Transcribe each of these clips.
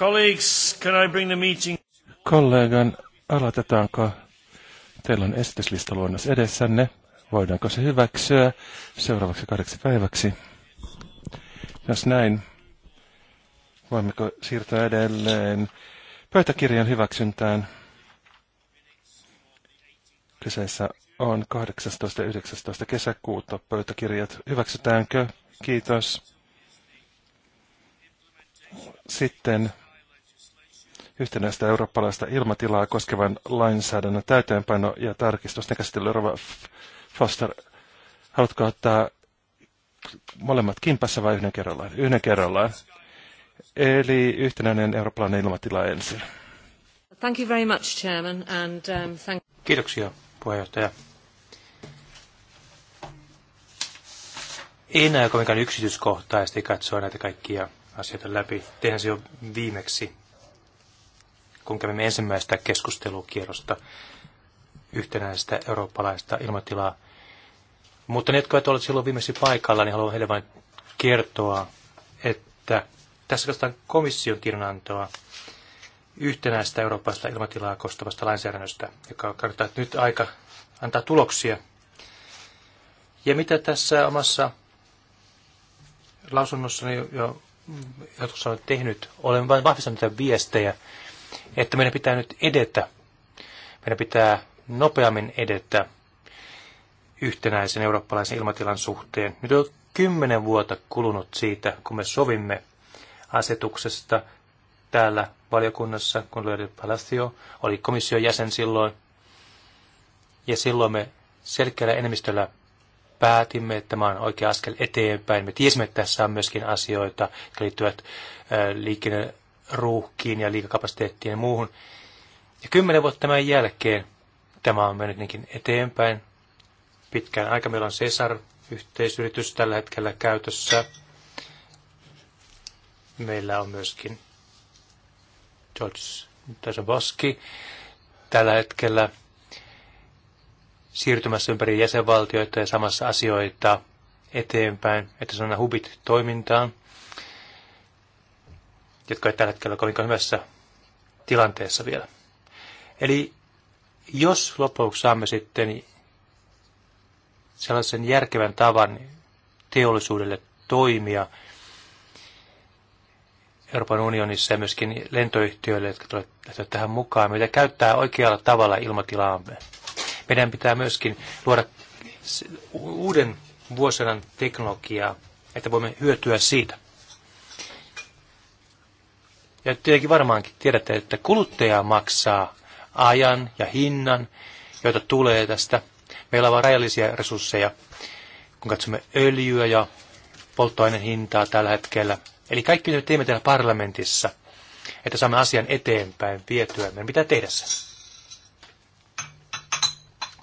Colleagues, can I bring the meeting? Kollegan, aloitetaanko? Teillä on esityslistaluonnos edessänne. Voidaanko se hyväksyä seuraavaksi kahdeksi päiväksi? Jos näin, voimmeko siirtyä edelleen pöytäkirjan hyväksyntään? Kyseessä on 18. ja 19. kesäkuuta pöytäkirjat. Hyväksytäänkö? Kiitos. Sitten yhtenäistä eurooppalaista ilmatilaa koskevan lainsäädännön täytäntöönpano ja Ne käsittelee Rova Foster, haluatko ottaa molemmat kimpassa vai yhden kerrallaan? Yhden kerrallaan. Eli yhtenäinen eurooppalainen ilmatila ensin. Thank you very much, Chairman, and, um, thank... Kiitoksia, puheenjohtaja. Ei näy kovinkaan yksityiskohtaisesti katsoa näitä kaikkia asioita läpi. Tehän se jo viimeksi kun kävimme ensimmäistä keskustelukierrosta yhtenäistä eurooppalaista ilmatilaa. Mutta ne, jotka ovat ole silloin viimeksi paikalla, niin haluan heille vain kertoa, että tässä katsotaan komission tiedonantoa yhtenäistä eurooppalaista ilmatilaa koskevasta lainsäädännöstä, joka kartoittaa, että nyt aika antaa tuloksia. Ja mitä tässä omassa lausunnossani jo jotkut olen tehnyt, olen vain vahvistanut näitä viestejä, että meidän pitää nyt edetä. Meidän pitää nopeammin edetä yhtenäisen eurooppalaisen ilmatilan suhteen. Nyt on kymmenen vuotta kulunut siitä, kun me sovimme asetuksesta täällä valiokunnassa, kun Löydy Palacio oli komission jäsen silloin. Ja silloin me selkeällä enemmistöllä päätimme, että tämä on oikea askel eteenpäin. Me tiesimme, että tässä on myöskin asioita, jotka liittyvät äh, liikenne- ruuhkiin ja liikakapasiteettiin ja muuhun. Ja kymmenen vuotta tämän jälkeen tämä on mennyt niinkin eteenpäin. Pitkään aika meillä on Cesar-yhteisyritys tällä hetkellä käytössä. Meillä on myöskin George Tasoboski tällä hetkellä siirtymässä ympäri jäsenvaltioita ja samassa asioita eteenpäin, että se on hubit toimintaan jotka ovat tällä hetkellä kovinkaan hyvässä tilanteessa vielä. Eli jos lopuksi saamme sitten sellaisen järkevän tavan teollisuudelle toimia Euroopan unionissa ja myöskin lentoyhtiöille, jotka tulevat tähän mukaan, mitä käyttää oikealla tavalla ilmatilaamme. Meidän pitää myöskin luoda uuden vuosien teknologiaa, että voimme hyötyä siitä. Ja tietenkin varmaankin tiedätte, että kuluttaja maksaa ajan ja hinnan, joita tulee tästä. Meillä on vain rajallisia resursseja, kun katsomme öljyä ja polttoaineen hintaa tällä hetkellä. Eli kaikki, mitä teemme täällä parlamentissa, että saamme asian eteenpäin vietyä, meidän pitää tehdä se.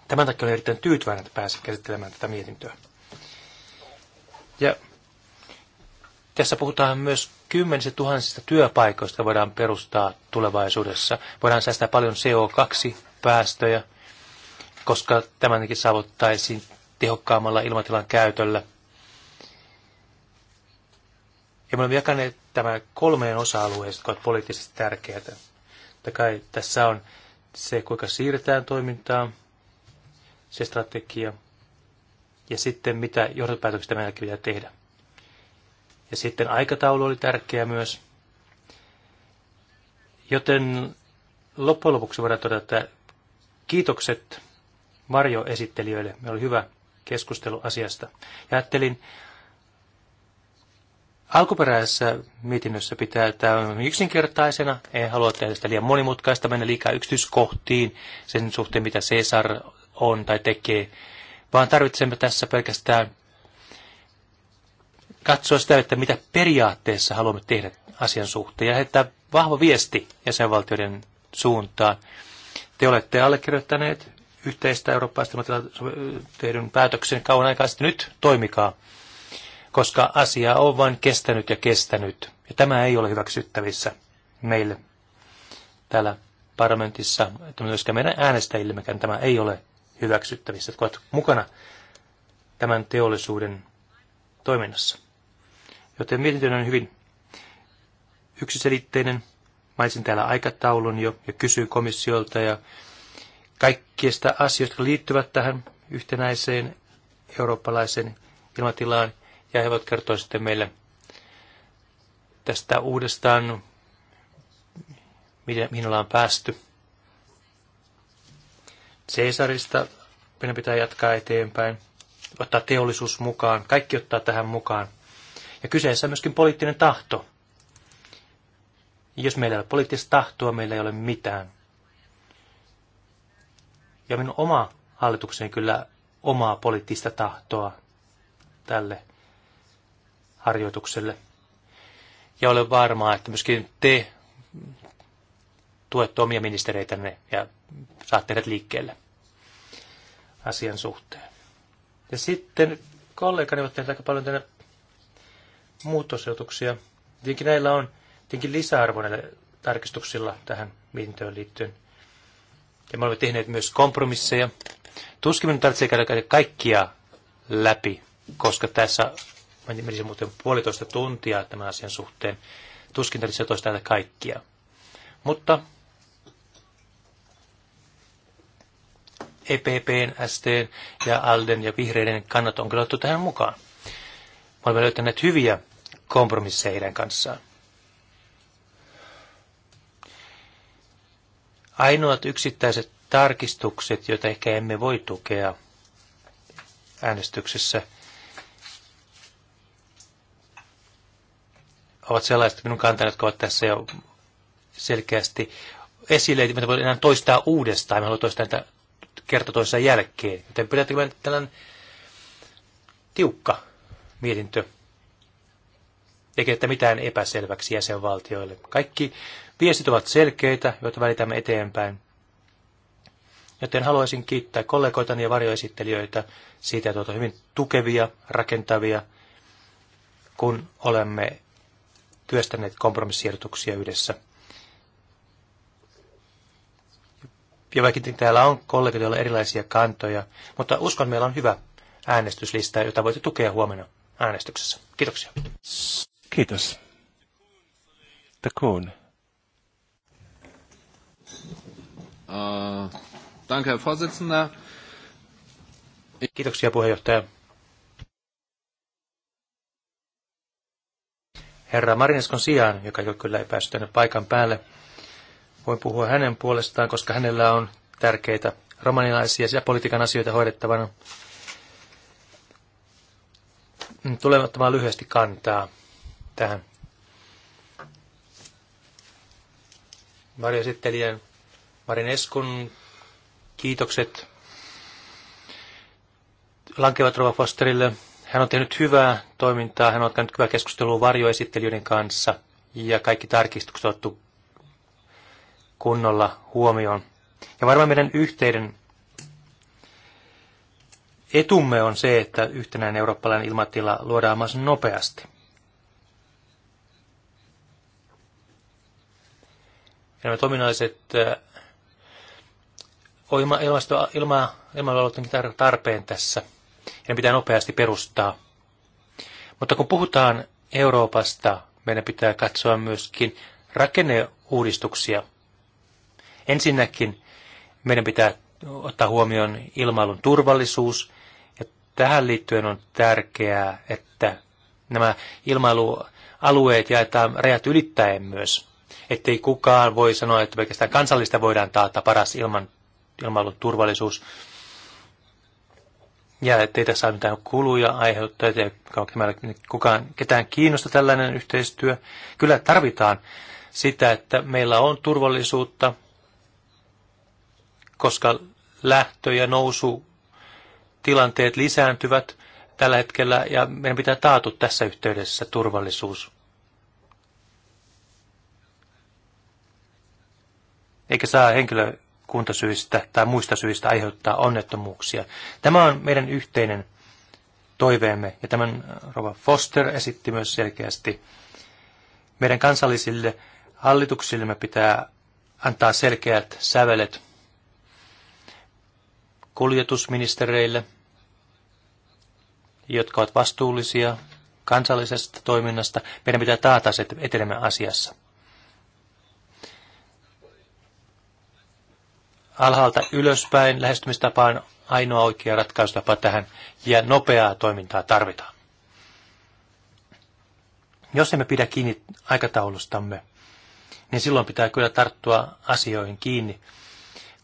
Tämän takia olen erittäin tyytyväinen, että pääsin käsittelemään tätä mietintöä. Ja tässä puhutaan myös kymmenistä tuhansista työpaikoista voidaan perustaa tulevaisuudessa. Voidaan säästää paljon CO2-päästöjä, koska tämänkin saavuttaisiin tehokkaammalla ilmatilan käytöllä. Ja me olemme jakaneet tämä kolmeen osa-alueeseen, jotka ovat poliittisesti tärkeitä. Takai tässä on se, kuinka siirretään toimintaa, se strategia, ja sitten mitä johtopäätöksistä meidänkin pitää tehdä. Ja sitten aikataulu oli tärkeä myös. Joten loppujen lopuksi voidaan todeta, että kiitokset esittelijöille, Meillä oli hyvä keskustelu asiasta. Ja ajattelin, alkuperäisessä mietinnössä pitää tämä yksinkertaisena. En halua tehdä sitä liian monimutkaista, mennä liikaa yksityiskohtiin sen suhteen, mitä Cesar on tai tekee, vaan tarvitsemme tässä pelkästään katsoa sitä, että mitä periaatteessa haluamme tehdä asian suhteen ja että vahva viesti jäsenvaltioiden suuntaan. Te olette allekirjoittaneet yhteistä eurooppaista tehdyn päätöksen kauan aikaa sitten nyt toimikaa, koska asia on vain kestänyt ja kestänyt. Ja tämä ei ole hyväksyttävissä meille täällä parlamentissa, että myöskään meidän äänestäjillemmekään tämä ei ole hyväksyttävissä, että mukana tämän teollisuuden toiminnassa. Joten mietintö on hyvin yksiselitteinen. Mainitsin täällä aikataulun jo ja kysyin komissiolta ja kaikkiista asioista, jotka liittyvät tähän yhtenäiseen eurooppalaiseen ilmatilaan. Ja he voivat kertoa sitten meille tästä uudestaan, miten mihin ollaan päästy. Caesarista meidän pitää jatkaa eteenpäin, ottaa teollisuus mukaan, kaikki ottaa tähän mukaan. Ja kyseessä on myöskin poliittinen tahto. Jos meillä ei ole poliittista tahtoa, meillä ei ole mitään. Ja minun oma hallitukseni kyllä omaa poliittista tahtoa tälle harjoitukselle. Ja olen varma, että myöskin te tuette omia ministereitänne ja saatte heidät liikkeelle asian suhteen. Ja sitten kollegani ovat tehneet aika paljon tänne muutosehdotuksia. Tietenkin näillä on tietenkin lisäarvo näillä tarkistuksilla tähän mietintöön liittyen. Ja me olemme tehneet myös kompromisseja. Tuskin minun tarvitsee käydä kaikkia läpi, koska tässä menisi muuten puolitoista tuntia tämän asian suhteen. Tuskin tarvitsee toistaa näitä kaikkia. Mutta EPPn, ST ja ALDEn ja vihreiden kannat on kyllä otettu tähän mukaan olemme löytäneet hyviä kompromisseja heidän kanssaan. Ainoat yksittäiset tarkistukset, joita ehkä emme voi tukea äänestyksessä, ovat sellaiset minun kantani, jotka ovat tässä jo selkeästi esille, että me voi enää toistaa uudestaan, me toistaa niitä kerta toisessa jälkeen. Joten pidättekö tällainen tiukka mietintö eikä että mitään epäselväksi jäsenvaltioille. Kaikki viestit ovat selkeitä, joita välitämme eteenpäin. Joten haluaisin kiittää kollegoitani ja varjoesittelijöitä siitä, että hyvin tukevia, rakentavia, kun olemme työstäneet kompromissiehdotuksia yhdessä. Ja vaikka täällä on kollegoilla erilaisia kantoja, mutta uskon, että meillä on hyvä äänestyslista, jota voitte tukea huomenna äänestyksessä. Kiitoksia. Kiitos. Takoon. Uh, äh, danke, Vorsitzender. Kiitoksia puheenjohtaja. Herra Marineskon sijaan, joka jo kyllä ei päässyt tänne paikan päälle, voin puhua hänen puolestaan, koska hänellä on tärkeitä romanilaisia ja politiikan asioita hoidettavana. Tulen ottamaan lyhyesti kantaa tähän varjoesittelijän Marin Eskun kiitokset lankevat Rova Fosterille. Hän on tehnyt hyvää toimintaa, hän on käynyt hyvää keskustelua varjoesittelijöiden kanssa ja kaikki tarkistukset on otettu kunnolla huomioon. Ja varmaan meidän yhteinen etumme on se, että yhtenäinen eurooppalainen ilmatila luodaan mahdollisimman nopeasti. Ja nämä toiminnalliset ilma, ilmasto, ilma, tarpeen tässä. Ja ne pitää nopeasti perustaa. Mutta kun puhutaan Euroopasta, meidän pitää katsoa myöskin rakenneuudistuksia. Ensinnäkin meidän pitää ottaa huomioon ilmailun turvallisuus tähän liittyen on tärkeää, että nämä ilmailualueet jaetaan rajat ylittäen myös, ettei kukaan voi sanoa, että pelkästään kansallista voidaan taata paras ilman, ilmailun turvallisuus. Ja ettei tässä ole mitään kuluja aiheuttaa, ettei kukaan, ketään kiinnosta tällainen yhteistyö. Kyllä tarvitaan sitä, että meillä on turvallisuutta, koska lähtö- ja nousu tilanteet lisääntyvät tällä hetkellä ja meidän pitää taatu tässä yhteydessä turvallisuus. Eikä saa henkilökuntasyistä tai muista syistä aiheuttaa onnettomuuksia. Tämä on meidän yhteinen toiveemme ja tämän Rova Foster esitti myös selkeästi. Meidän kansallisille hallituksillemme pitää antaa selkeät sävelet kuljetusministereille – jotka ovat vastuullisia kansallisesta toiminnasta. Meidän pitää taata se, että etenemme asiassa. Alhaalta ylöspäin lähestymistapa on ainoa oikea ratkaisutapa tähän, ja nopeaa toimintaa tarvitaan. Jos emme pidä kiinni aikataulustamme, niin silloin pitää kyllä tarttua asioihin kiinni.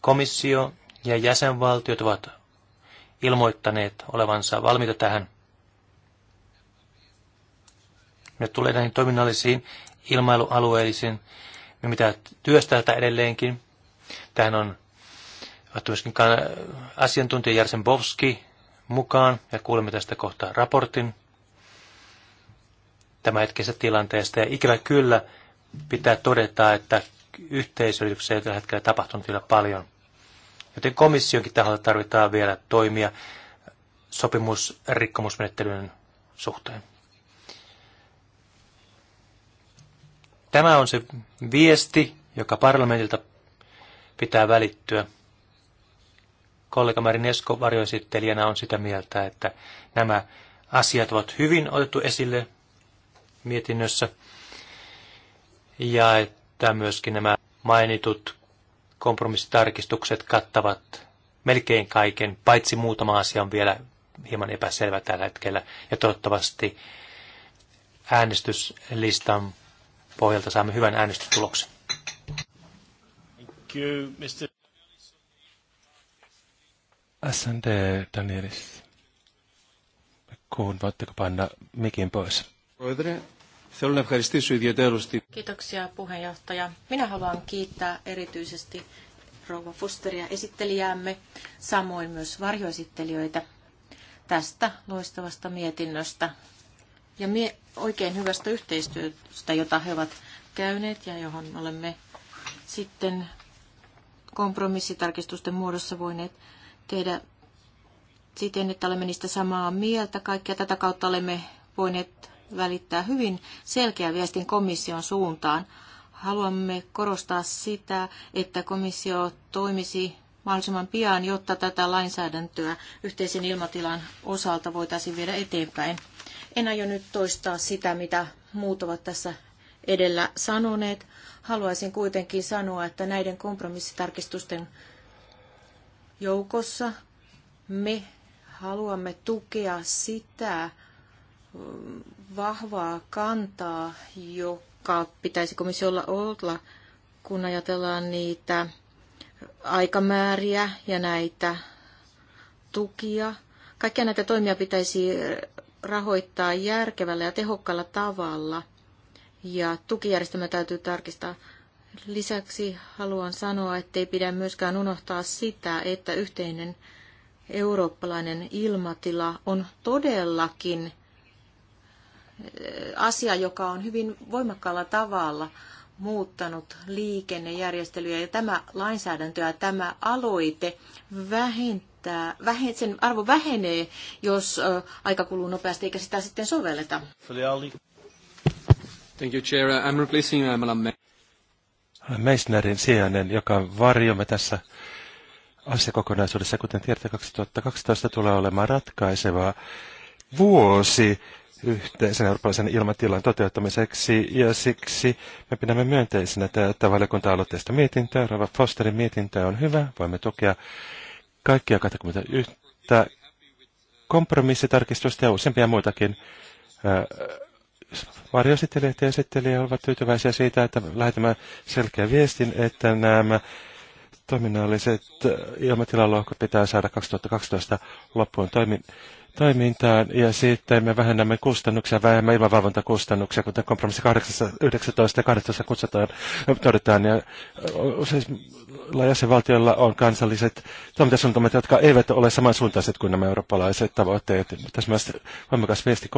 Komissio ja jäsenvaltiot ovat ilmoittaneet olevansa valmiita tähän. Mitä tulee näihin toiminnallisiin ilmailualueisiin, me mitä työstää tätä edelleenkin. Tähän on otettu myöskin asiantuntija Jarsen Bovski mukaan ja kuulemme tästä kohtaa raportin hetkessä tilanteesta. Ja ikävä kyllä pitää todeta, että yhteisöllisyys ei tällä hetkellä tapahtunut vielä paljon. Joten komissionkin taholta tarvitaan vielä toimia sopimusrikkomusmenettelyn suhteen. Tämä on se viesti, joka parlamentilta pitää välittyä. Kollega Esko varjoesittelijänä on sitä mieltä, että nämä asiat ovat hyvin otettu esille mietinnössä ja että myöskin nämä mainitut kompromissitarkistukset kattavat melkein kaiken, paitsi muutama asia on vielä hieman epäselvä tällä hetkellä ja toivottavasti äänestyslistan pohjalta saamme hyvän äänestystuloksen. Thank you, Mr. SND Danielis. Kuun, voitteko panna mikin pois? Kiitoksia puheenjohtaja. Minä haluan kiittää erityisesti rouva Fusteria esittelijäämme, samoin myös varjoesittelijöitä tästä loistavasta mietinnöstä ja mie- oikein hyvästä yhteistyöstä, jota he ovat käyneet ja johon olemme sitten kompromissitarkistusten muodossa voineet tehdä siten, että olemme niistä samaa mieltä. Kaikkia tätä kautta olemme voineet välittää hyvin selkeä viestin komission suuntaan. Haluamme korostaa sitä, että komissio toimisi mahdollisimman pian, jotta tätä lainsäädäntöä yhteisen ilmatilan osalta voitaisiin viedä eteenpäin. En aio nyt toistaa sitä, mitä muut ovat tässä edellä sanoneet. Haluaisin kuitenkin sanoa, että näiden kompromissitarkistusten joukossa me haluamme tukea sitä mm, vahvaa kantaa, joka pitäisi komissiolla olla, kun ajatellaan niitä aikamääriä ja näitä tukia. Kaikkia näitä toimia pitäisi rahoittaa järkevällä ja tehokkaalla tavalla ja tukijärjestelmä täytyy tarkistaa. Lisäksi haluan sanoa, ei pidä myöskään unohtaa sitä, että yhteinen eurooppalainen ilmatila on todellakin eh, asia, joka on hyvin voimakkaalla tavalla muuttanut liikennejärjestelyjä ja tämä lainsäädäntö ja tämä aloite vähentää, vähentää sen arvo vähenee, jos ö, aika kuluu nopeasti eikä sitä sitten sovelleta. Thank you, Chair. I'm replacing uh, Madame Meisnerin sijainen, joka on varjomme tässä asiakokonaisuudessa. Kuten tiedätte, 2012 tulee olemaan ratkaisevaa vuosi yhteisen eurooppalaisen ilmatilan toteuttamiseksi, ja siksi me pidämme myönteisenä tätä valiokunta-aloitteesta mietintöä. Rava Fosterin mietintö on hyvä, voimme tukea kaikkia 21 kompromissitarkistusta ja useampia muitakin. Äh, varjoesittelijät ja esittelijät ovat tyytyväisiä siitä, että lähetämme selkeä viestin, että nämä toiminnalliset äh, ilmatilalohkot pitää saada 2012 loppuun toimintaan toimintaan ja sitten me vähennämme kustannuksia, vähemmän ilmavalvontakustannuksia, kuten kompromissi 8, 19 ja 12 kutsutaan, todetaan. Ja useilla jäsenvaltioilla on kansalliset toimintasuunnitelmat, jotka eivät ole samansuuntaiset kuin nämä eurooppalaiset tavoitteet. Tässä myös voimakas viesti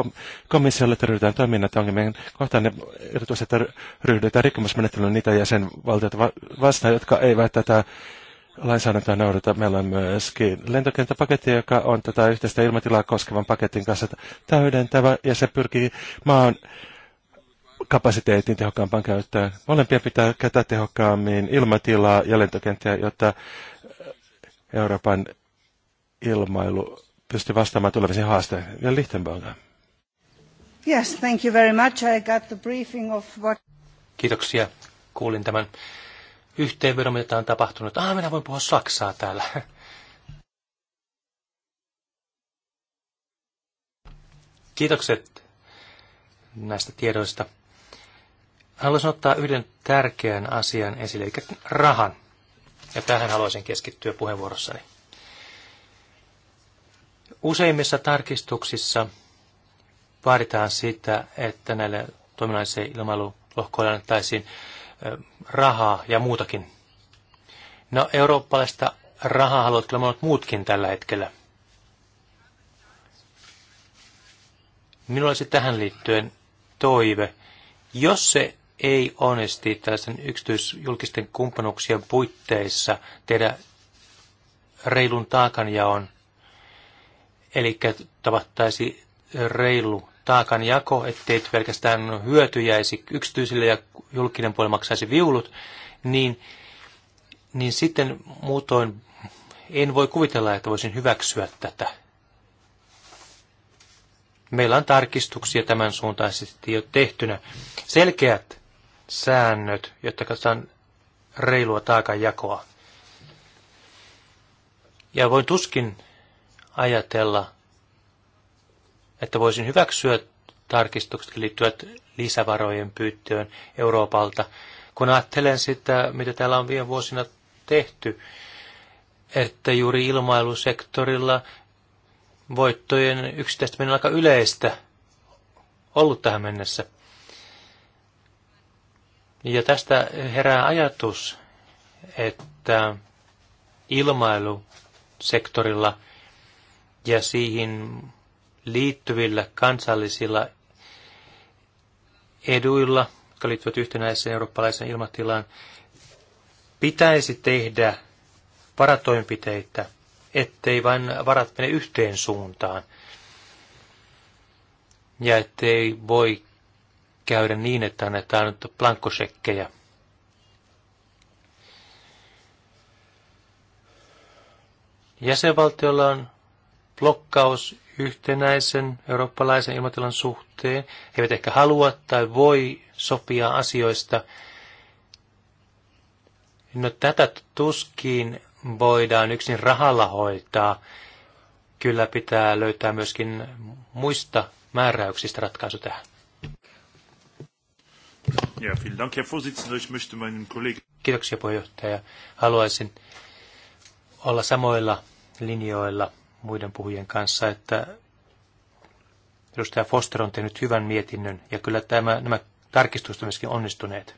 komissiolle, että ryhdytään toiminnat ongelmien kohtaan, ne erityisesti ryhdytään rikkomusmenettelyyn niitä jäsenvaltioita vastaan, jotka eivät tätä lainsäädäntöä noudata. Meillä on myöskin lentokenttäpaketti, joka on tätä yhteistä ilmatilaa koskevan paketin kanssa täydentävä, ja se pyrkii maan kapasiteetin tehokkaampaan käyttöön. Molempia pitää käyttää tehokkaammin ilmatilaa ja lentokenttiä, jotta Euroopan ilmailu pystyy vastaamaan tuleviin haasteisiin. Ja Lichtenberg. Yes, thank you very much. I got the briefing of what... Kiitoksia. Kuulin tämän yhteenvedon, mitä on tapahtunut. Ah, minä voin puhua saksaa täällä. Kiitokset näistä tiedoista. Haluaisin ottaa yhden tärkeän asian esille, eli rahan. Ja tähän haluaisin keskittyä puheenvuorossani. Useimmissa tarkistuksissa vaaditaan sitä, että näille toiminnallisille ilmailulohkoille annettaisiin rahaa ja muutakin. No, eurooppalaista rahaa haluat kyllä monet muutkin tällä hetkellä. Minulla olisi tähän liittyen toive. Jos se ei onnisti tällaisen yksityisjulkisten kumppanuuksien puitteissa tehdä reilun taakanjaon, eli tavattaisi reilu taakan jako, ettei pelkästään hyöty jäisi yksityisille ja julkinen puoli maksaisi viulut, niin, niin sitten muutoin en voi kuvitella, että voisin hyväksyä tätä. Meillä on tarkistuksia tämän suuntaisesti jo tehtynä. Selkeät säännöt, jotta katsotaan reilua jakoa. Ja voin tuskin ajatella, että voisin hyväksyä tarkistukset liittyvät lisävarojen pyyttöön Euroopalta. Kun ajattelen sitä, mitä täällä on viime vuosina tehty, että juuri ilmailusektorilla voittojen yksittäistäminen on aika yleistä ollut tähän mennessä. Ja tästä herää ajatus, että ilmailusektorilla ja siihen liittyvillä kansallisilla eduilla, jotka liittyvät yhtenäiseen eurooppalaiseen ilmatilaan, pitäisi tehdä varatoimenpiteitä, ettei vain varat mene yhteen suuntaan. Ja ettei voi käydä niin, että annetaan nyt plankkosekkejä. Jäsenvaltiolla on blokkaus yhtenäisen eurooppalaisen ilmatilan suhteen. He eivät ehkä halua tai voi sopia asioista. No tätä tuskin voidaan yksin rahalla hoitaa. Kyllä pitää löytää myöskin muista määräyksistä ratkaisu tähän. Ja, vielen Dank, Herr Vorsitzender. Ich möchte meinen Kollegen... Kiitoksia puheenjohtaja. Haluaisin olla samoilla linjoilla muiden puhujien kanssa, että edustaja Foster on tehnyt hyvän mietinnön ja kyllä tämä, nämä tarkistukset ovat myöskin onnistuneet.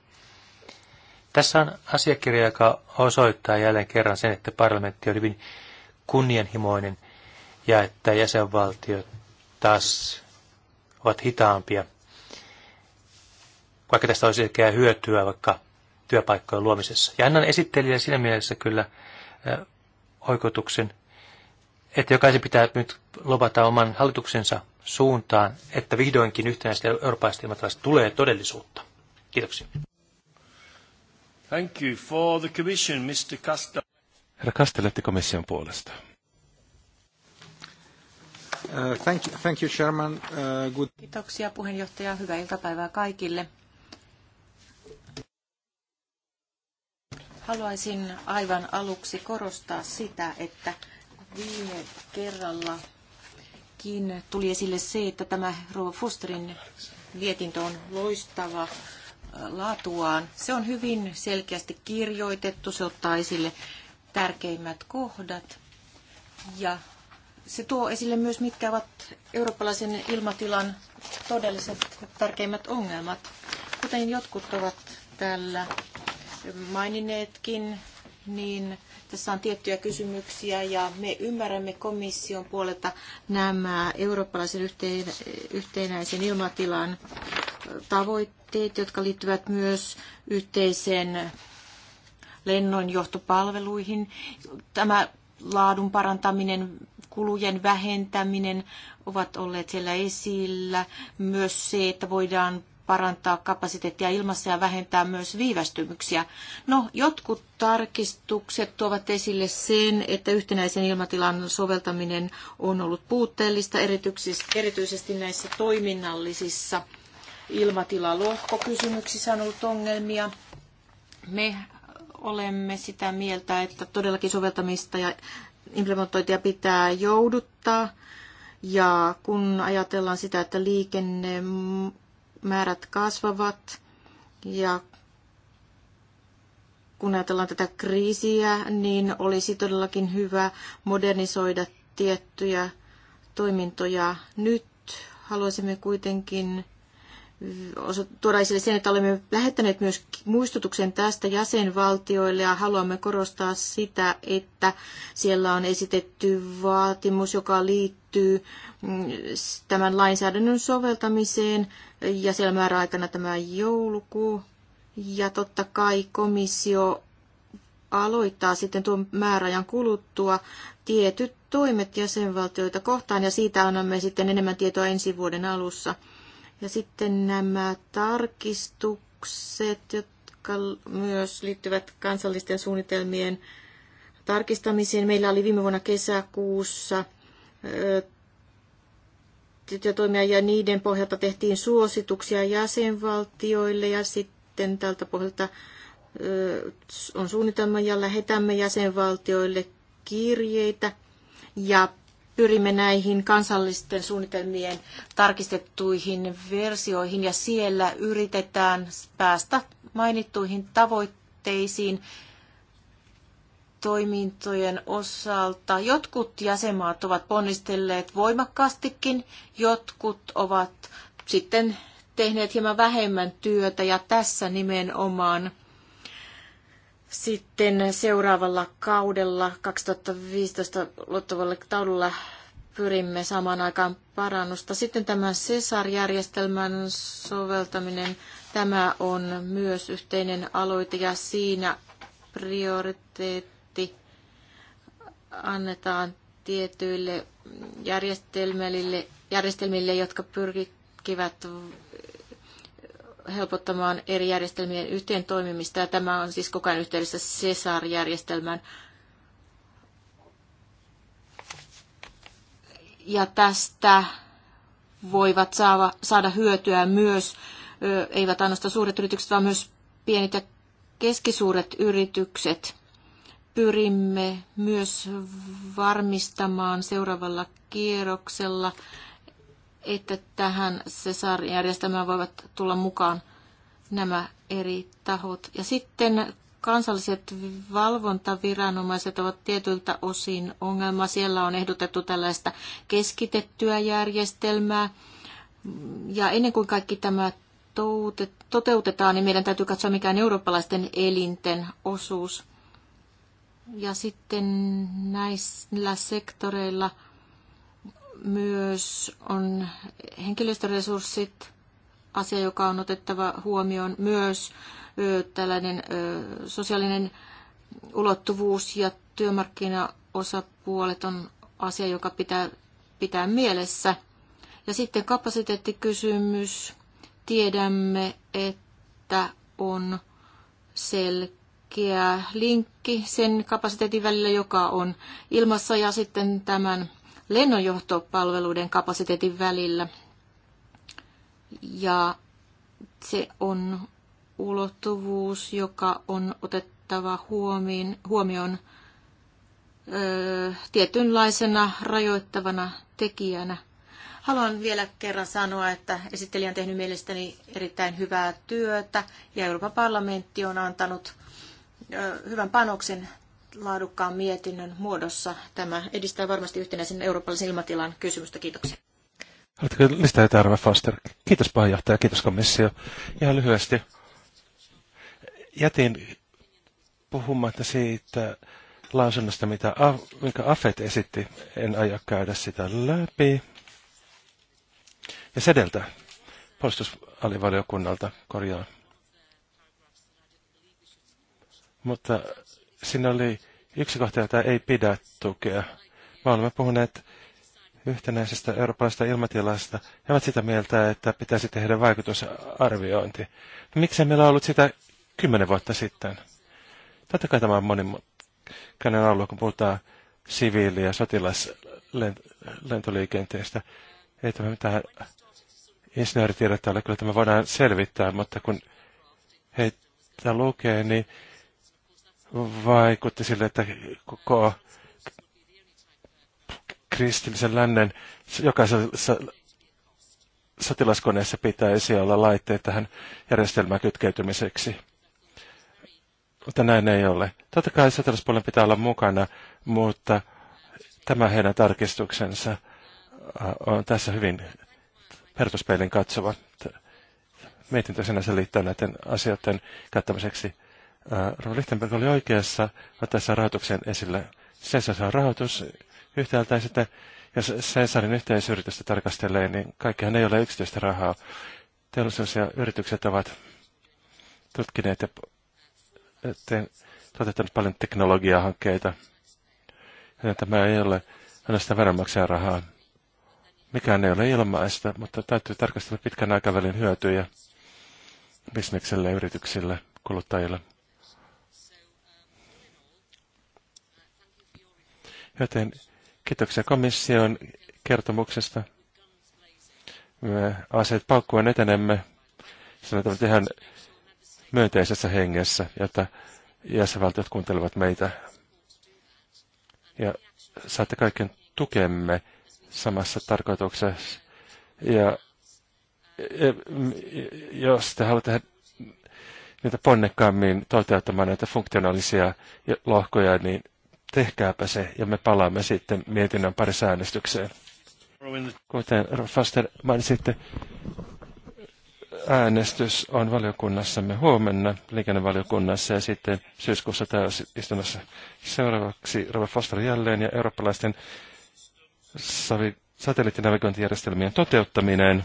Tässä on asiakirja, joka osoittaa jälleen kerran sen, että parlamentti on hyvin kunnianhimoinen ja että jäsenvaltiot taas ovat hitaampia. Vaikka tästä olisi ehkä hyötyä vaikka työpaikkojen luomisessa. Ja annan esittelijä siinä mielessä kyllä oikeutuksen että jokaisen pitää nyt lopata oman hallituksensa suuntaan, että vihdoinkin yhtenäistä eurooppalaiset ilmatilaiset tulee todellisuutta. Kiitoksia. Thank you for the commission, Mr. Kastel. Herra Kastelette komission puolesta. Uh, thank you, thank you Chairman. Uh, good. Kiitoksia puheenjohtaja. Hyvää iltapäivää kaikille. Haluaisin aivan aluksi korostaa sitä, että Viime kerralla tuli esille se, että tämä Rova Fosterin mietintö on loistava äh, laatuaan. Se on hyvin selkeästi kirjoitettu, se ottaa esille tärkeimmät kohdat ja se tuo esille myös, mitkä ovat eurooppalaisen ilmatilan todelliset tärkeimmät ongelmat. Kuten jotkut ovat täällä maininneetkin, niin tässä on tiettyjä kysymyksiä ja me ymmärrämme komission puolelta nämä eurooppalaisen yhteen, yhtenäisen ilmatilan tavoitteet, jotka liittyvät myös yhteiseen lennonjohtopalveluihin. Tämä laadun parantaminen, kulujen vähentäminen ovat olleet siellä esillä. Myös se, että voidaan parantaa kapasiteettia ilmassa ja vähentää myös viivästymyksiä. No, jotkut tarkistukset tuovat esille sen, että yhtenäisen ilmatilan soveltaminen on ollut puutteellista, erityisesti näissä toiminnallisissa ilmatilalohkokysymyksissä on ollut ongelmia. Me olemme sitä mieltä, että todellakin soveltamista ja implementointia pitää jouduttaa. Ja kun ajatellaan sitä, että liikenne määrät kasvavat ja kun ajatellaan tätä kriisiä, niin olisi todellakin hyvä modernisoida tiettyjä toimintoja nyt. Haluaisimme kuitenkin tuoda esille sen, että olemme lähettäneet myös muistutuksen tästä jäsenvaltioille ja haluamme korostaa sitä, että siellä on esitetty vaatimus, joka liittyy mm, tämän lainsäädännön soveltamiseen ja siellä määräaikana tämä joulukuu. Ja totta kai komissio aloittaa sitten tuon määräajan kuluttua tietyt toimet jäsenvaltioita kohtaan ja siitä annamme sitten enemmän tietoa ensi vuoden alussa – ja sitten nämä tarkistukset, jotka myös liittyvät kansallisten suunnitelmien tarkistamiseen. Meillä oli viime vuonna kesäkuussa toimia ja niiden pohjalta tehtiin suosituksia jäsenvaltioille ja sitten tältä pohjalta on suunnitelma ja lähetämme jäsenvaltioille kirjeitä ja pyrimme näihin kansallisten suunnitelmien tarkistettuihin versioihin ja siellä yritetään päästä mainittuihin tavoitteisiin toimintojen osalta. Jotkut jäsenmaat ovat ponnistelleet voimakkaastikin, jotkut ovat sitten tehneet hieman vähemmän työtä ja tässä nimenomaan sitten seuraavalla kaudella 2015 luottavalle taululla pyrimme saamaan aikaan parannusta. Sitten tämä CESAR-järjestelmän soveltaminen, tämä on myös yhteinen aloite ja siinä prioriteetti annetaan tietyille järjestelmille, järjestelmille jotka pyrkivät helpottamaan eri järjestelmien yhteen toimimista. Ja tämä on siis koko ajan yhteydessä CESAR-järjestelmään. Ja tästä voivat saada hyötyä myös, eivät ainoastaan suuret yritykset, vaan myös pienet ja keskisuuret yritykset. Pyrimme myös varmistamaan seuraavalla kierroksella että tähän CESAR-järjestelmään voivat tulla mukaan nämä eri tahot. Ja sitten kansalliset valvontaviranomaiset ovat tietyiltä osin ongelma. Siellä on ehdotettu tällaista keskitettyä järjestelmää. Ja ennen kuin kaikki tämä toteutetaan, niin meidän täytyy katsoa, mikä on eurooppalaisten elinten osuus. Ja sitten näillä sektoreilla – myös on henkilöstöresurssit, asia, joka on otettava huomioon myös tällainen sosiaalinen ulottuvuus ja työmarkkinaosapuolet on asia, joka pitää pitää mielessä. Ja sitten kapasiteettikysymys. Tiedämme, että on selkeä linkki sen kapasiteetin välillä, joka on ilmassa ja sitten tämän lennonjohtopalveluiden kapasiteetin välillä. Ja se on ulottuvuus, joka on otettava huomioon, huomioon ö, tietynlaisena rajoittavana tekijänä. Haluan vielä kerran sanoa, että esittelijä on tehnyt mielestäni erittäin hyvää työtä ja Euroopan parlamentti on antanut hyvän panoksen laadukkaan mietinnön muodossa. Tämä edistää varmasti yhtenäisen eurooppalaisen ilmatilan kysymystä. Kiitoksia. Haluatko lisää jotain, Foster? Kiitos puheenjohtaja, kiitos komissio. Ihan lyhyesti. Jätin puhumatta siitä lausunnosta, mitä, minkä Afet esitti. En aio käydä sitä läpi. Ja sedeltä, puolustusalivaliokunnalta korjaan. Mutta siinä oli Yksi kohta, jota ei pidä tukea. Me olemme puhuneet yhtenäisestä eurooppalaisesta ilmatilasta. He ovat sitä mieltä, että pitäisi tehdä vaikutusarviointi. No, miksei meillä ollut sitä kymmenen vuotta sitten? Totta kai tämä on monimutkainen alue, kun puhutaan siviili- ja sotilaslentoliikenteestä. Ei tämä mitään insinööritiedettä ole, kyllä tämä voidaan selvittää, mutta kun heitä lukee, niin vaikutti sille, että koko kristillisen lännen jokaisessa sotilaskoneessa pitäisi olla laitteet tähän järjestelmään kytkeytymiseksi. Mutta näin ei ole. Totta kai sotilaspuolen pitää olla mukana, mutta tämä heidän tarkistuksensa on tässä hyvin perustuspeilin katsova mietintö sinänsä liittää näiden asioiden kattamiseksi. Rova Lichtenberg oli oikeassa ottaessa rahoituksen esille. Cesar saa rahoitus yhtäältä ja sitten, jos Cesarin yhteisyritystä tarkastelee, niin kaikkihan ei ole yksityistä rahaa. Teollisuus ja yritykset ovat tutkineet ja toteuttaneet paljon teknologiahankkeita. Ja tämä ei ole ainoastaan veronmaksajan rahaa. Mikään ei ole ilmaista, mutta täytyy tarkastella pitkän aikavälin hyötyjä bisnekselle, yrityksille, kuluttajille. Joten kiitoksia komission kertomuksesta. Me aseet paukkuen etenemme sanotaan ihan myönteisessä hengessä, jotta jäsenvaltiot kuuntelevat meitä. Ja saatte kaiken tukemme samassa tarkoituksessa. Ja, ja jos te haluatte niitä ponnekkaammin toteuttamaan näitä funktionaalisia lohkoja, niin tehkääpä se ja me palaamme sitten mietinnän parissa äänestykseen. Kuten Faster mainitsitte, äänestys on valiokunnassamme huomenna, liikennevaliokunnassa ja sitten syyskuussa täysistunnossa. Seuraavaksi Rova Foster jälleen ja eurooppalaisten savi- satelliittinavigointijärjestelmien toteuttaminen.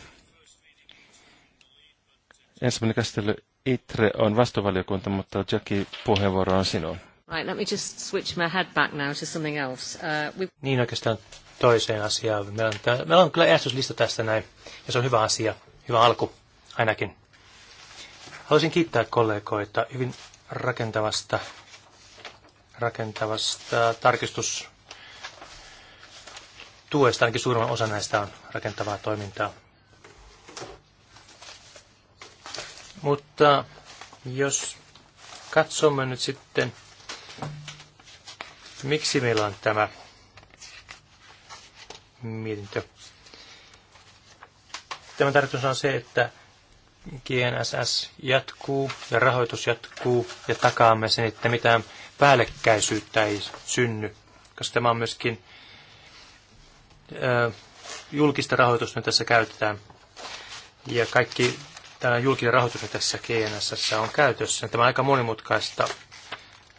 Ensimmäinen käsittely ITRE on vastuvaliokunta, mutta Jackie, puheenvuoro on sinun. Right, let me just switch my head back now to something else. Uh, we... Niin oikeastaan toiseen asiaan. Meillä on, meillä on kyllä ehdotuslista tästä näin, ja se on hyvä asia, hyvä alku ainakin. Haluaisin kiittää kollegoita hyvin rakentavasta, rakentavasta tarkistus tuesta, ainakin suurimman osa näistä on rakentavaa toimintaa. Mutta jos katsomme nyt sitten Miksi meillä on tämä mietintö? Tämä tarkoitus on se, että GNSS jatkuu ja rahoitus jatkuu ja takaamme sen, että mitään päällekkäisyyttä ei synny, koska tämä on myöskin ö, julkista rahoitusta, mitä tässä käytetään. Ja kaikki tämä julkinen rahoitus, mitä tässä GNSS on käytössä, tämä on aika monimutkaista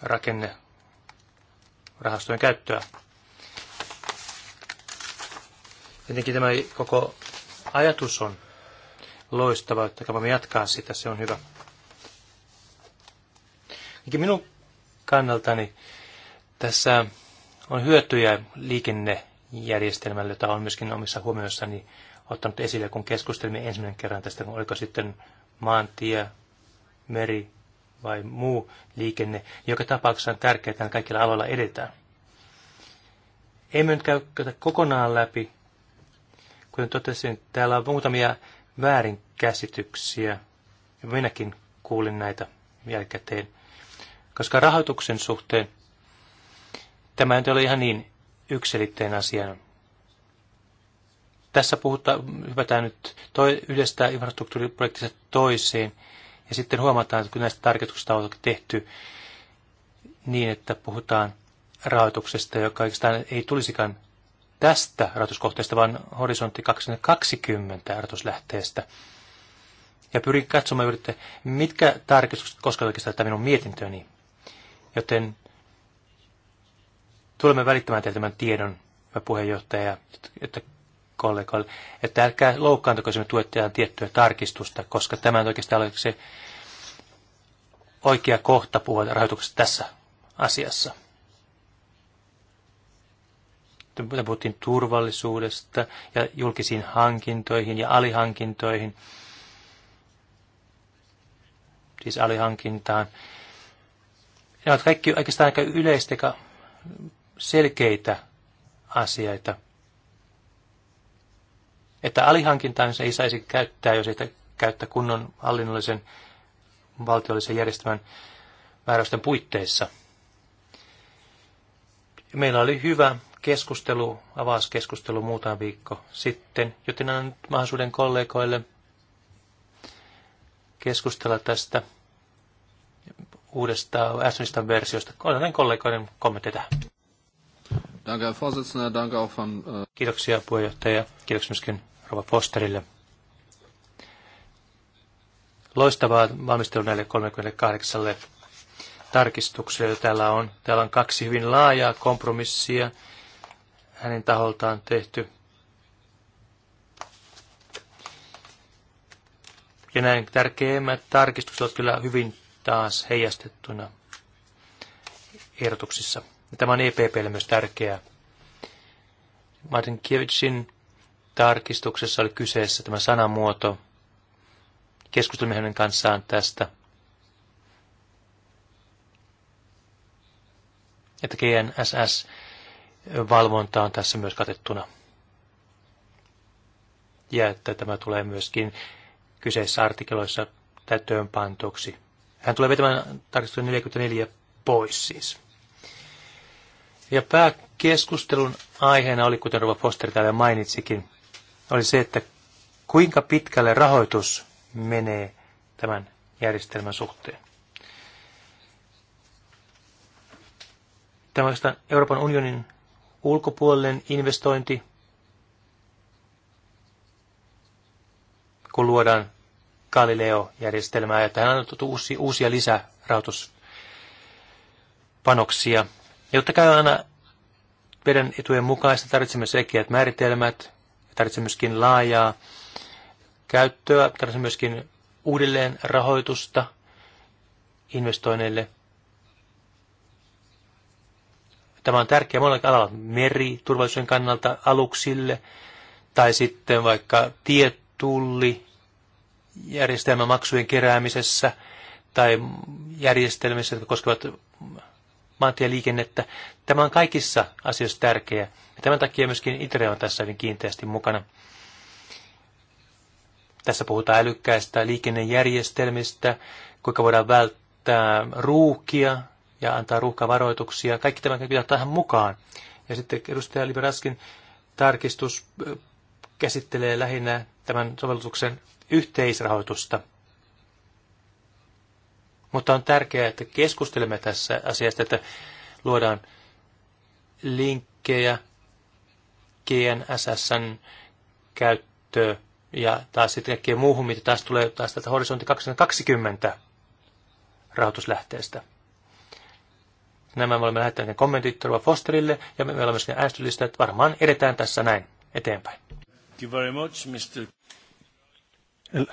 rakenne rahastojen käyttöä. Tietenkin tämä koko ajatus on loistava, että voimme jatkaa sitä, se on hyvä. Minun kannaltani tässä on hyötyjä liikennejärjestelmälle, jota on myöskin omissa huomioissani ottanut esille, kun keskustelimme ensimmäinen kerran tästä, oliko sitten maantie, meri vai muu liikenne. Joka tapauksessa on tärkeää, että kaikilla aloilla edetään. Emme nyt käy tätä kokonaan läpi. Kuten totesin, täällä on muutamia väärinkäsityksiä. minäkin kuulin näitä jälkikäteen. Koska rahoituksen suhteen tämä ei ole ihan niin yksilitteinen asia. Tässä puhutaan, hypätään nyt toi, yhdestä infrastruktuuriprojektista toiseen. Ja sitten huomataan, että kun näistä tarkoituksista on tehty niin, että puhutaan rahoituksesta, joka oikeastaan ei tulisikaan tästä rahoituskohteesta, vaan horisontti 2020 rahoituslähteestä. Ja pyrin katsomaan juuri, mitkä tarkistukset koskevat oikeastaan tätä minun mietintöni. Joten tulemme välittämään teille tämän tiedon, puheenjohtaja, että kollegoille, että älkää loukkaantako jos tuottajan tiettyä tarkistusta, koska tämä on oikeastaan ole se oikea kohta puhua rahoituksesta tässä asiassa. Puhuttiin turvallisuudesta ja julkisiin hankintoihin ja alihankintoihin, siis alihankintaan. Ne ovat kaikki oikeastaan aika yleistä selkeitä asioita että alihankintaan se ei saisi käyttää, jos ei käyttää kunnon hallinnollisen valtiollisen järjestelmän määräysten puitteissa. Meillä oli hyvä keskustelu, avauskeskustelu muutama viikko sitten, joten annan mahdollisuuden kollegoille keskustella tästä uudesta Ashtonistan versiosta. Otetaan kollegoiden kommentteja Danke, Herr Vorsitzender. Danke auch von, äh, Kiitoksia puheenjohtaja. Kiitoksia myöskin Rova Fosterille. Loistavaa valmistelua näille 38 tarkistukselle, täällä on. Täällä on kaksi hyvin laajaa kompromissia hänen taholtaan tehty. Ja näin tärkeimmät tarkistukset ovat kyllä hyvin taas heijastettuna ehdotuksissa. tämä on EPPlle myös tärkeää. Martin Kievitsin tarkistuksessa oli kyseessä tämä sanamuoto. Keskustelimme hänen kanssaan tästä. Että GNSS-valvonta on tässä myös katettuna. Ja että tämä tulee myöskin kyseisissä artikeloissa täyttöön pantoksi. Hän tulee vetämään tarkistuksen 44 pois siis. Ja pääkeskustelun aiheena oli, kuten Rova Foster täällä mainitsikin, oli se, että kuinka pitkälle rahoitus menee tämän järjestelmän suhteen. Tämä on Euroopan unionin ulkopuolinen investointi, kun luodaan Galileo-järjestelmää, ja tähän on annettu uusia, uusia lisärahoituspanoksia. Jotta käy aina meidän etujen mukaista, tarvitsemme selkeät määritelmät, tarvitsee myöskin laajaa käyttöä, tarvitsee myöskin uudelleen rahoitusta investoinneille. Tämä on tärkeä monella alalla meri turvallisuuden kannalta aluksille tai sitten vaikka tietulli järjestelmämaksujen keräämisessä tai järjestelmissä, jotka koskevat maantieliikennettä. Tämä on kaikissa asioissa tärkeää. Ja tämän takia myöskin ITRE on tässä hyvin kiinteästi mukana. Tässä puhutaan älykkäistä liikennejärjestelmistä, kuinka voidaan välttää ruuhkia ja antaa ruuhkavaroituksia. Kaikki tämä pitää tähän mukaan. Ja sitten edustaja Liberaskin tarkistus käsittelee lähinnä tämän sovellutuksen yhteisrahoitusta – mutta on tärkeää, että keskustelemme tässä asiasta, että luodaan linkkejä GNSSn käyttöön ja taas sitten kaikkeen muuhun, mitä taas tulee taas tätä horisontti 2020 rahoituslähteestä. Nämä me olemme lähettäneet kommentit Fosterille ja me olemme myöskin äänestyllistä, että varmaan edetään tässä näin eteenpäin. Thank you very much, Mr. El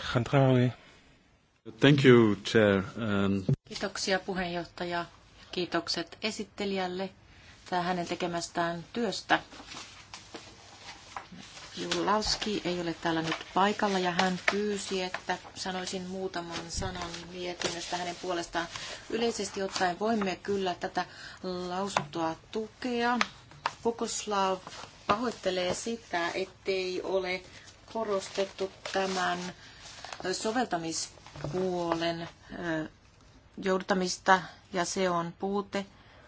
Thank you, Chair. Um... Kiitoksia puheenjohtaja. Kiitokset esittelijälle tai hänen tekemästään työstä. Julauski ei ole täällä nyt paikalla ja hän pyysi, että sanoisin muutaman sanan mietinnöstä hänen puolestaan. Yleisesti ottaen voimme kyllä tätä lausuntoa tukea. Fokuslav pahoittelee sitä, ettei ole korostettu tämän soveltamis puolen joudutamista ja se on puute,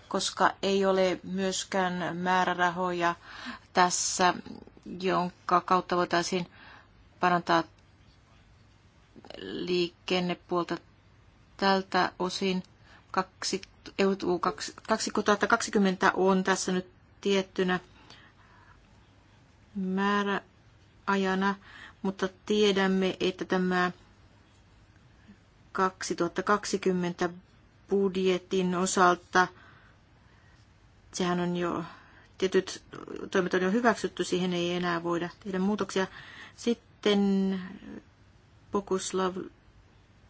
koska ei ole myöskään määrärahoja tässä, jonka kautta voitaisiin parantaa liikennepuolta tältä osin. 2020 on tässä nyt tiettynä määräajana, mutta tiedämme, että tämä 2020 budjetin osalta, sehän on jo, tietyt toimet on jo hyväksytty, siihen ei enää voida tehdä muutoksia. Sitten Pokuslav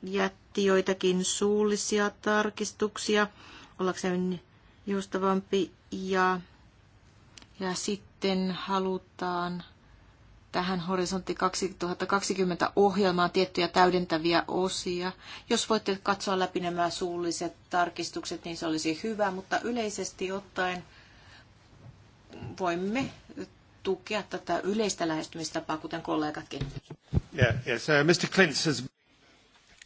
jätti joitakin suullisia tarkistuksia, ollakseen joustavampi ja, ja sitten halutaan tähän Horisontti 2020 ohjelmaan tiettyjä täydentäviä osia. Jos voitte katsoa läpi nämä suulliset tarkistukset, niin se olisi hyvä, mutta yleisesti ottaen voimme tukea tätä yleistä lähestymistapaa, kuten kollegatkin. Yeah, yeah. So Mr. Klintz, has...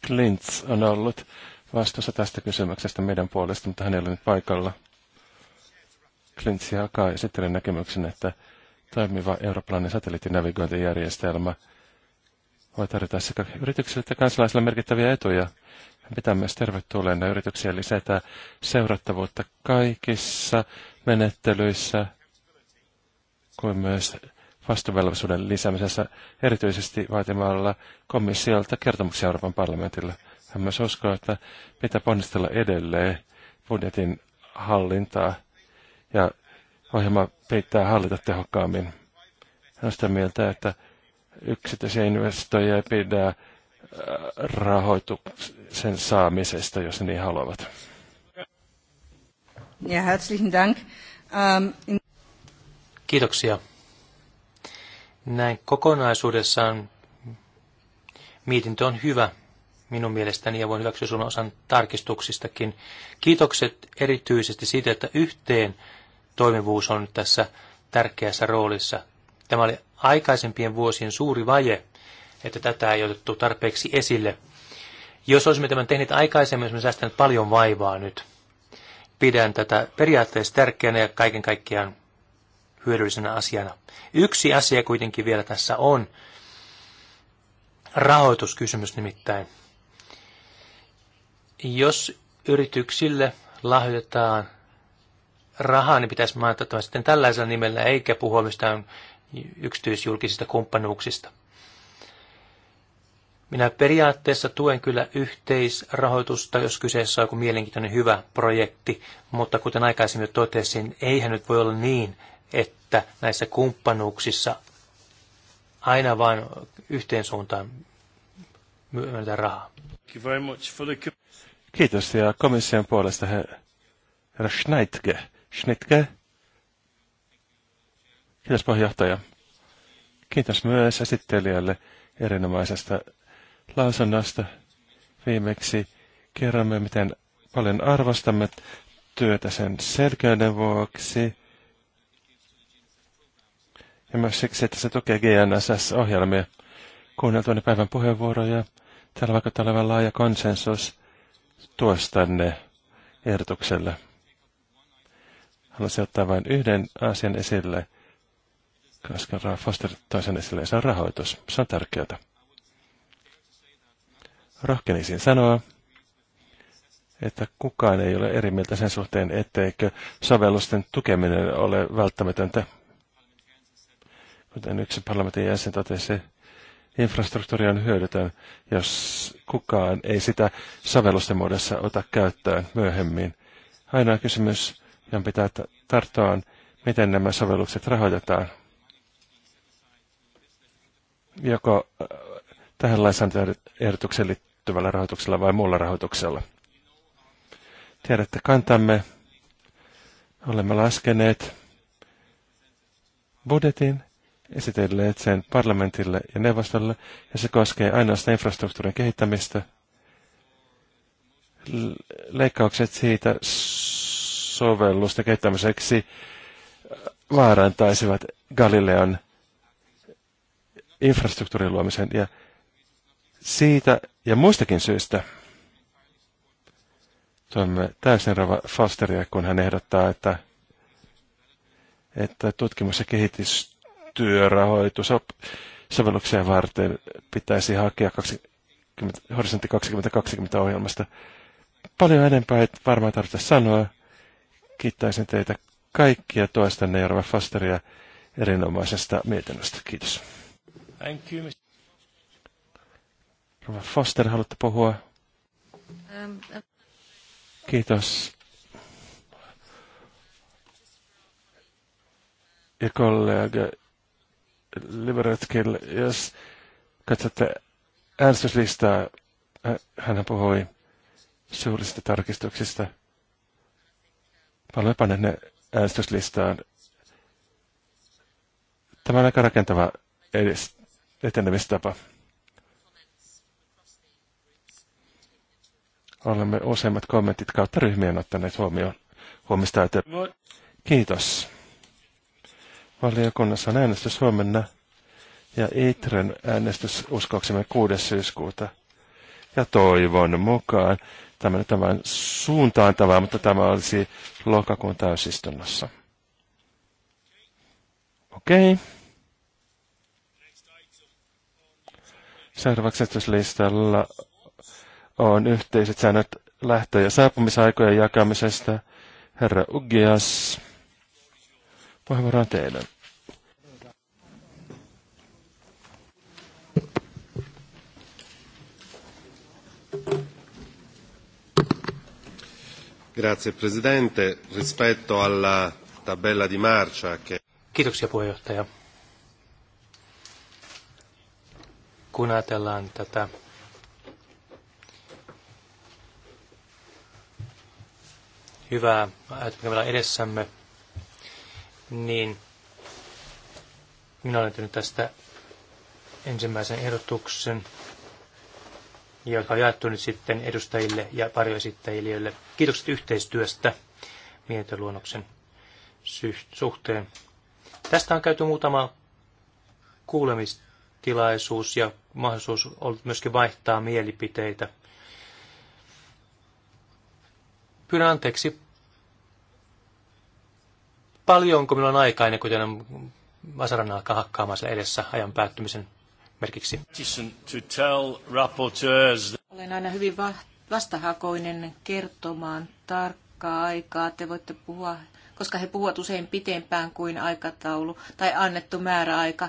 Klintz on ollut vastuussa tästä kysymyksestä meidän puolesta, mutta hän ei ole nyt paikalla. Klintz jakaa esittelen näkemyksen, että toimiva eurooppalainen satelliittinavigointijärjestelmä voi tarjota sekä yrityksille että kansalaisille merkittäviä etuja. Pitää myös tervetulleena yrityksiä lisätä seurattavuutta kaikissa menettelyissä, kuin myös vastuvelvollisuuden lisäämisessä erityisesti vaatimalla komissiolta kertomuksia Euroopan parlamentille. Hän myös uskoo, että pitää ponnistella edelleen budjetin hallintaa ja ohjelma peittää hallita tehokkaammin. Hän on sitä mieltä, että yksityisiä investoijia ei pidä äh, rahoituksen saamisesta, jos ne niin haluavat. Ja, herzlichen Dank. Um, in... Kiitoksia. Näin kokonaisuudessaan mietintö on hyvä minun mielestäni ja voin hyväksyä sun osan tarkistuksistakin. Kiitokset erityisesti siitä, että yhteen toimivuus on nyt tässä tärkeässä roolissa. Tämä oli aikaisempien vuosien suuri vaje, että tätä ei otettu tarpeeksi esille. Jos olisimme tämän tehneet aikaisemmin, olisimme säästäneet paljon vaivaa nyt. Pidän tätä periaatteessa tärkeänä ja kaiken kaikkiaan hyödyllisenä asiana. Yksi asia kuitenkin vielä tässä on, rahoituskysymys nimittäin. Jos yrityksille lahjoitetaan rahaa, niin pitäisi mainita sitten tällaisella nimellä, eikä puhua mistään yksityisjulkisista kumppanuuksista. Minä periaatteessa tuen kyllä yhteisrahoitusta, jos kyseessä on joku mielenkiintoinen hyvä projekti, mutta kuten aikaisemmin jo totesin, eihän nyt voi olla niin, että näissä kumppanuuksissa aina vain yhteen suuntaan myönnetään rahaa. Kiitos ja komission puolesta herra Schneidke Schnittke. Kiitos puheenjohtaja. Kiitos myös esittelijälle erinomaisesta lausunnosta. Viimeksi kerromme, miten paljon arvostamme työtä sen selkeyden vuoksi. Ja myös siksi, että se tukee GNSS-ohjelmia. Kuunneltuani päivän puheenvuoroja, täällä vaikuttaa olevan laaja konsensus tuostanne ehdotukselle. Haluaisin ottaa vain yhden asian esille, koska Ralph Foster toisen esille, se on rahoitus. Se on tärkeää. Rohkenisin sanoa, että kukaan ei ole eri mieltä sen suhteen, etteikö sovellusten tukeminen ole välttämätöntä. Kuten yksi parlamentin jäsen totesi, infrastruktuuria on hyödytön, jos kukaan ei sitä sovellusten muodossa ota käyttöön myöhemmin. Ainoa kysymys johon pitää tarttua on, miten nämä sovellukset rahoitetaan. Joko äh, tähän lainsäädäntöehdotukseen liittyvällä rahoituksella vai muulla rahoituksella. Tiedätte kantamme. Olemme laskeneet budjetin, esitelleet sen parlamentille ja neuvostolle, ja se koskee ainoastaan infrastruktuurin kehittämistä. Leikkaukset siitä sovellusta kehittämiseksi äh, vaarantaisivat Galileon infrastruktuurin luomisen. Ja siitä ja muistakin syistä tuomme täysin Rava Fosteria, kun hän ehdottaa, että, että tutkimus- ja kehitystyörahoitus sovelluksia varten pitäisi hakea 20, horisontti 2020 ohjelmasta. Paljon enempää ei varmaan tarvitse sanoa. Kiittäisin teitä kaikkia toistanne Jarva Fasteria erinomaisesta mietinnöstä. Kiitos. Thank you. Foster, haluatte puhua? Um, uh, Kiitos. Ja kollega Liberatkin, jos katsotte äänestyslistaa, hän puhui suurista tarkistuksista – paljon panneet ne äänestyslistaan. Tämä on aika rakentava edes, etenemistapa. Olemme useimmat kommentit kautta ryhmien ottaneet huomioon huomista eteen. Kiitos. Valiokunnassa on äänestys huomenna ja Itren äänestys uskoksemme 6. syyskuuta. Ja toivon mukaan Tämä nyt on vain suuntaantavaa, mutta tämä olisi lokakuun täysistunnossa. Okei. Okay. Seuraavaksi listalla on yhteiset säännöt lähtö- ja saapumisaikojen jakamisesta. Herra Ugias, puheenvuoro on teidän. Grazie Presidente. Rispetto alla tabella di marcia che... Kiitoksia puheenjohtaja. Kun ajatellaan tätä hyvää ajatusta, meillä on edessämme, niin minä olen tehnyt tästä ensimmäisen ehdotuksen joka on jaettu nyt sitten edustajille ja varjoesittäjille. Kiitokset yhteistyöstä mietintöluonnoksen suhteen. Tästä on käyty muutama kuulemistilaisuus ja mahdollisuus ollut myöskin vaihtaa mielipiteitä. Pyydän anteeksi. Paljonko minulla on aikaa ennen kuin Vasaran alkaa hakkaamaan edessä ajan päättymisen esimerkiksi? Olen aina hyvin va- vastahakoinen kertomaan tarkkaa aikaa. Te voitte puhua, koska he puhuvat usein pitempään kuin aikataulu tai annettu määräaika.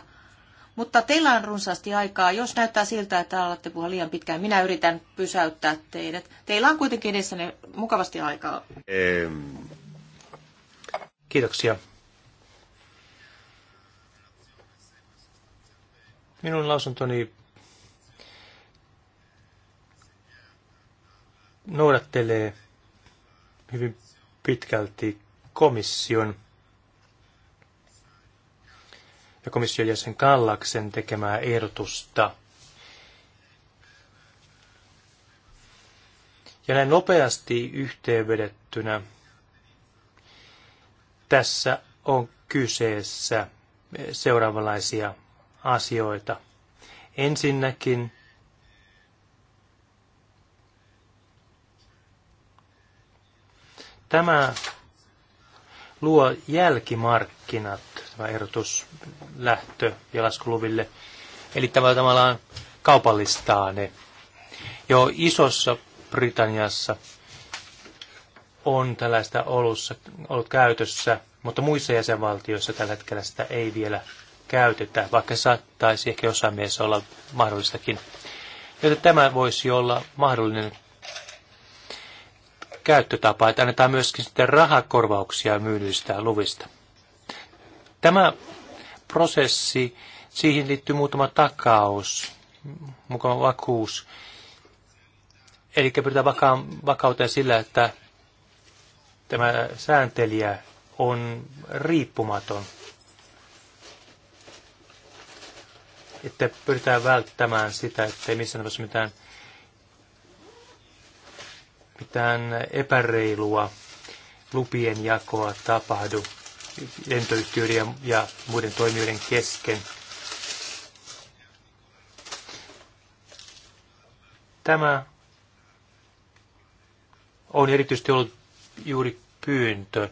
Mutta teillä on runsaasti aikaa. Jos näyttää siltä, että alatte puhua liian pitkään, minä yritän pysäyttää teidät. Teillä on kuitenkin edessäne mukavasti aikaa. Kiitoksia. Minun lausuntoni noudattelee hyvin pitkälti komission ja komission jäsen Kallaksen tekemää ehdotusta. Ja näin nopeasti yhteenvedettynä tässä on kyseessä seuraavanlaisia asioita. Ensinnäkin tämä luo jälkimarkkinat, tämä ehdotus lähtö- ja laskuluville. Eli tavallaan kaupallistaa ne. Jo isossa Britanniassa on tällaista ollut käytössä, mutta muissa jäsenvaltioissa tällä hetkellä sitä ei vielä käytetä, vaikka se saattaisi ehkä jossain mielessä olla mahdollistakin. Joten tämä voisi olla mahdollinen käyttötapa, että annetaan myöskin sitten rahakorvauksia myydyistä luvista. Tämä prosessi, siihen liittyy muutama takaus, mukava vakuus. Eli pyritään vakauteen sillä, että tämä sääntelijä on riippumaton että pyritään välttämään sitä, ettei missään tapauksessa mitään, mitään epäreilua lupien jakoa tapahdu lentoyhtiöiden ja, ja muiden toimijoiden kesken. Tämä on erityisesti ollut juuri pyyntö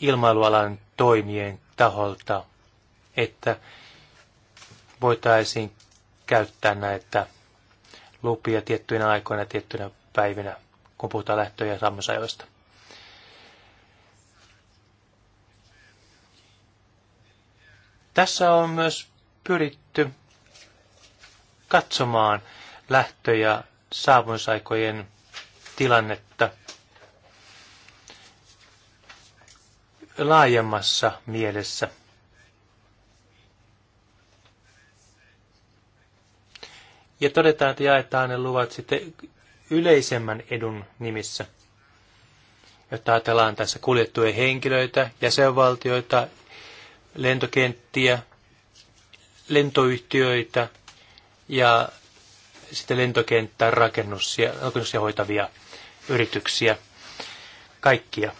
ilmailualan toimien taholta, että voitaisiin käyttää näitä lupia tiettyinä aikoina, tiettyinä päivinä, kun puhutaan lähtöjä ja Tässä on myös pyritty katsomaan lähtö- ja saapumisaikojen tilannetta laajemmassa mielessä – ja todetaan, että jaetaan ne luvat sitten yleisemmän edun nimissä. Jotta ajatellaan tässä kuljettuja henkilöitä, jäsenvaltioita, lentokenttiä, lentoyhtiöitä ja sitten lentokenttää rakennus- ja hoitavia yrityksiä, kaikkia.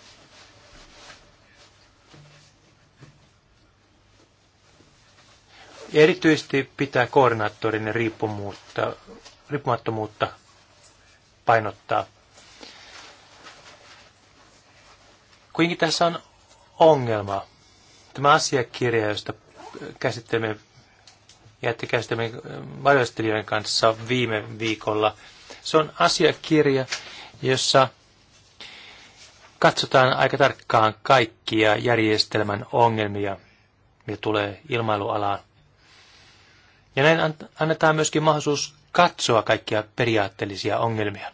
Erityisesti pitää koordinaattorin riippumattomuutta, riippumattomuutta painottaa. Kuinkin tässä on ongelma. Tämä asiakirja, josta käsittelemme käsittelemme varjostelijoiden kanssa viime viikolla, se on asiakirja, jossa katsotaan aika tarkkaan kaikkia järjestelmän ongelmia, mitä tulee ilmailualaan. Ja näin annetaan myöskin mahdollisuus katsoa kaikkia periaatteellisia ongelmia.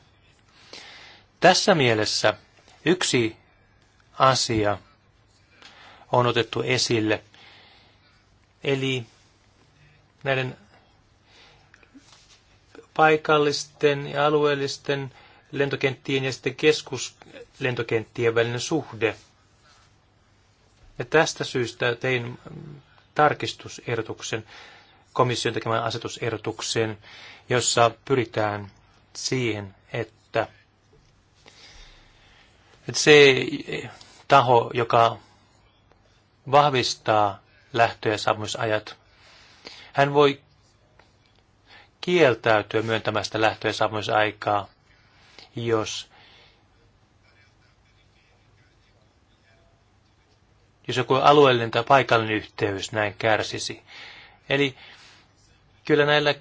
Tässä mielessä yksi asia on otettu esille, eli näiden paikallisten ja alueellisten lentokenttien ja sitten keskuslentokenttien välinen suhde. Ja tästä syystä tein tarkistusehdotuksen komission tekemään asetusehdotukseen, jossa pyritään siihen, että, että se taho, joka vahvistaa lähtö- ja saapumisajat, hän voi kieltäytyä myöntämästä lähtö- ja saapumisaikaa, jos jos joku alueellinen tai paikallinen yhteys näin kärsisi. Eli kyllä näillä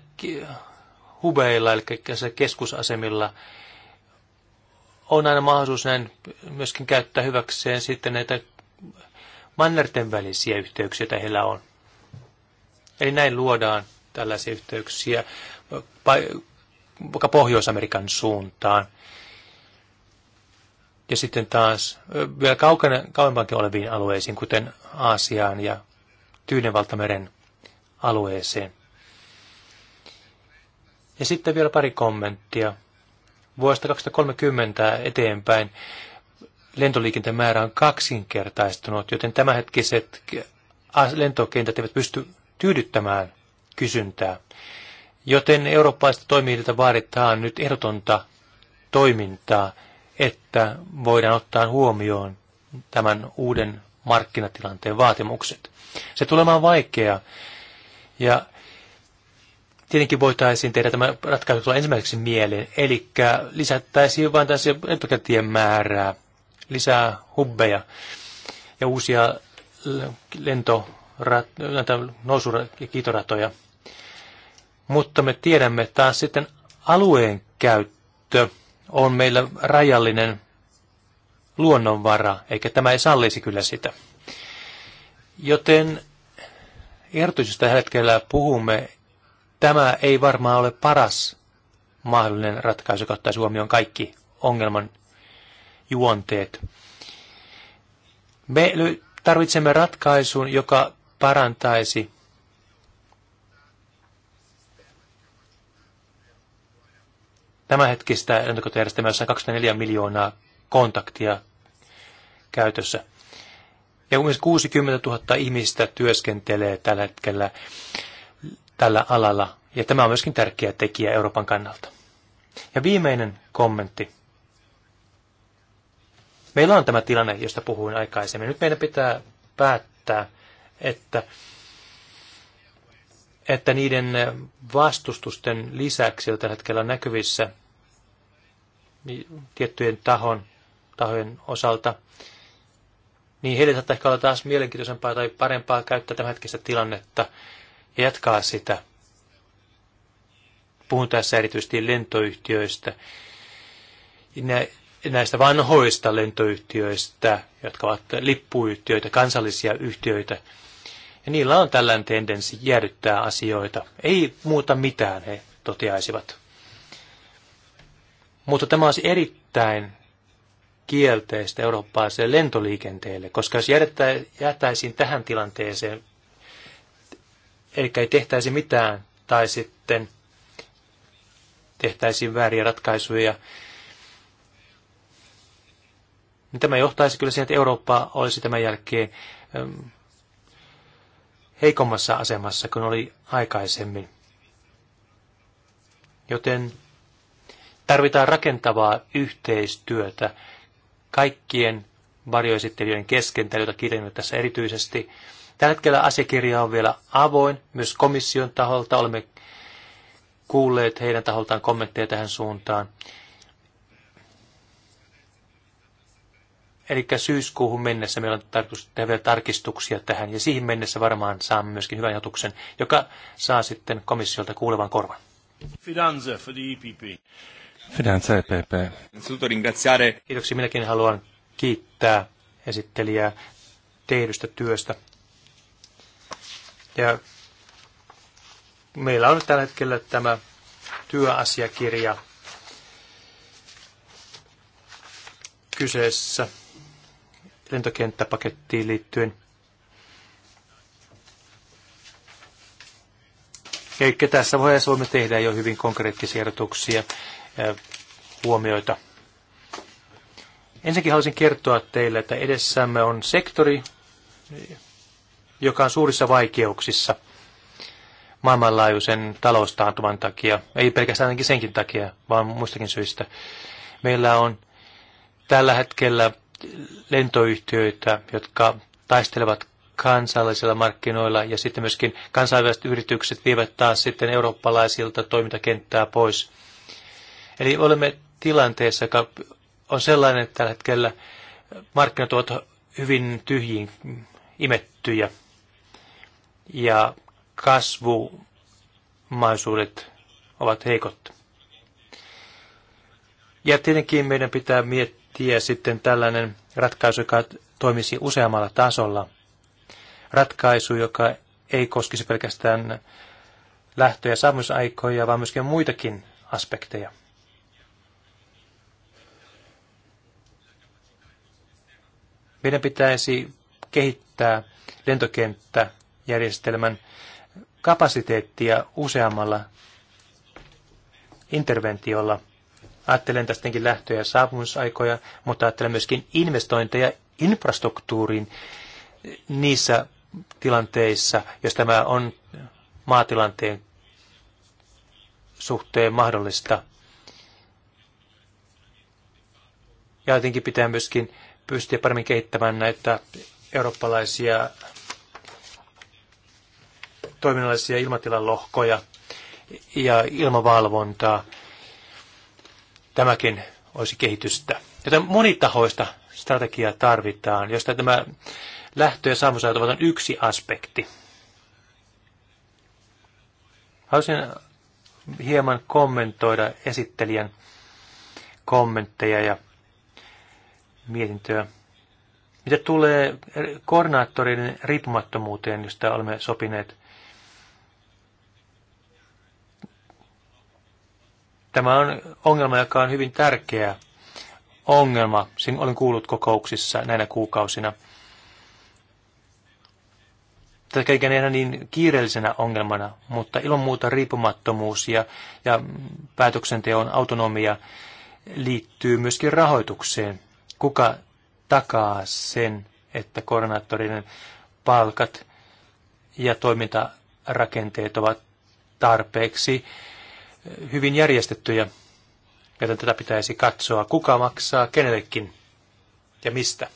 hubeilla, eli keskusasemilla, on aina mahdollisuus näin myöskin käyttää hyväkseen sitten näitä mannerten välisiä yhteyksiä, joita heillä on. Eli näin luodaan tällaisia yhteyksiä vaikka Pohjois-Amerikan suuntaan. Ja sitten taas vielä kauempankin oleviin alueisiin, kuten Aasiaan ja Tyynenvaltameren alueeseen. Ja sitten vielä pari kommenttia. Vuodesta 2030 eteenpäin lentoliikenteen määrä on kaksinkertaistunut, joten tämänhetkiset lentokentät eivät pysty tyydyttämään kysyntää. Joten eurooppalaisista toimijoilta vaaditaan nyt ehdotonta toimintaa, että voidaan ottaa huomioon tämän uuden markkinatilanteen vaatimukset. Se tulemaan vaikeaa. ja tietenkin voitaisiin tehdä tämä ratkaisu tulla ensimmäiseksi mieleen, eli lisättäisiin vain tässä etukätien määrää, lisää hubbeja ja uusia lento, näitä nousu- ja kiitoratoja. Mutta me tiedämme että taas sitten alueen käyttö on meillä rajallinen luonnonvara, eikä tämä ei sallisi kyllä sitä. Joten erityisesti tällä hetkellä puhumme tämä ei varmaan ole paras mahdollinen ratkaisu, joka ottaisi huomioon kaikki ongelman juonteet. Me tarvitsemme ratkaisun, joka parantaisi tämänhetkistä lentokotajärjestelmää, jossa on 24 miljoonaa kontaktia käytössä. Ja myös 60 000 ihmistä työskentelee tällä hetkellä tällä alalla. Ja tämä on myöskin tärkeä tekijä Euroopan kannalta. Ja viimeinen kommentti. Meillä on tämä tilanne, josta puhuin aikaisemmin. Nyt meidän pitää päättää, että, että niiden vastustusten lisäksi, joita tällä hetkellä on näkyvissä niin tiettyjen tahon, tahojen osalta, niin heille saattaa ehkä olla taas mielenkiintoisempaa tai parempaa käyttää tämänhetkistä tilannetta ja jatkaa sitä. Puhun tässä erityisesti lentoyhtiöistä, näistä vanhoista lentoyhtiöistä, jotka ovat lippuyhtiöitä, kansallisia yhtiöitä. Ja niillä on tällainen tendenssi jäädyttää asioita. Ei muuta mitään, he toteaisivat. Mutta tämä olisi erittäin kielteistä eurooppalaiselle lentoliikenteelle, koska jos jäätäisiin tähän tilanteeseen Eli ei tehtäisi mitään tai sitten tehtäisiin vääriä ratkaisuja. Niin tämä johtaisi kyllä siihen, että Eurooppa olisi tämän jälkeen ähm, heikommassa asemassa kuin oli aikaisemmin. Joten tarvitaan rakentavaa yhteistyötä kaikkien varjoesittelijöiden kesken, jota kirjoitan tässä erityisesti, Tällä hetkellä asiakirja on vielä avoin myös komission taholta. Olemme kuulleet heidän taholtaan kommentteja tähän suuntaan. Eli syyskuuhun mennessä meillä on tarkoitus tehdä vielä tarkistuksia tähän, ja siihen mennessä varmaan saamme myöskin hyvän ajatuksen, joka saa sitten komissiolta kuulevan korvan. Fidanza for the EPP. Fidanza EPP. Kiitoksia, minäkin haluan kiittää esittelijää tehdystä työstä. Ja meillä on tällä hetkellä tämä työasiakirja kyseessä lentokenttäpakettiin liittyen. Eli tässä vaiheessa voimme tehdä jo hyvin konkreettisia ehdotuksia ja huomioita. Ensinnäkin haluaisin kertoa teille, että edessämme on sektori, joka on suurissa vaikeuksissa maailmanlaajuisen taloustaantuman takia. Ei pelkästään ainakin senkin takia, vaan muistakin syistä. Meillä on tällä hetkellä lentoyhtiöitä, jotka taistelevat kansallisilla markkinoilla ja sitten myöskin kansainväliset yritykset vievät taas sitten eurooppalaisilta toimintakenttää pois. Eli olemme tilanteessa, joka on sellainen, että tällä hetkellä markkinat ovat hyvin tyhjiin imettyjä ja kasvumaisuudet ovat heikot. Ja tietenkin meidän pitää miettiä sitten tällainen ratkaisu, joka toimisi useammalla tasolla. Ratkaisu, joka ei koskisi pelkästään lähtö- ja saavutusaikoja, vaan myöskin muitakin aspekteja. Meidän pitäisi kehittää lentokenttä järjestelmän kapasiteettia useammalla interventiolla. Ajattelen tästäkin lähtö- ja saapumisaikoja, mutta ajattelen myöskin investointeja infrastruktuuriin niissä tilanteissa, jos tämä on maatilanteen suhteen mahdollista. Ja jotenkin pitää myöskin pystyä paremmin kehittämään näitä eurooppalaisia toiminnallisia ilmatilan lohkoja ja ilmavalvontaa. Tämäkin olisi kehitystä. Joten monitahoista strategiaa tarvitaan, josta tämä lähtö- ja saamusajat ovat yksi aspekti. Haluaisin hieman kommentoida esittelijän kommentteja ja mietintöä. Mitä tulee koordinaattorin riippumattomuuteen, josta olemme sopineet, Tämä on ongelma, joka on hyvin tärkeä ongelma. Sen olen kuullut kokouksissa näinä kuukausina. Tätä ei enää niin kiireellisenä ongelmana, mutta ilman muuta riippumattomuus ja, ja päätöksenteon autonomia liittyy myöskin rahoitukseen. Kuka takaa sen, että koordinaattorien palkat ja toimintarakenteet ovat tarpeeksi hyvin järjestettyjä, joten tätä pitäisi katsoa, kuka maksaa kenellekin ja mistä.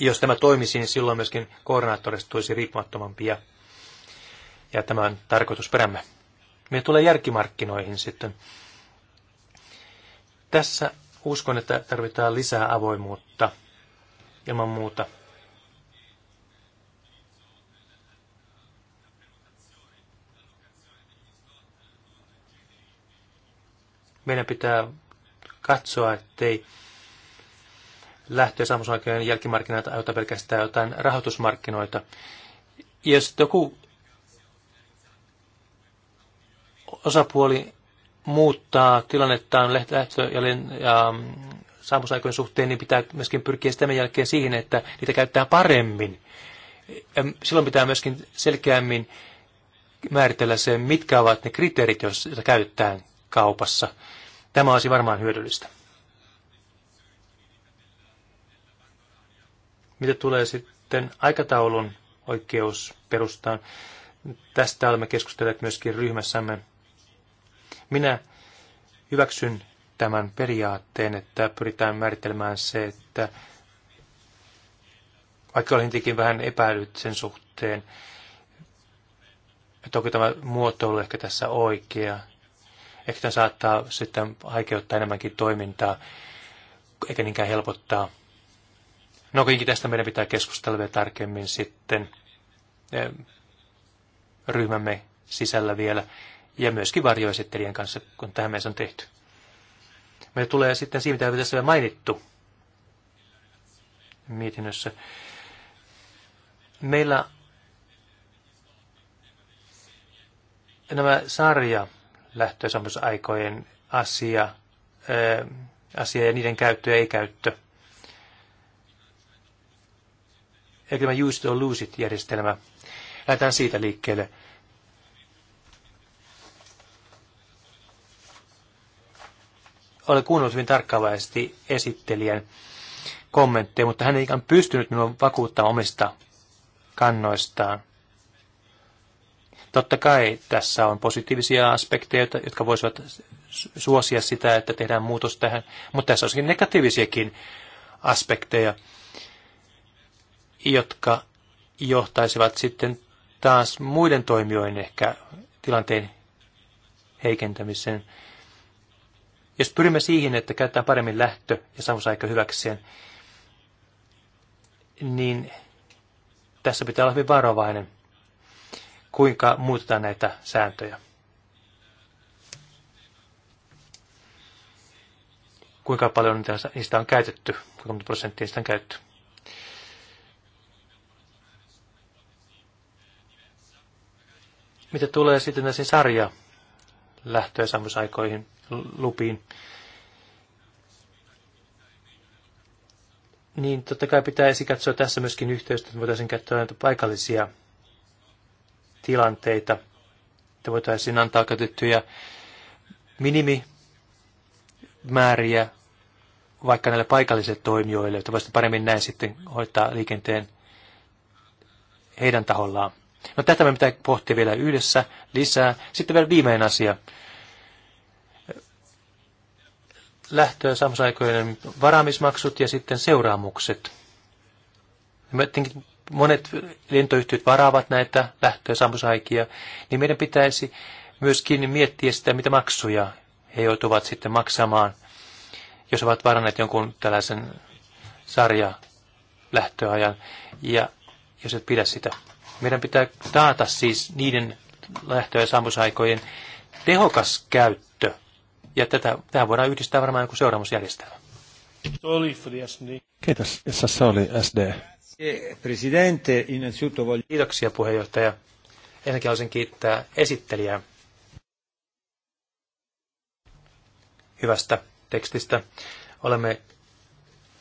Jos tämä toimisi, niin silloin myöskin koordinaattorista tulisi riippumattomampia ja tämä on tarkoitusperämme. Me tulee järkimarkkinoihin sitten. Tässä uskon, että tarvitaan lisää avoimuutta ilman muuta – meidän pitää katsoa, ettei lähtöä ja saamusoikeuden jälkimarkkinoita aiheuta pelkästään jotain rahoitusmarkkinoita. Jos joku osapuoli muuttaa tilannettaan lähtö- ja, ja mm, saamusaikojen suhteen, niin pitää myöskin pyrkiä tämän jälkeen siihen, että niitä käyttää paremmin. Silloin pitää myöskin selkeämmin määritellä se, mitkä ovat ne kriteerit, joita käytetään kaupassa. Tämä olisi varmaan hyödyllistä. Mitä tulee sitten aikataulun oikeus perustaan? Tästä olemme keskustelleet myöskin ryhmässämme. Minä hyväksyn tämän periaatteen, että pyritään määrittelemään se, että vaikka olin tietenkin vähän epäilyt sen suhteen, että onko tämä muotoilu ehkä tässä oikea, Ehkä tämä saattaa sitten haikeuttaa enemmänkin toimintaa, eikä niinkään helpottaa. No kuitenkin tästä meidän pitää keskustella vielä tarkemmin sitten eh, ryhmämme sisällä vielä ja myöskin varjoesittelijän kanssa, kun tähän mennessä on tehty. Me tulee sitten siitä, mitä tässä on mainittu mietinnössä. Meillä nämä sarja lähtösopimusaikojen asia, asia ja niiden käyttö ja ei-käyttö. Eli tämä use or lose it järjestelmä. Lähdetään siitä liikkeelle. Olen kuunnellut hyvin tarkkaavaisesti esittelijän kommentteja, mutta hän ei ikään pystynyt minua vakuuttamaan omista kannoistaan. Totta kai tässä on positiivisia aspekteja, jotka voisivat suosia sitä, että tehdään muutos tähän, mutta tässä olisikin negatiivisiakin aspekteja, jotka johtaisivat sitten taas muiden toimijoiden ehkä tilanteen heikentämiseen. Jos pyrimme siihen, että käytetään paremmin lähtö- ja savusaika hyväkseen, niin tässä pitää olla hyvin varovainen kuinka muutetaan näitä sääntöjä. Kuinka paljon niistä on käytetty, kuinka monta prosenttia niistä on käytetty. Mitä tulee sitten näihin sarja lähtöä ja sammusaikoihin, lupiin, niin totta kai pitää katsoa tässä myöskin yhteystä, että voitaisiin käyttää näitä paikallisia tilanteita, että voitaisiin antaa käytettyjä minimimääriä vaikka näille paikallisille toimijoille, että voisi paremmin näin sitten hoitaa liikenteen heidän tahollaan. No tätä me pitää pohtia vielä yhdessä lisää. Sitten vielä viimeinen asia. Lähtö- ja samsaikojen varaamismaksut ja sitten seuraamukset. Me monet lentoyhtiöt varaavat näitä lähtö- ja sammusaikia, niin meidän pitäisi myöskin miettiä sitä, mitä maksuja he joutuvat sitten maksamaan, jos ovat varanneet jonkun tällaisen sarja lähtöajan ja jos et pidä sitä. Meidän pitää taata siis niiden lähtö- ja sammusaikojen tehokas käyttö. Ja tätä, tähän voidaan yhdistää varmaan joku seuraamusjärjestelmä. Kiitos, Issa oli SD. Eh, presidente, innanzitutto Kiitoksia puheenjohtaja. Ensinnäkin haluaisin kiittää esittelijää hyvästä tekstistä. Olemme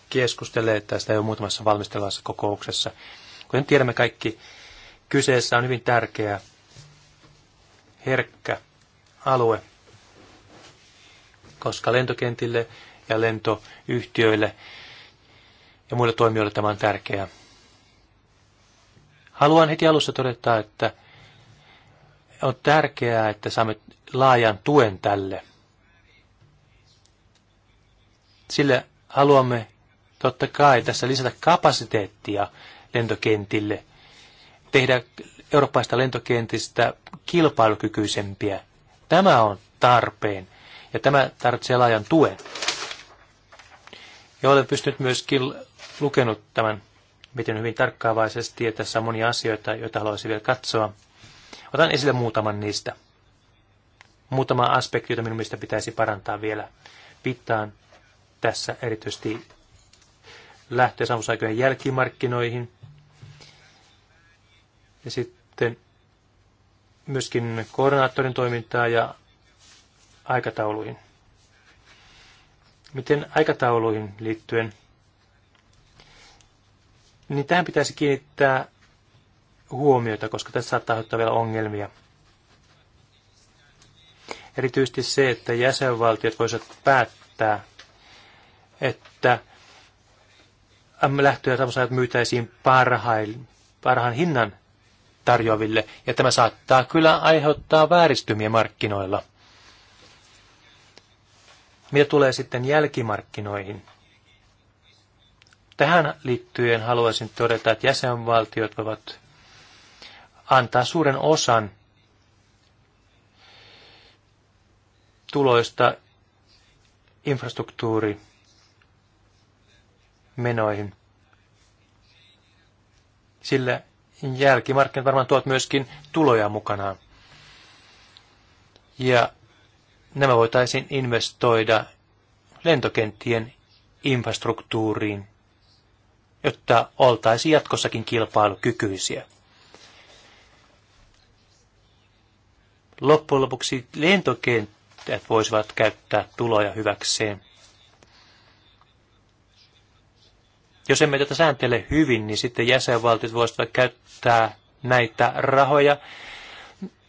keskustelleet tästä jo muutamassa valmistelevassa kokouksessa. Kuten tiedämme kaikki, kyseessä on hyvin tärkeä, herkkä alue, koska lentokentille ja lentoyhtiöille ja muille toimijoille tämä on tärkeää. Haluan heti alussa todeta, että on tärkeää, että saamme laajan tuen tälle. Sillä haluamme totta kai tässä lisätä kapasiteettia lentokentille, tehdä eurooppaista lentokentistä kilpailukykyisempiä. Tämä on tarpeen ja tämä tarvitsee laajan tuen. Ja olen pystynyt myöskin lukenut tämän miten hyvin tarkkaavaisesti ja tässä on monia asioita, joita haluaisin vielä katsoa. Otan esille muutaman niistä. Muutama aspekti, jota minun mielestä pitäisi parantaa vielä. Viittaan tässä erityisesti lähtö- ja saavutusaikojen jälkimarkkinoihin. Ja sitten myöskin koordinaattorin toimintaa ja aikatauluihin. Miten aikatauluihin liittyen niin tähän pitäisi kiinnittää huomiota, koska tässä saattaa aiheuttaa vielä ongelmia. Erityisesti se, että jäsenvaltiot voisivat päättää, että lähtöjä samassa myytäisiin parhain, parhaan hinnan tarjoaville, ja tämä saattaa kyllä aiheuttaa vääristymiä markkinoilla. Mitä tulee sitten jälkimarkkinoihin? Tähän liittyen haluaisin todeta, että jäsenvaltiot voivat antaa suuren osan tuloista infrastruktuurimenoihin. Sillä jälkimarkkinat varmaan tuot myöskin tuloja mukanaan. Ja nämä voitaisiin investoida lentokenttien infrastruktuuriin jotta oltaisiin jatkossakin kilpailukykyisiä. Loppujen lopuksi lentokenttät voisivat käyttää tuloja hyväkseen. Jos emme tätä sääntele hyvin, niin sitten jäsenvaltiot voisivat käyttää näitä rahoja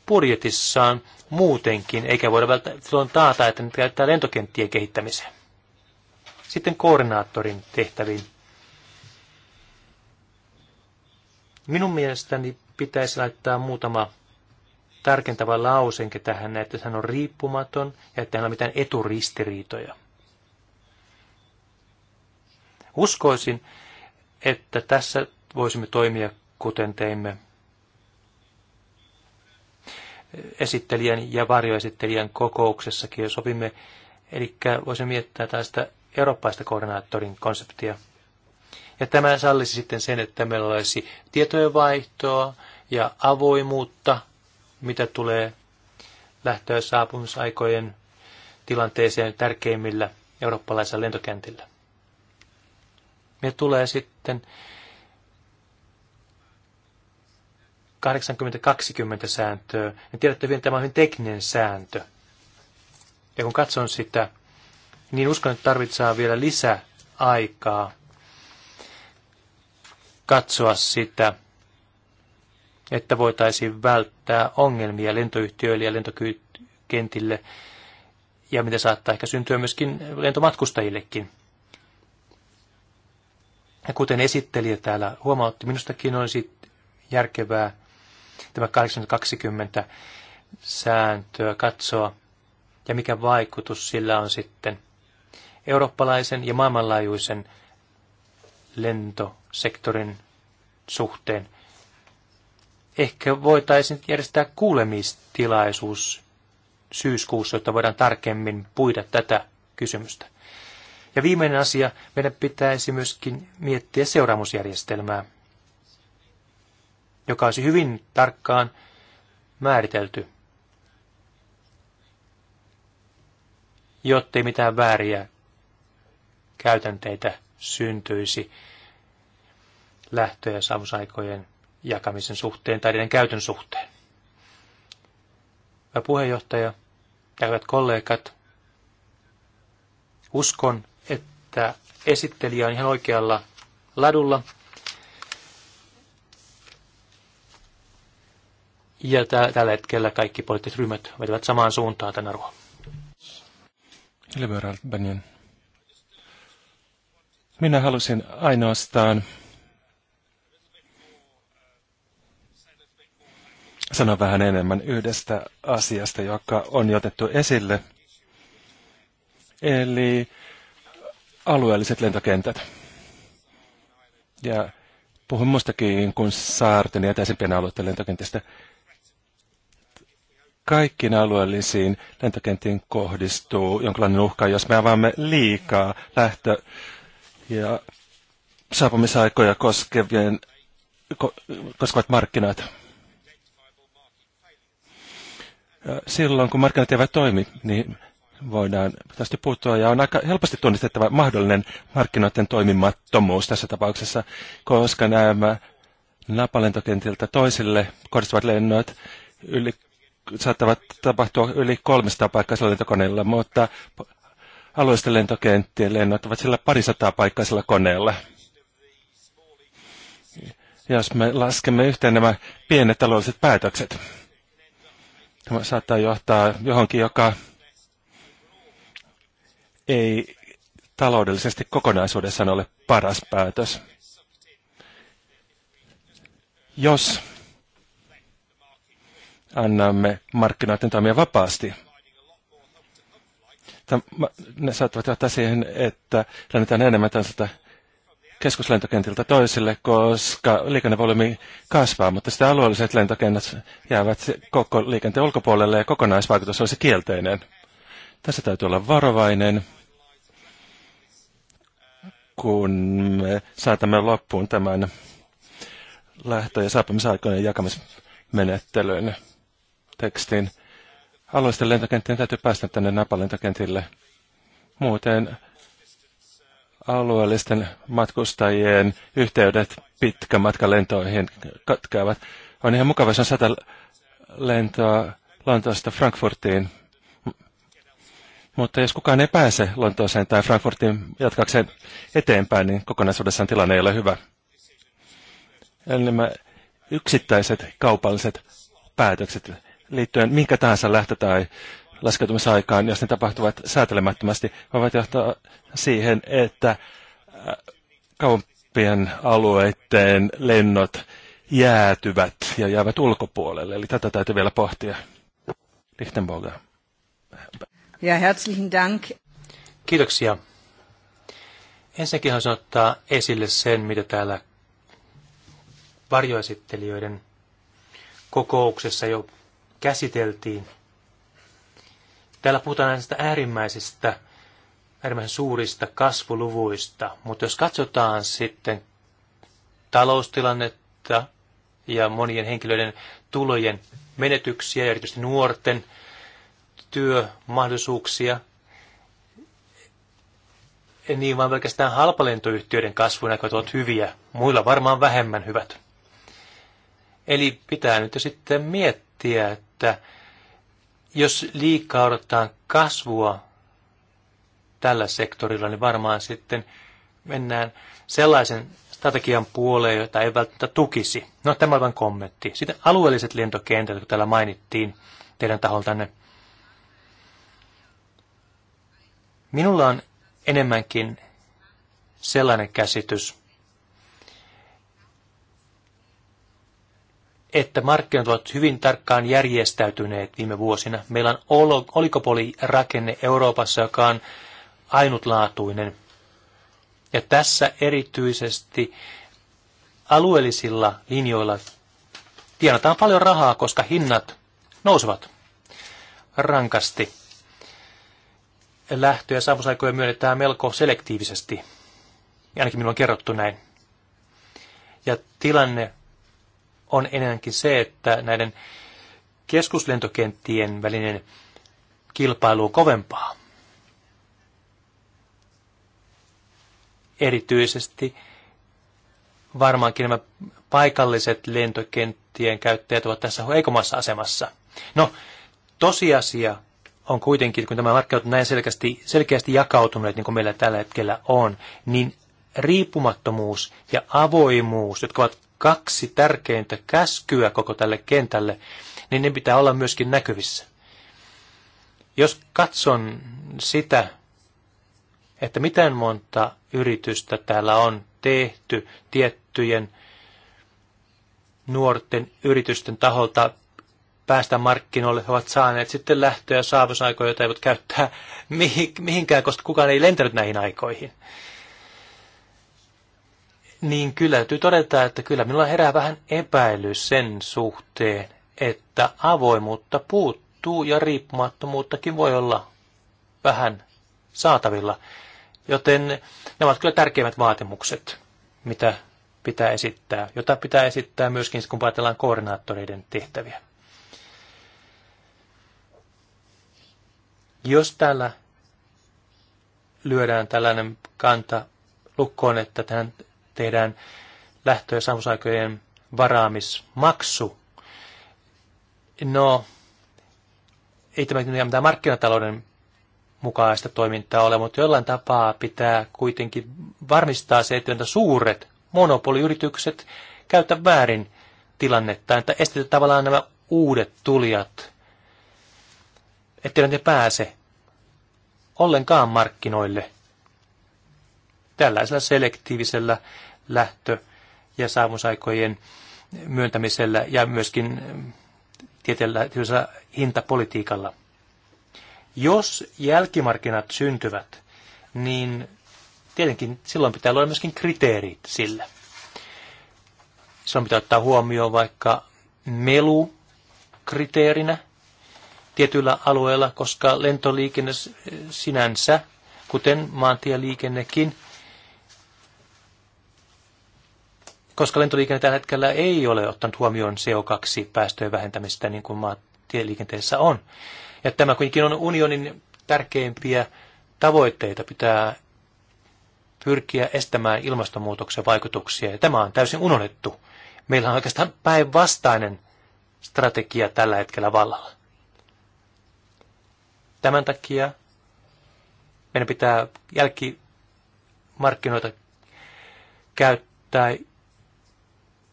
budjetissaan muutenkin, eikä voida silloin taata, että ne käyttää lentokenttien kehittämiseen. Sitten koordinaattorin tehtäviin Minun mielestäni pitäisi laittaa muutama tarkentava lausenke tähän, että hän on riippumaton ja että hän on mitään eturistiriitoja. Uskoisin, että tässä voisimme toimia kuten teimme esittelijän ja varjoesittelijän kokouksessakin jos sopimme. Eli voisimme miettää tästä eurooppaista koordinaattorin konseptia. Ja tämä sallisi sitten sen, että meillä olisi tietojenvaihtoa ja avoimuutta, mitä tulee lähtö- ja saapumisaikojen tilanteeseen tärkeimmillä eurooppalaisilla lentokentillä. Me tulee sitten 80-20 sääntöä. Ja tiedätte hyvin, että tämä on hyvin tekninen sääntö. Ja kun katson sitä, niin uskon, että tarvitsee vielä lisää aikaa katsoa sitä, että voitaisiin välttää ongelmia lentoyhtiöille ja lentokentille ja mitä saattaa ehkä syntyä myöskin lentomatkustajillekin. Ja kuten esittelijä täällä huomautti, minustakin olisi järkevää tämä 820 sääntöä katsoa ja mikä vaikutus sillä on sitten eurooppalaisen ja maailmanlaajuisen lento- sektorin suhteen. Ehkä voitaisiin järjestää kuulemistilaisuus syyskuussa, jotta voidaan tarkemmin puida tätä kysymystä. Ja viimeinen asia, meidän pitäisi myöskin miettiä seuraamusjärjestelmää, joka olisi hyvin tarkkaan määritelty, jottei mitään vääriä käytänteitä syntyisi lähtö- ja saavusaikojen jakamisen suhteen tai niiden käytön suhteen. Hyvä puheenjohtaja ja hyvät kollegat, uskon, että esittelijä on ihan oikealla ladulla. Ja tällä hetkellä kaikki poliittiset ryhmät vetävät samaan suuntaan tänä ruoan. Minä halusin ainoastaan sanoa vähän enemmän yhdestä asiasta, joka on jotettu otettu esille, eli alueelliset lentokentät. Ja puhun muistakin kuin saarten ja etäisimpien alueiden lentokentistä. Kaikkiin alueellisiin lentokenttiin kohdistuu jonkinlainen uhka, jos me avaamme liikaa lähtö- ja saapumisaikoja koskevien, ko, koskevat markkinoita silloin, kun markkinat eivät toimi, niin voidaan tästä puuttua. Ja on aika helposti tunnistettava mahdollinen markkinoiden toimimattomuus tässä tapauksessa, koska nämä napalentokentiltä toisille kohdistuvat lennot yli, saattavat tapahtua yli 300 paikkaisella lentokoneella, mutta alueellisten lentokenttien lennot ovat sillä parisataa paikkaisella koneella. Jos me laskemme yhteen nämä pienet taloudelliset päätökset, Tämä saattaa johtaa johonkin, joka ei taloudellisesti kokonaisuudessaan ole paras päätös. Jos annamme markkinoiden toimia vapaasti, ne saattavat johtaa siihen, että lähdetään enemmän tällaista keskuslentokentiltä toiselle, koska liikennevolyymi kasvaa, mutta sitten alueelliset lentokennät jäävät koko liikenteen ulkopuolelle ja kokonaisvaikutus olisi kielteinen. Tässä täytyy olla varovainen, kun me saatamme loppuun tämän lähtö- ja saapumisaikojen jakamismenettelyn tekstin. Alueellisten lentokenttien täytyy päästä tänne napalentokentille. Muuten alueellisten matkustajien yhteydet pitkän matkan lentoihin katkeavat. On ihan mukava, se on sata lentoa Lontoosta Frankfurtiin. Mutta jos kukaan ei pääse Lontooseen tai Frankfurtiin jatkakseen eteenpäin, niin kokonaisuudessaan tilanne ei ole hyvä. Eli nämä yksittäiset kaupalliset päätökset liittyen minkä tahansa lähtö- tai laskeutumisaikaan, jos ne tapahtuvat säätelemättömästi, voivat johtaa siihen, että äh, kauppien alueiden lennot jäätyvät ja jäävät ulkopuolelle. Eli tätä täytyy vielä pohtia. Lichtenboga. Ja herzlichen Dank. Kiitoksia. Ensinnäkin haluaisin ottaa esille sen, mitä täällä varjoesittelijöiden kokouksessa jo käsiteltiin – Täällä puhutaan näistä äärimmäisistä, äärimmäisen suurista kasvuluvuista, mutta jos katsotaan sitten taloustilannetta ja monien henkilöiden tulojen menetyksiä, ja erityisesti nuorten työmahdollisuuksia, niin vaan pelkästään halpalentoyhtiöiden kasvunäköt ovat hyviä, muilla varmaan vähemmän hyvät. Eli pitää nyt sitten miettiä, että jos liikaa odottaa kasvua tällä sektorilla, niin varmaan sitten mennään sellaisen strategian puoleen, jota ei välttämättä tukisi. No tämä on vain kommentti. Sitten alueelliset lentokentät, kun täällä mainittiin teidän taholtanne. Minulla on enemmänkin sellainen käsitys, että markkinat ovat hyvin tarkkaan järjestäytyneet viime vuosina. Meillä on olikopolirakenne Euroopassa, joka on ainutlaatuinen. Ja tässä erityisesti alueellisilla linjoilla tienataan paljon rahaa, koska hinnat nousevat rankasti. Lähtö- ja saavusaikoja myönnetään melko selektiivisesti. Ainakin minulla on kerrottu näin. Ja tilanne on enemmänkin se, että näiden keskuslentokenttien välinen kilpailu on kovempaa. Erityisesti varmaankin nämä paikalliset lentokenttien käyttäjät ovat tässä heikommassa asemassa. No, tosiasia on kuitenkin, kun tämä markkinat on näin selkeästi, selkeästi jakautuneet, niin kuin meillä tällä hetkellä on, niin riippumattomuus ja avoimuus, jotka ovat kaksi tärkeintä käskyä koko tälle kentälle, niin ne pitää olla myöskin näkyvissä. Jos katson sitä, että miten monta yritystä täällä on tehty tiettyjen nuorten yritysten taholta päästä markkinoille, he ovat saaneet sitten lähtöä saavusaikoja, joita eivät käyttää mihinkään, koska kukaan ei lentänyt näihin aikoihin niin kyllä täytyy todeta, että kyllä minulla herää vähän epäily sen suhteen, että avoimuutta puuttuu ja riippumattomuuttakin voi olla vähän saatavilla. Joten ne ovat kyllä tärkeimmät vaatimukset, mitä pitää esittää, jota pitää esittää myöskin, kun ajatellaan koordinaattoreiden tehtäviä. Jos täällä lyödään tällainen kanta lukkoon, että tähän tehdään lähtö- ja saavusaikojen varaamismaksu. No, ei tämä mitään markkinatalouden mukaista toimintaa ole, mutta jollain tapaa pitää kuitenkin varmistaa se, että suuret monopoliyritykset käytä väärin tilannetta, että estetään tavallaan nämä uudet tulijat, ettei ne pääse ollenkaan markkinoille. Tällaisella selektiivisellä lähtö- ja saamusaikojen myöntämisellä ja myöskin eh, tietynlaisella hintapolitiikalla. Jos jälkimarkkinat syntyvät, niin tietenkin silloin pitää olla myöskin kriteerit sille. Silloin pitää ottaa huomioon vaikka melu kriteerinä tietyillä alueilla, koska lentoliikenne sinänsä, kuten maantieliikennekin, koska lentoliikenne tällä hetkellä ei ole ottanut huomioon CO2-päästöjen vähentämistä niin kuin maatieliikenteessä on. Ja tämä kuitenkin on unionin tärkeimpiä tavoitteita, pitää pyrkiä estämään ilmastonmuutoksen vaikutuksia. Ja tämä on täysin unohdettu. Meillä on oikeastaan päinvastainen strategia tällä hetkellä vallalla. Tämän takia meidän pitää jälkimarkkinoita käyttää,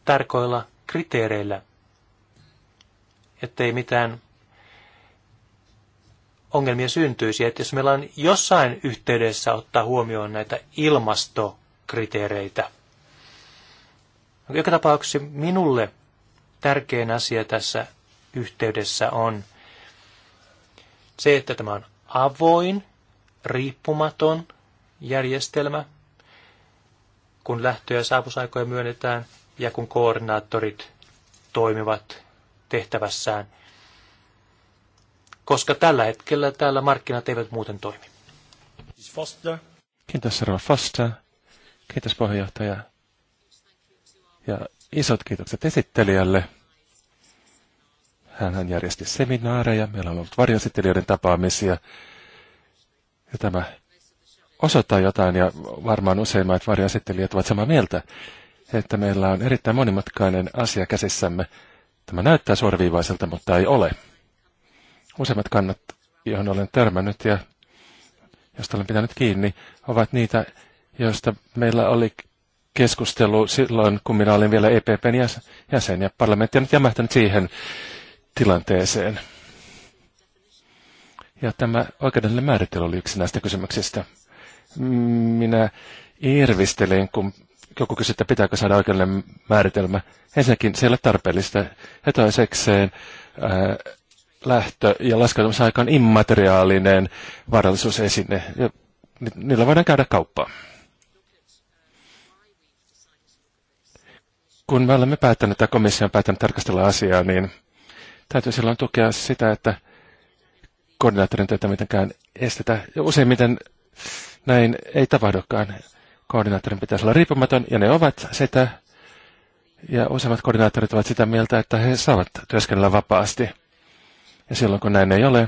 tarkoilla kriteereillä, ettei mitään ongelmia syntyisi. Että jos meillä on jossain yhteydessä ottaa huomioon näitä ilmastokriteereitä. Joka tapauksessa minulle tärkein asia tässä yhteydessä on se, että tämä on avoin, riippumaton järjestelmä, kun lähtö- ja saapusaikoja myönnetään, ja kun koordinaattorit toimivat tehtävässään, koska tällä hetkellä täällä markkinat eivät muuten toimi. Kiitos Rova Fasta. Kiitos puheenjohtaja. Ja isot kiitokset esittelijälle. Hän järjesti seminaareja, meillä on ollut varjoesittelijöiden tapaamisia. Ja tämä osoittaa jotain, ja varmaan useimmat varjoesittelijät ovat samaa mieltä, että meillä on erittäin monimutkainen asia käsissämme. Tämä näyttää suoraviivaiselta, mutta ei ole. Useimmat kannat, joihin olen törmännyt ja josta olen pitänyt kiinni, ovat niitä, joista meillä oli keskustelu silloin, kun minä olin vielä EPPn jäsen ja parlamentti on nyt jämähtänyt siihen tilanteeseen. Ja tämä oikeudellinen määrittely oli yksi näistä kysymyksistä. Minä irvistelin, kun joku kysyi, että pitääkö saada oikeudellinen määritelmä. Ensinnäkin se ei ole tarpeellista. hetoisekseen ää, lähtö- ja laskeutumisaika on immateriaalinen varallisuusesine. Ja ni- niillä voidaan käydä kauppaa. Kun me olemme päättäneet, tai komissio on päättänyt tarkastella asiaa, niin täytyy silloin tukea sitä, että koordinaattorin työtä mitenkään estetä. Ja useimmiten näin ei tapahdukaan koordinaattorin pitäisi olla riippumaton, ja ne ovat sitä. Ja useimmat koordinaattorit ovat sitä mieltä, että he saavat työskennellä vapaasti. Ja silloin kun näin ei ole,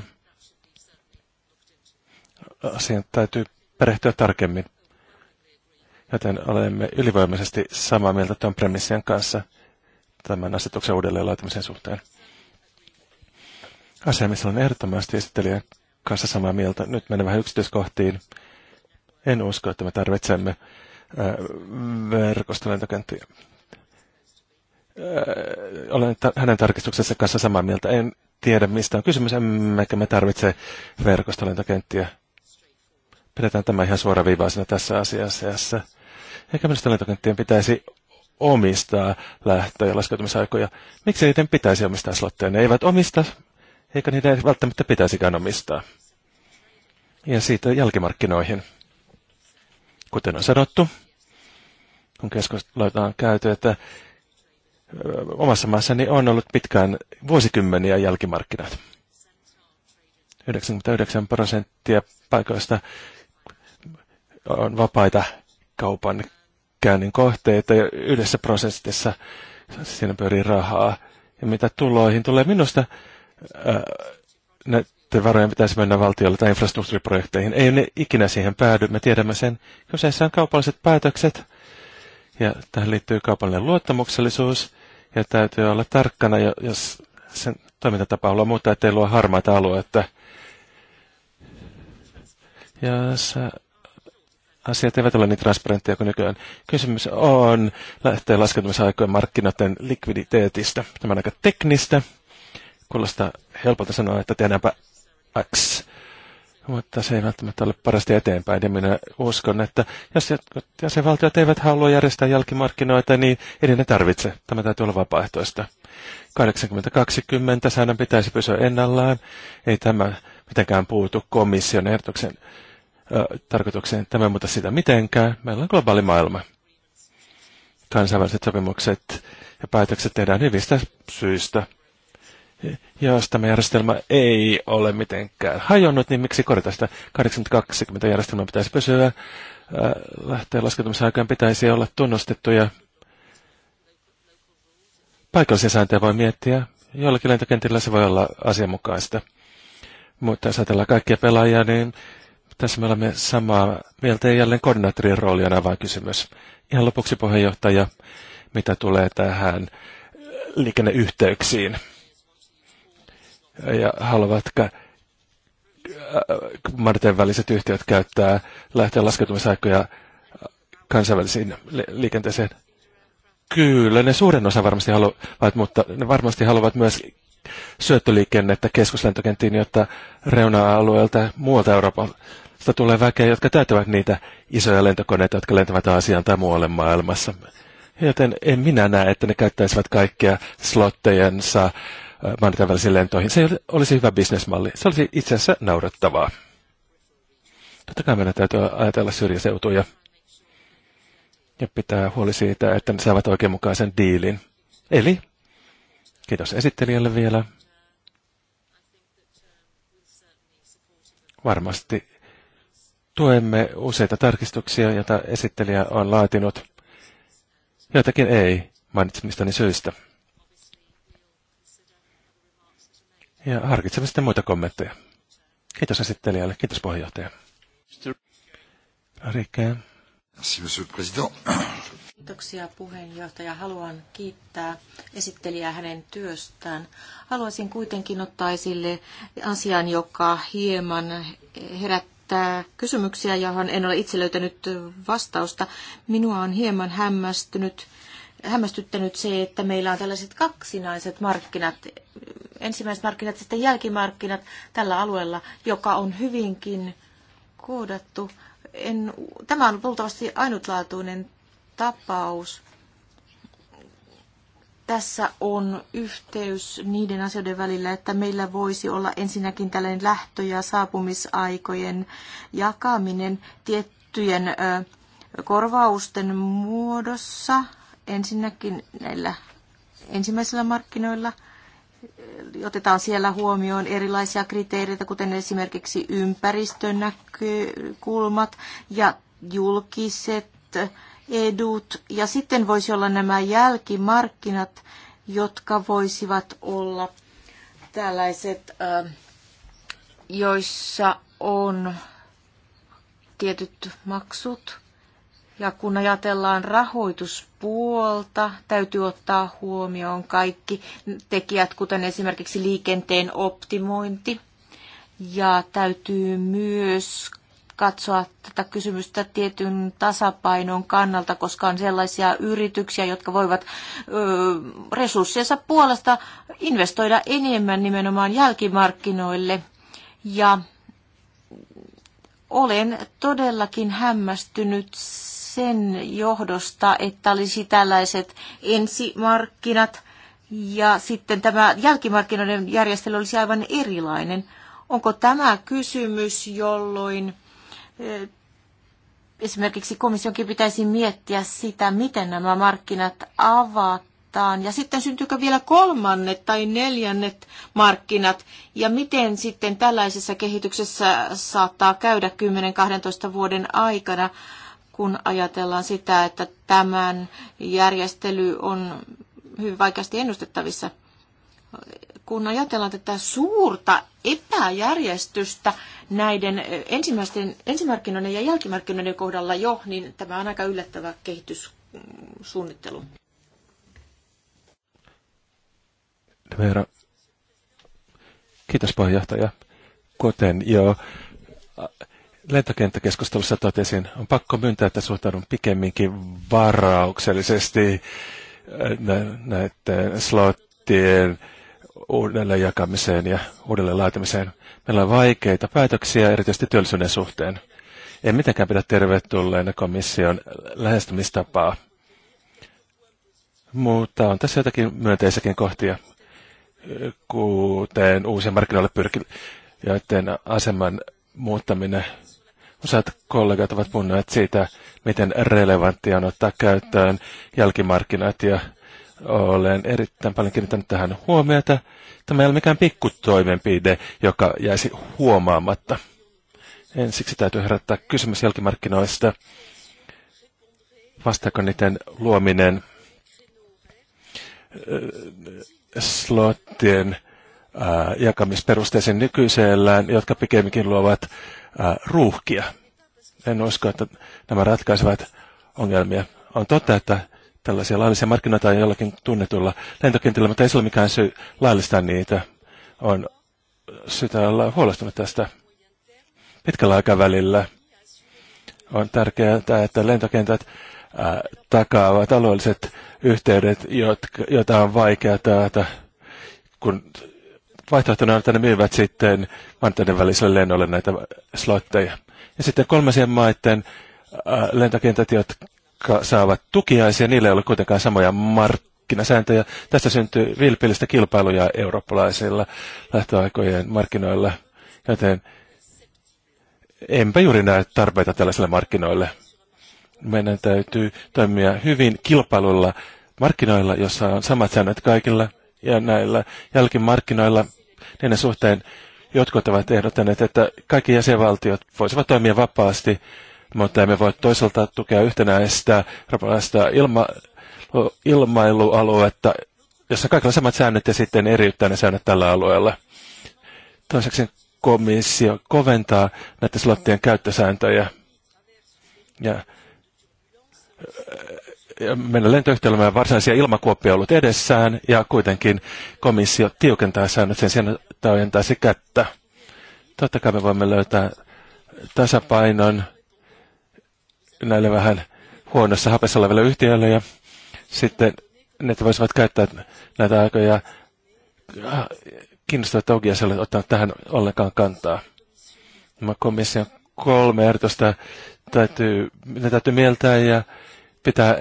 asian täytyy perehtyä tarkemmin. Joten olemme ylivoimaisesti samaa mieltä tuon premissien kanssa tämän asetuksen uudelleen laatimisen suhteen. Asia, missä olen ehdottomasti esittelijän kanssa samaa mieltä. Nyt menen vähän yksityiskohtiin en usko, että me tarvitsemme verkostolentokenttiä. Olen hänen tarkistuksessa kanssa samaa mieltä. En tiedä, mistä on kysymys, emmekä me tarvitse verkostolentokenttiä. Pidetään tämä ihan suoraviivaisena tässä asiassa. Eikä minusta lentokenttien pitäisi omistaa lähtö- ja laskeutumisaikoja. Miksi niiden pitäisi omistaa slotteja? Ne eivät omista, eikä niitä välttämättä pitäisikään omistaa. Ja siitä jälkimarkkinoihin kuten on sanottu, kun keskusteluita on käyty, että omassa maassani on ollut pitkään vuosikymmeniä jälkimarkkinat. 99 prosenttia paikoista on vapaita kaupan käynnin kohteita ja yhdessä prosessissa siinä pyörii rahaa. Ja mitä tuloihin tulee minusta, ää, ne varojen pitäisi mennä valtiolle tai infrastruktuuriprojekteihin. Ei ne ikinä siihen päädy, me tiedämme sen. Kyseessä on kaupalliset päätökset, ja tähän liittyy kaupallinen luottamuksellisuus, ja täytyy olla tarkkana, jos sen toimintatapa on muuta, ettei luo harmaita alueita. Jos äh, asiat eivät ole niin transparenttia kuin nykyään. Kysymys on lähteä laskentumisaikojen markkinoiden likviditeetistä. Tämä on aika teknistä. Kuulostaa helpolta sanoa, että tehdäänpä X. Mutta se ei välttämättä ole parasti eteenpäin, ja minä uskon, että jos jäsenvaltiot eivät halua järjestää jälkimarkkinoita, niin ei ne tarvitse. Tämä täytyy olla vapaaehtoista. 80-20 säännön pitäisi pysyä ennallaan. Ei tämä mitenkään puutu komission ehdotuksen tarkoitukseen. Tämä ei muuta sitä mitenkään. Meillä on globaali maailma. Kansainväliset sopimukset ja päätökset tehdään hyvistä syistä jos tämä järjestelmä ei ole mitenkään hajonnut, niin miksi korjata sitä 80-20 järjestelmää pitäisi pysyä. Äh, Lähteen lasketumisaikaan pitäisi olla tunnustettuja. Paikallisia sääntöjä voi miettiä. Jollakin lentokentillä se voi olla asianmukaista. Mutta jos ajatellaan kaikkia pelaajia, niin tässä me olemme samaa mieltä. Jälleen koordinaattorin rooli on kysymys. Ihan lopuksi puheenjohtaja, mitä tulee tähän liikenneyhteyksiin ja haluavatko äh, Marten väliset yhtiöt käyttää lähteä laskeutumisaikoja kansainvälisiin liikenteeseen. Kyllä, ne suurin osa varmasti haluavat, mutta ne varmasti haluavat myös syöttöliikennettä keskuslentokenttiin, jotta reuna-alueelta muualta Euroopasta tulee väkeä, jotka täyttävät niitä isoja lentokoneita, jotka lentävät Aasiaan tai muualle maailmassa. Joten en minä näe, että ne käyttäisivät kaikkia slottejensa mainitaan lentoihin. Se olisi hyvä bisnesmalli. Se olisi itse asiassa naurettavaa. Totta kai meidän täytyy ajatella syrjäseutuja ja pitää huoli siitä, että ne saavat oikeanmukaisen diilin. Eli kiitos esittelijälle vielä. Varmasti tuemme useita tarkistuksia, joita esittelijä on laatinut. Joitakin ei mainitsemistani syistä. Ja harkitsemme sitten muita kommentteja. Kiitos esittelijälle, kiitos puheenjohtaja. Kiitoksia puheenjohtaja. Haluan kiittää esittelijää hänen työstään. Haluaisin kuitenkin ottaa esille asian, joka hieman herättää kysymyksiä, johon en ole itse löytänyt vastausta. Minua on hieman hämmästynyt hämmästyttänyt se, että meillä on tällaiset kaksinaiset markkinat ensimmäiset markkinat, sitten jälkimarkkinat tällä alueella, joka on hyvinkin koodattu. En, tämä on luultavasti ainutlaatuinen tapaus. Tässä on yhteys niiden asioiden välillä, että meillä voisi olla ensinnäkin tällainen lähtö- ja saapumisaikojen jakaminen tiettyjen korvausten muodossa ensinnäkin näillä ensimmäisillä markkinoilla – otetaan siellä huomioon erilaisia kriteereitä, kuten esimerkiksi ympäristönäkökulmat ja julkiset edut. Ja sitten voisi olla nämä jälkimarkkinat, jotka voisivat olla tällaiset, äh, joissa on tietyt maksut ja kun ajatellaan rahoituspuolta, täytyy ottaa huomioon kaikki tekijät, kuten esimerkiksi liikenteen optimointi. Ja täytyy myös katsoa tätä kysymystä tietyn tasapainon kannalta, koska on sellaisia yrityksiä, jotka voivat ö, resurssiensa puolesta investoida enemmän nimenomaan jälkimarkkinoille. Ja olen todellakin hämmästynyt sen johdosta, että olisi tällaiset ensimarkkinat ja sitten tämä jälkimarkkinoiden järjestely olisi aivan erilainen. Onko tämä kysymys, jolloin eh, esimerkiksi komissionkin pitäisi miettiä sitä, miten nämä markkinat avataan. Ja sitten syntyykö vielä kolmannet tai neljännet markkinat, ja miten sitten tällaisessa kehityksessä saattaa käydä 10-12 vuoden aikana kun ajatellaan sitä, että tämän järjestely on hyvin vaikeasti ennustettavissa. Kun ajatellaan tätä suurta epäjärjestystä näiden ensimmäisten, ensimarkkinoiden ja jälkimarkkinoiden kohdalla jo, niin tämä on aika yllättävä kehityssuunnittelu. Herra. kiitos puheenjohtaja. Kuten jo lentokenttäkeskustelussa totesin, on pakko myöntää, että suhtaudun pikemminkin varauksellisesti äh, näiden slottien uudelleen jakamiseen ja uudelleen laatimiseen. Meillä on vaikeita päätöksiä erityisesti työllisyyden suhteen. En mitenkään pidä tervetulleena komission lähestymistapaa. Mutta on tässä jotakin myönteisäkin kohtia, kuten uusien markkinoille joiden aseman muuttaminen Osaat kollegat ovat puhuneet siitä, miten relevanttia on ottaa käyttöön jälkimarkkinat ja olen erittäin paljon kiinnittänyt tähän huomiota. Tämä ei ole mikään pikkutoimenpide, joka jäisi huomaamatta. Ensiksi täytyy herättää kysymys jälkimarkkinoista. Vastaako niiden luominen äh, slottien äh, jakamisperusteisiin nykyisellään, jotka pikemminkin luovat Äh, ruuhkia. En usko, että nämä ratkaisevat ongelmia. On totta, että tällaisia laillisia markkinoita on jollakin tunnetulla lentokentillä, mutta ei se ole mikään syy laillistaa niitä. On sitä olla huolestunut tästä pitkällä aikavälillä. On tärkeää, että lentokentät äh, takaavat alueelliset yhteydet, jotka, joita on vaikea taata, kun vaihtoehtona on, että ne myyvät sitten manteiden väliselle lennolle näitä slotteja. Ja sitten kolmasien maiden äh, lentokentät, jotka saavat tukiaisia, niillä ei ole kuitenkaan samoja markkinasääntöjä. Tästä syntyy vilpillistä kilpailuja eurooppalaisilla lähtöaikojen markkinoilla, joten enpä juuri näe tarpeita tällaisille markkinoille. Meidän täytyy toimia hyvin kilpailulla markkinoilla, jossa on samat säännöt kaikilla ja näillä jälkimarkkinoilla niiden suhteen jotkut ovat ehdottaneet, että kaikki jäsenvaltiot voisivat toimia vapaasti, mutta emme voi toisaalta tukea yhtenäistä eurooppalaista ilma, ilmailualuetta, jossa kaikilla samat säännöt ja sitten eriyttää ne säännöt tällä alueella. Toiseksi komissio koventaa näiden slottien käyttösääntöjä ja mennä lentoyhtiöllä varsinaisia ilmakuoppia ollut edessään, ja kuitenkin komissio tiukentaa säännöt sen sijaan, että ojentaisi kättä. Totta kai me voimme löytää tasapainon näille vähän huonossa hapessa oleville yhtiöille, ja sitten ne voisivat käyttää näitä aikoja äh, kiinnostavat Togia ole ottanut tähän ollenkaan kantaa. Nämä komission kolme ehdotusta täytyy, ne täytyy mieltää ja pitää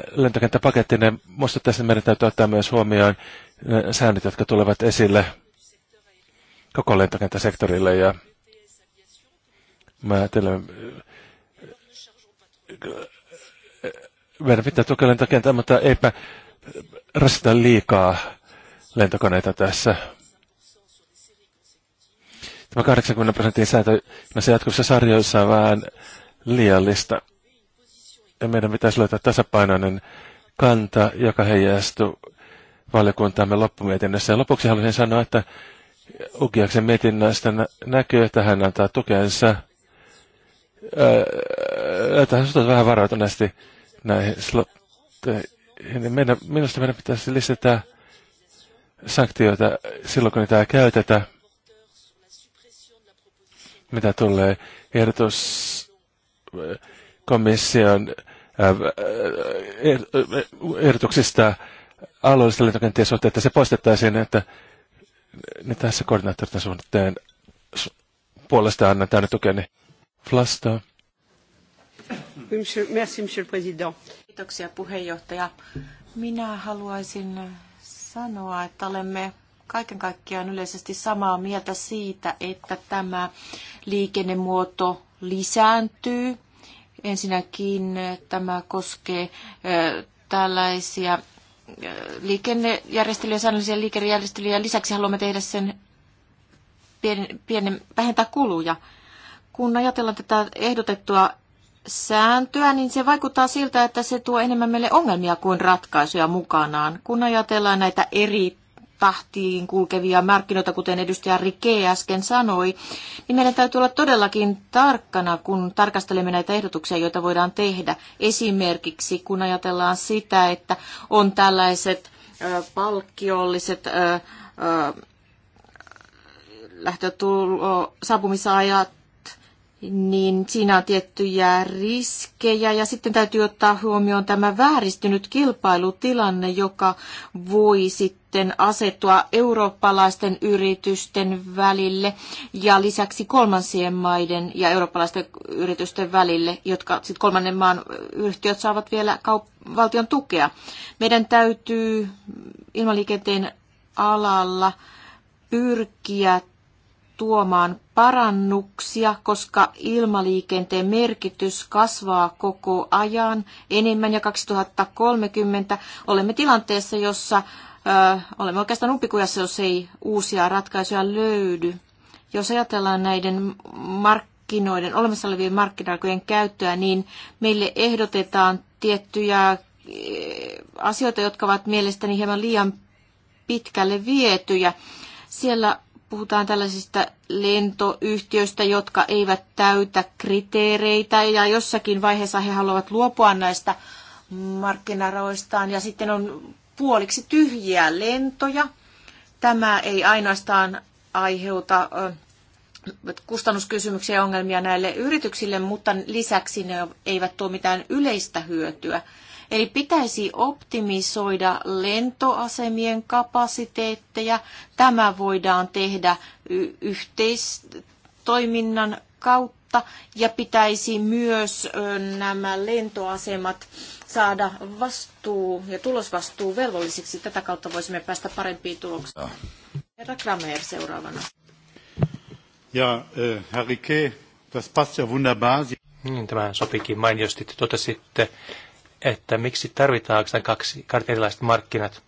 niin minusta tässä meidän täytyy ottaa myös huomioon äh, säännöt, jotka tulevat esille koko lentokenttäsektorille ja mä äh, meidän pitää tukea lentokenttää, mutta eipä rasita liikaa lentokoneita tässä. Tämä 80 prosentin sääntö näissä jatkuvissa sarjoissa on vähän liiallista ja meidän pitäisi löytää tasapainoinen kanta, joka heijastuu valiokuntaamme loppumietinnössä. Ja lopuksi haluaisin sanoa, että Ukiaksen mietinnöstä näkyy, että hän antaa tukensa, öö, että hän suhtautuu vähän varautuneesti näihin slotteihin. Niin meidän, minusta meidän pitäisi lisätä sanktioita silloin, kun niitä ei käytetä, mitä tulee ehdotus komission äh, äh, eh, eh, ehdotuksista alueellista lentokenttien suhteen, että se poistettaisiin, että niin tässä koordinaattorin suhteen puolesta annan tänne tukeni. Flasta. Kiitoksia puheenjohtaja. Minä haluaisin sanoa, että olemme kaiken kaikkiaan yleisesti samaa mieltä siitä, että tämä liikennemuoto lisääntyy Ensinnäkin tämä koskee tällaisia liikennejärjestelyjä, säännöllisiä liikennejärjestelyjä. Lisäksi haluamme tehdä sen pienen, pienen, vähentää kuluja. Kun ajatellaan tätä ehdotettua sääntöä, niin se vaikuttaa siltä, että se tuo enemmän meille ongelmia kuin ratkaisuja mukanaan. Kun ajatellaan näitä eri tahtiin kulkevia markkinoita, kuten edustaja Rike äsken sanoi, niin meidän täytyy olla todellakin tarkkana, kun tarkastelemme näitä ehdotuksia, joita voidaan tehdä. Esimerkiksi kun ajatellaan sitä, että on tällaiset ö, palkkiolliset ö, ö, saapumisajat niin siinä on tiettyjä riskejä ja sitten täytyy ottaa huomioon tämä vääristynyt kilpailutilanne, joka voi sitten asettua eurooppalaisten yritysten välille ja lisäksi kolmansien maiden ja eurooppalaisten yritysten välille, jotka sitten kolmannen maan yhtiöt saavat vielä kaup- valtion tukea. Meidän täytyy ilmaliikenteen alalla pyrkiä tuomaan parannuksia, koska ilmaliikenteen merkitys kasvaa koko ajan enemmän ja 2030 olemme tilanteessa, jossa ö, olemme oikeastaan umpikujassa, jos ei uusia ratkaisuja löydy. Jos ajatellaan näiden markkinoiden, olemassa olevien markkinoiden käyttöä, niin meille ehdotetaan tiettyjä e, asioita, jotka ovat mielestäni hieman liian pitkälle vietyjä. Siellä puhutaan tällaisista lentoyhtiöistä, jotka eivät täytä kriteereitä ja jossakin vaiheessa he haluavat luopua näistä markkinaroistaan ja sitten on puoliksi tyhjiä lentoja. Tämä ei ainoastaan aiheuta kustannuskysymyksiä ja ongelmia näille yrityksille, mutta lisäksi ne eivät tuo mitään yleistä hyötyä. Eli pitäisi optimisoida lentoasemien kapasiteetteja. Tämä voidaan tehdä yhteistoiminnan kautta ja pitäisi myös nämä lentoasemat saada vastuu ja tulosvastuu velvollisiksi. Tätä kautta voisimme päästä parempiin tuloksiin. Herra Kramer seuraavana. Ja, äh, Herr Riquet, das passt ja wunderbar. Niin, tämä sopikin mainiosti. Te totesitte, että miksi tarvitaan oikeastaan kaksi, kaksi erilaiset markkinat.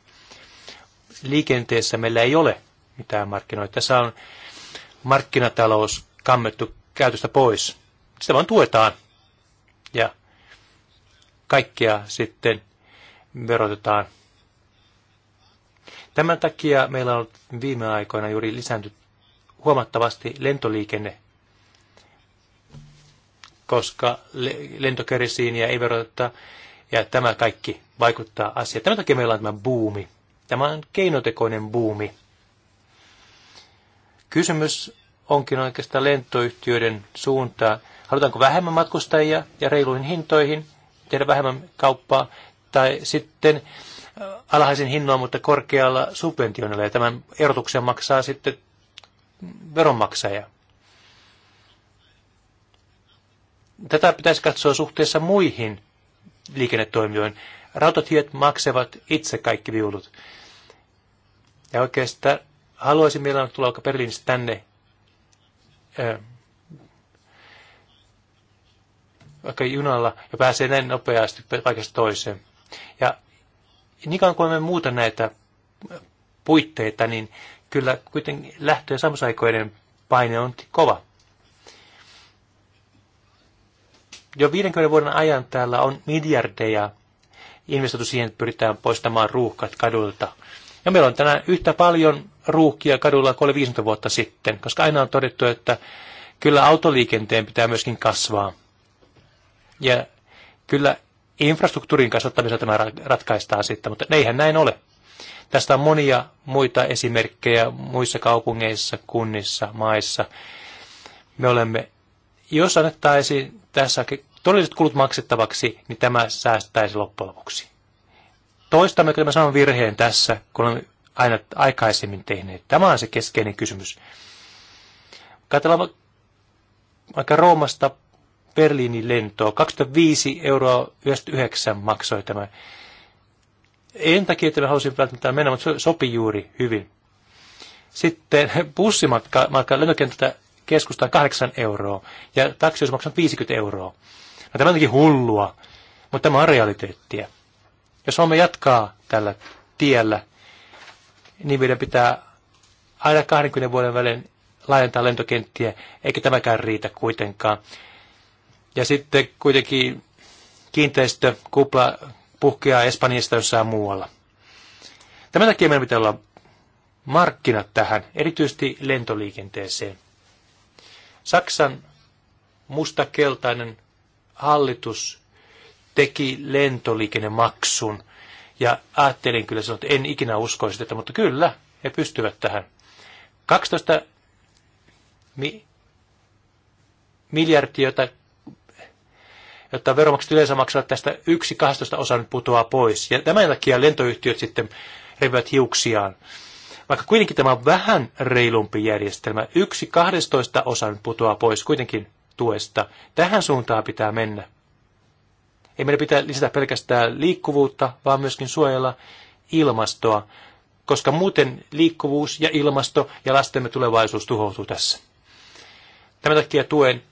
Liikenteessä meillä ei ole mitään markkinoita. Tässä on markkinatalous kammettu käytöstä pois. Sitä vaan tuetaan ja kaikkea sitten verotetaan. Tämän takia meillä on viime aikoina juuri lisääntynyt huomattavasti lentoliikenne, koska lentokerisiiniä ei veroteta ja tämä kaikki vaikuttaa asiaan. Tämän takia meillä on tämä buumi. Tämä on keinotekoinen buumi. Kysymys onkin oikeastaan lentoyhtiöiden suuntaa. Halutaanko vähemmän matkustajia ja reiluihin hintoihin, tehdä vähemmän kauppaa, tai sitten äh, alhaisin hinnoin, mutta korkealla subventioinnilla. Ja tämän erotuksen maksaa sitten veronmaksaja. Tätä pitäisi katsoa suhteessa muihin liikennetoimijoin. Rautatiet maksavat itse kaikki viulut. Ja oikeastaan haluaisin mielelläni tulla vaikka Berliinistä tänne vaikka junalla ja pääsee näin nopeasti paikasta toiseen. Ja niin kauan kuin me muuta näitä puitteita, niin kyllä kuitenkin lähtö- ja paine on kova. Jo 50 vuoden ajan täällä on miljardeja investoitu siihen, että pyritään poistamaan ruuhkat kadulta. Ja meillä on tänään yhtä paljon ruuhkia kadulla kuin oli 50 vuotta sitten, koska aina on todettu, että kyllä autoliikenteen pitää myöskin kasvaa. Ja kyllä infrastruktuurin kasvattamisella tämä ratkaistaan sitten, mutta eihän näin ole. Tästä on monia muita esimerkkejä muissa kaupungeissa, kunnissa, maissa. Me olemme, jos annettaisiin tässä todelliset kulut maksettavaksi, niin tämä säästäisi loppujen lopuksi. Toistammeko tämä saman virheen tässä, kun olemme aina aikaisemmin tehneet? Tämä on se keskeinen kysymys. Katsotaan vaikka Roomasta Berliinin lentoa. 25 euroa 99 maksoi tämä. En takia, että mä halusin välttämättä mennä, mutta se sopi juuri hyvin. Sitten bussimatka matka lentokentältä keskustaan 8 euroa ja taksi olisi maksanut 50 euroa. No, tämä on jotenkin hullua, mutta tämä on realiteettia. Jos Suomi jatkaa tällä tiellä, niin meidän pitää aina 20 vuoden välein laajentaa lentokenttiä, eikä tämäkään riitä kuitenkaan. Ja sitten kuitenkin kiinteistö kupla puhkeaa Espanjasta jossain muualla. Tämän takia meidän pitää olla markkinat tähän, erityisesti lentoliikenteeseen. Saksan mustakeltainen hallitus teki lentoliikennemaksun. Ja ajattelin kyllä sanoa, että en ikinä uskoisi tätä, mutta kyllä, he pystyvät tähän. 12 mi- miljardia, jota, jotta veromaksut yleensä maksavat tästä yksi 12 osa nyt putoaa pois. Ja tämän takia lentoyhtiöt sitten revivät hiuksiaan. Vaikka kuitenkin tämä on vähän reilumpi järjestelmä, yksi 12 osa nyt putoaa pois kuitenkin tuesta. Tähän suuntaan pitää mennä. Ei meidän pitää lisätä pelkästään liikkuvuutta, vaan myöskin suojella ilmastoa, koska muuten liikkuvuus ja ilmasto ja lastemme tulevaisuus tuhoutuu tässä. Tämän takia tuen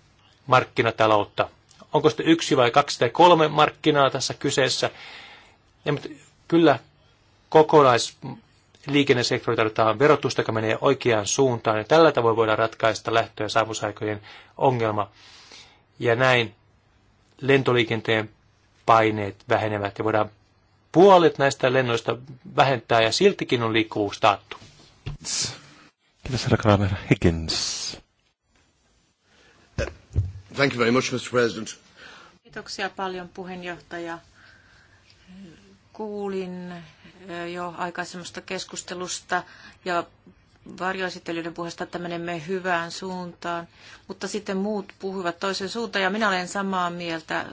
markkinataloutta. Onko sitten yksi vai kaksi tai kolme markkinaa tässä kyseessä? Ja, mutta kyllä kokonais liikennesektori tarvitaan verotusta, joka menee oikeaan suuntaan, ja tällä tavoin voidaan ratkaista lähtö- ja saavusaikojen ongelma. Ja näin lentoliikenteen paineet vähenevät, ja voidaan puolet näistä lennoista vähentää, ja siltikin on liikkuvuus taattu. Kiitos, herra Kramer. Higgins. Thank you very much, Mr. President. Kiitoksia paljon, puheenjohtaja kuulin jo aikaisemmasta keskustelusta ja varjoesittelyiden puheesta, että menemme hyvään suuntaan, mutta sitten muut puhuivat toisen suuntaan ja minä olen samaa mieltä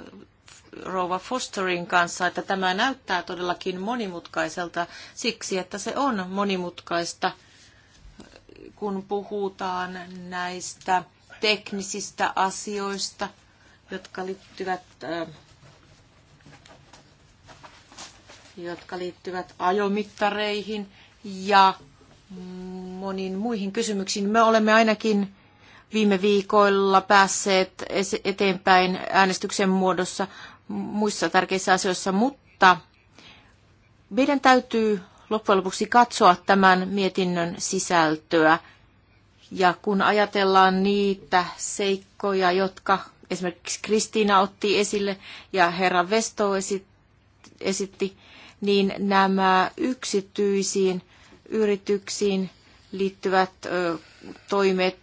Rova Fosterin kanssa, että tämä näyttää todellakin monimutkaiselta siksi, että se on monimutkaista, kun puhutaan näistä teknisistä asioista, jotka liittyvät jotka liittyvät ajomittareihin ja moniin muihin kysymyksiin. Me olemme ainakin viime viikoilla päässeet eteenpäin äänestyksen muodossa muissa tärkeissä asioissa, mutta meidän täytyy loppujen lopuksi katsoa tämän mietinnön sisältöä. Ja kun ajatellaan niitä seikkoja, jotka esimerkiksi Kristiina otti esille ja herra Vesto esitti, niin nämä yksityisiin yrityksiin liittyvät toimet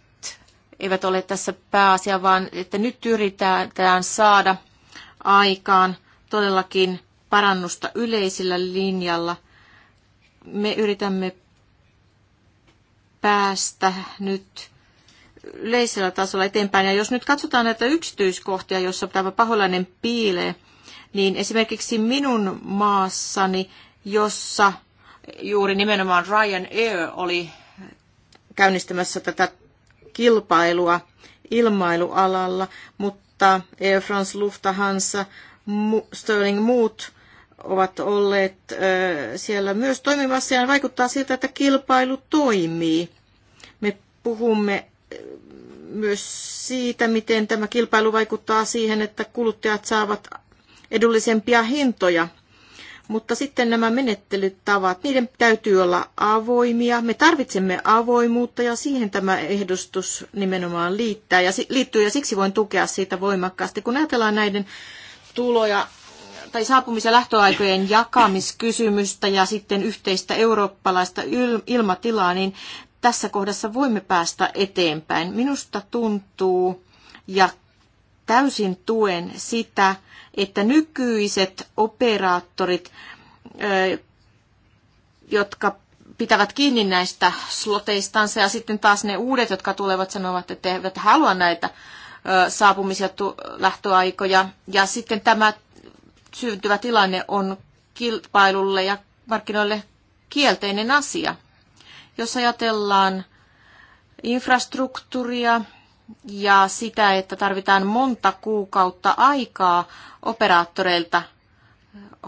eivät ole tässä pääasia, vaan että nyt yritetään saada aikaan todellakin parannusta yleisellä linjalla. Me yritämme päästä nyt yleisellä tasolla eteenpäin. Ja jos nyt katsotaan näitä yksityiskohtia, joissa tämä paholainen piilee, niin esimerkiksi minun maassani, jossa juuri nimenomaan Ryanair oli käynnistämässä tätä kilpailua ilmailualalla, mutta Air France, Lufthansa, Sterling muut ovat olleet siellä myös toimimassa ja vaikuttaa siltä, että kilpailu toimii. Me puhumme myös siitä, miten tämä kilpailu vaikuttaa siihen, että kuluttajat saavat edullisempia hintoja. Mutta sitten nämä menettelytavat, niiden täytyy olla avoimia. Me tarvitsemme avoimuutta ja siihen tämä ehdostus nimenomaan liittää ja, liittyy ja siksi voin tukea siitä voimakkaasti. Kun ajatellaan näiden tuloja tai saapumis- ja lähtöaikojen jakamiskysymystä ja sitten yhteistä eurooppalaista ilmatilaa, niin tässä kohdassa voimme päästä eteenpäin. Minusta tuntuu, ja täysin tuen sitä, että nykyiset operaattorit, jotka pitävät kiinni näistä sloteistansa ja sitten taas ne uudet, jotka tulevat sanovat, että eivät halua näitä saapumis- ja lähtöaikoja. Ja sitten tämä syntyvä tilanne on kilpailulle ja markkinoille kielteinen asia. Jos ajatellaan infrastruktuuria, ja sitä, että tarvitaan monta kuukautta aikaa operaattoreilta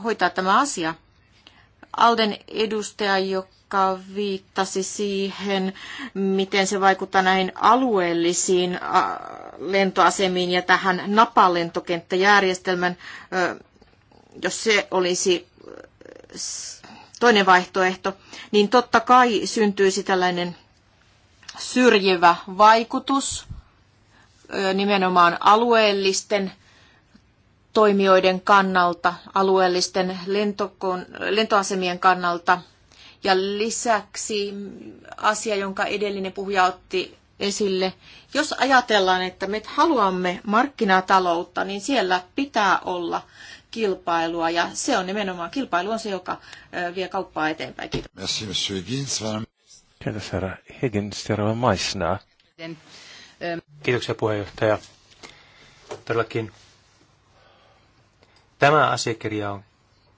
hoitaa tämä asia. Alden edustaja, joka viittasi siihen, miten se vaikuttaa näihin alueellisiin lentoasemiin ja tähän napalentokenttäjärjestelmän, jos se olisi toinen vaihtoehto, niin totta kai syntyisi tällainen syrjivä vaikutus – nimenomaan alueellisten toimijoiden kannalta, alueellisten lentokon, lentoasemien kannalta. Ja lisäksi asia, jonka edellinen puhuja otti esille, jos ajatellaan, että me haluamme markkinataloutta, niin siellä pitää olla kilpailua ja se on nimenomaan kilpailu on se, joka vie kauppaa eteenpäin. Kiitos. herra Higgins, terve maisnaa. Kiitoksia puheenjohtaja. Todellakin tämä asiakirja on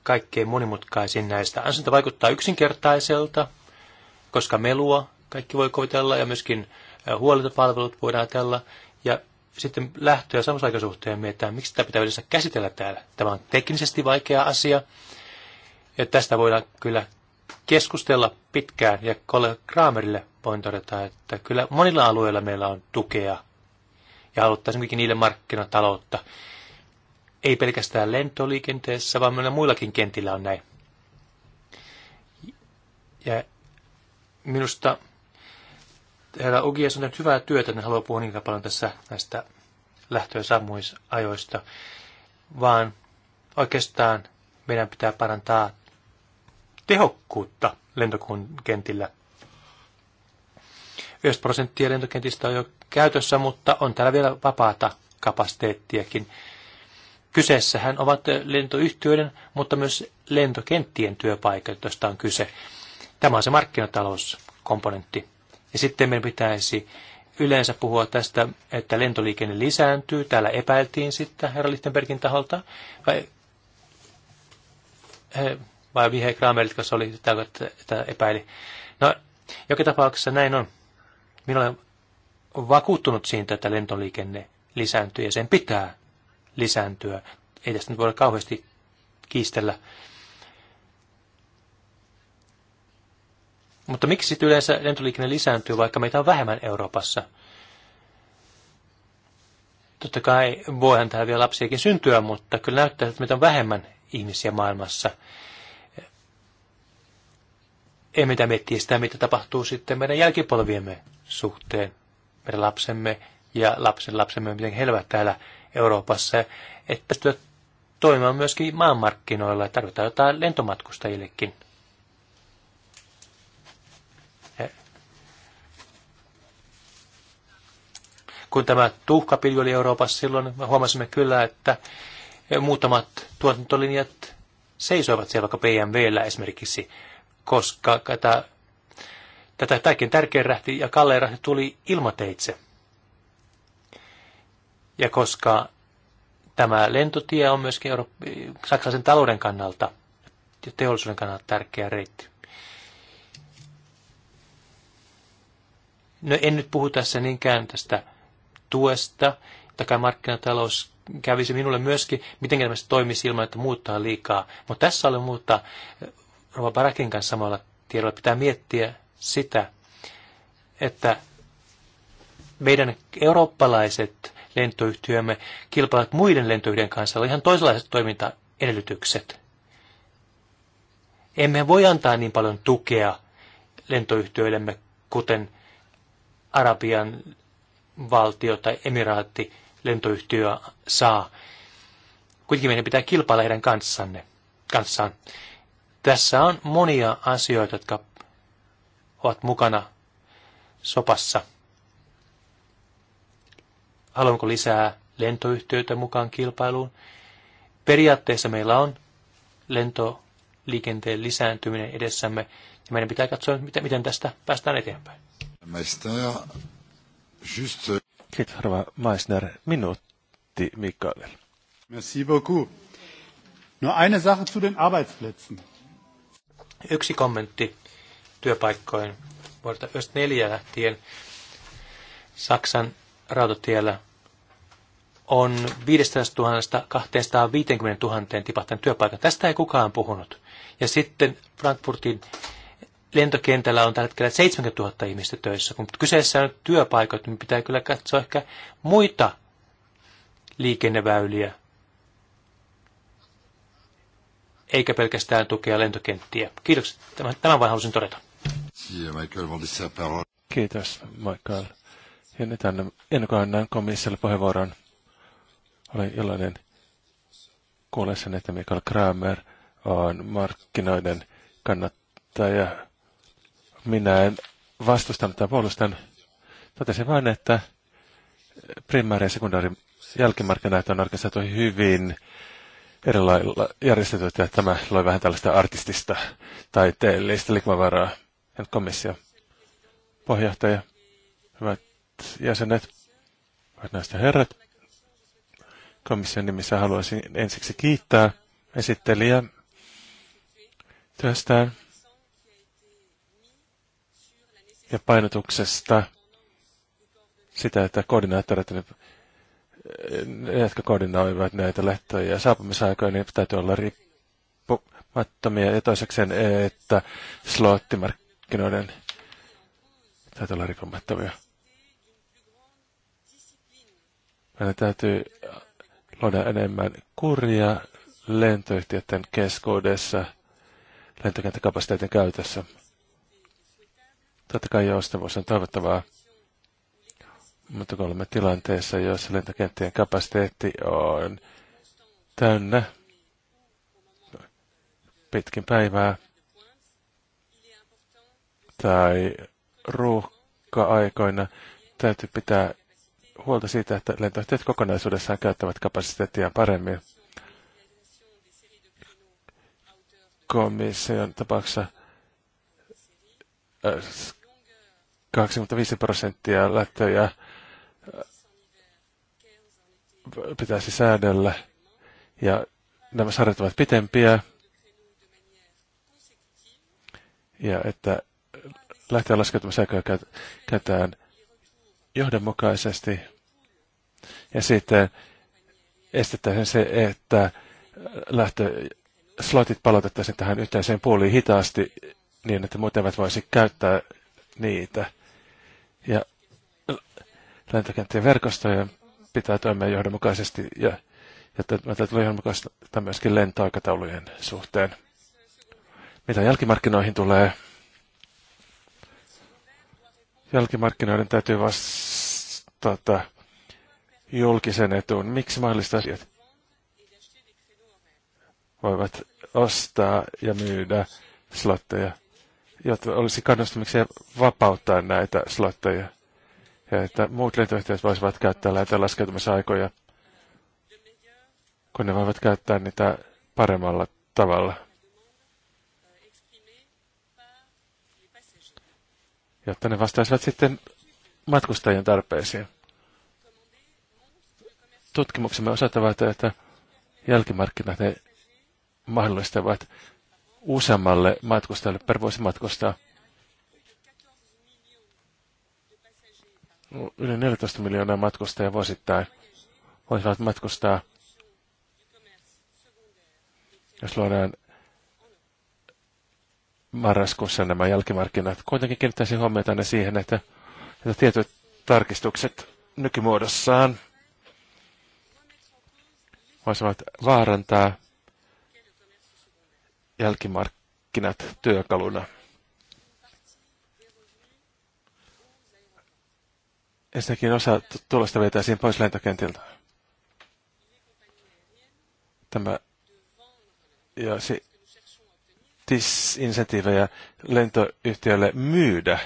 kaikkein monimutkaisin näistä. Ansainta vaikuttaa yksinkertaiselta, koska melua kaikki voi kovitella ja myöskin huolintapalvelut voidaan ajatella. Ja sitten lähtöä samassa samaisaikaisuhteen mietitään, miksi tämä pitää yleensä käsitellä täällä. Tämä on teknisesti vaikea asia. Ja tästä voidaan kyllä keskustella pitkään ja kollega Kramerille voin todeta, että kyllä monilla alueilla meillä on tukea ja haluttaisiin kuitenkin niille markkinataloutta. Ei pelkästään lentoliikenteessä, vaan meillä muillakin kentillä on näin. Ja minusta herra Ugias on tehnyt hyvää työtä, niin haluaa puhua niin paljon tässä näistä lähtö- ja sammuisajoista, vaan oikeastaan meidän pitää parantaa tehokkuutta lentokentillä. 9 prosenttia lentokentistä on jo käytössä, mutta on täällä vielä vapaata kapasiteettiakin. Kyseessähän ovat lentoyhtiöiden, mutta myös lentokenttien työpaikat, joista on kyse. Tämä on se markkinatalouskomponentti. Ja sitten meidän pitäisi yleensä puhua tästä, että lentoliikenne lisääntyy. Täällä epäiltiin sitten herra Lichtenbergin taholta. Vai, eh, vai mihin Kramerit, jotka se oli sitä, että epäili. No, joka tapauksessa näin on. Minä olen vakuuttunut siitä, että lentoliikenne lisääntyy ja sen pitää lisääntyä. Ei tästä nyt voida kauheasti kiistellä. Mutta miksi sitten yleensä lentoliikenne lisääntyy, vaikka meitä on vähemmän Euroopassa? Totta kai voihan tähän vielä lapsiakin syntyä, mutta kyllä näyttää, että meitä on vähemmän ihmisiä maailmassa emme meitä miettiä sitä, mitä tapahtuu sitten meidän jälkipolviemme suhteen, meidän lapsemme ja lapsen lapsemme, miten he täällä Euroopassa, että pystyvät toimimaan myöskin maanmarkkinoilla ja tarvitaan jotain lentomatkustajillekin. Kun tämä tuhkapilvi oli Euroopassa silloin, me huomasimme kyllä, että muutamat tuotantolinjat seisoivat siellä vaikka BMWllä esimerkiksi koska tätä, tätä kaikkein tärkein rähti ja kallein rähti tuli ilmateitse. Ja koska tämä lentotie on myöskin Euro- saksalaisen talouden kannalta ja teollisuuden kannalta tärkeä reitti. No en nyt puhu tässä niinkään tästä tuesta, tai markkinatalous kävisi minulle myöskin, miten se toimisi ilman, että muuttaa liikaa. Mutta tässä oli muuttaa Rova Barakin kanssa samalla tiedolla pitää miettiä sitä, että meidän eurooppalaiset lentoyhtiömme kilpailevat muiden lentoyhtiöiden kanssa, on ihan toisenlaiset toimintaedellytykset. Emme voi antaa niin paljon tukea lentoyhtiöillemme, kuten Arabian valtio tai emiraatti lentoyhtiö saa. Kuitenkin meidän pitää kilpailla heidän kanssanne, kanssaan. Tässä on monia asioita, jotka ovat mukana sopassa. Haluanko lisää lentoyhtiöitä mukaan kilpailuun? Periaatteessa meillä on lentoliikenteen lisääntyminen edessämme, ja meidän pitää katsoa, miten tästä päästään eteenpäin. just... Kiitos, Harva Meissner. Minuutti Mikael. Merci beaucoup. Nur eine Sache zu den Arbeitsplätzen. Yksi kommentti työpaikkojen vuodelta 1994 lähtien Saksan rautatiellä on 15 000 250 000 tipahtanut työpaikan. Tästä ei kukaan puhunut. Ja sitten Frankfurtin lentokentällä on tällä hetkellä 70 000 ihmistä töissä. Kun kyseessä on työpaikat, niin pitää kyllä katsoa ehkä muita liikenneväyliä eikä pelkästään tukea lentokenttiä. Kiitokset. Tämän, tämän vain halusin todeta. Kiitos, Michael. Ja nyt annan, ennen kuin annan komissiolle puheenvuoron, olen iloinen kuullessani, että Michael Kramer on markkinoiden kannattaja. Minä en vastustanut tai puolustan. Totesin vain, että primääri- ja sekundaari jälkimarkkinat on organisoitu hyvin erilailla lailla järjestetyt, ja tämä loi vähän tällaista artistista tai teellistä Hän Komissio, puheenjohtaja, hyvät jäsenet, hyvät näistä herrat. Komission nimissä haluaisin ensiksi kiittää esittelijää työstään ja painotuksesta sitä, että koordinaattorit ne, jotka koordinoivat näitä lehtoja ja saapumisaikoja, niin täytyy olla riippumattomia. Ja toisekseen, että slottimarkkinoiden täytyy olla riippumattomia. Meidän täytyy luoda enemmän kurja lentoyhtiöiden keskuudessa, lentokenttäkapasiteetin käytössä. Totta kai joustavuus on toivottavaa. Mutta kun olemme tilanteessa, jossa lentokenttien kapasiteetti on täynnä pitkin päivää tai ruuhka-aikoina, täytyy pitää huolta siitä, että lentoyhtiöt kokonaisuudessaan käyttävät kapasiteettia paremmin. Komission tapauksessa 25 äh, prosenttia lähtöjä pitäisi säädellä. Ja nämä sarjat ovat pitempiä. Ja että lähtee aikaa käytetään johdonmukaisesti. Ja sitten estetään se, että lähtö slotit palautettaisiin tähän yhteiseen puoliin hitaasti niin, että muut eivät voisi käyttää niitä. Ja lentokenttien verkostoja pitää toimia johdonmukaisesti ja ja meiltä tulee johdonmukaista myöskin lentoaikataulujen suhteen. Mitä jälkimarkkinoihin tulee? Jälkimarkkinoiden täytyy vastata julkisen etuun. Miksi mahdollista asiat voivat ostaa ja myydä slotteja, jotta olisi kannustamiksi vapauttaa näitä slotteja? ja että muut lentoyhtiöt voisivat käyttää näitä laskeutumisaikoja, kun ne voivat käyttää niitä paremmalla tavalla. jotta ne vastaisivat sitten matkustajien tarpeisiin. Tutkimuksemme osoittavat, että jälkimarkkinat ne mahdollistavat useammalle matkustajalle per vuosi matkustaa. yli 14 miljoonaa matkustajaa vuosittain voisivat matkustaa, jos luodaan marraskuussa nämä jälkimarkkinat. Kuitenkin kiinnittäisin huomiota aina siihen, että, että tietyt tarkistukset nykymuodossaan voisivat vaarantaa jälkimarkkinat työkaluna. Ensinnäkin osa tulosta vietäisiin pois lentokentiltä. Tämä ja se tis lentoyhtiölle myydä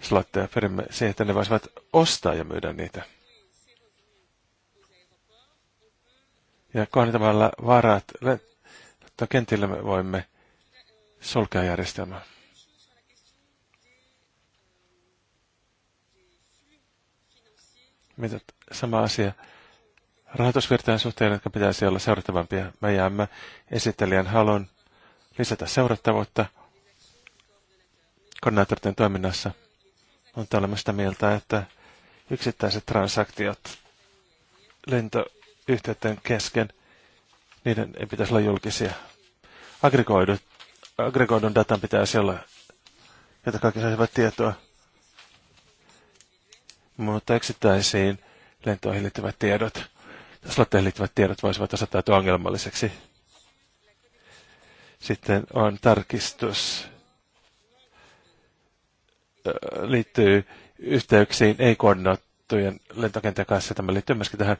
slotteja. Perimme siihen, että ne voisivat ostaa ja myydä niitä. Ja kohdentamalla varat lentokentille me voimme sulkea järjestelmää. mitä sama asia rahoitusvirtojen suhteen, jotka pitäisi olla seurattavampia. Me jäämme esittelijän halun lisätä seurattavuutta koordinaattorien toiminnassa. On olemme mieltä, että yksittäiset transaktiot lentoyhteyden kesken, niiden ei pitäisi olla julkisia. agregoidun datan pitäisi olla, jotta kaikki saisivat tietoa mutta yksittäisiin lentoihin liittyvät tiedot, slotteihin liittyvät tiedot voisivat osoittautua ongelmalliseksi. Sitten on tarkistus liittyy yhteyksiin ei-koordinoittujen lentokenttien kanssa. Tämä liittyy myöskin tähän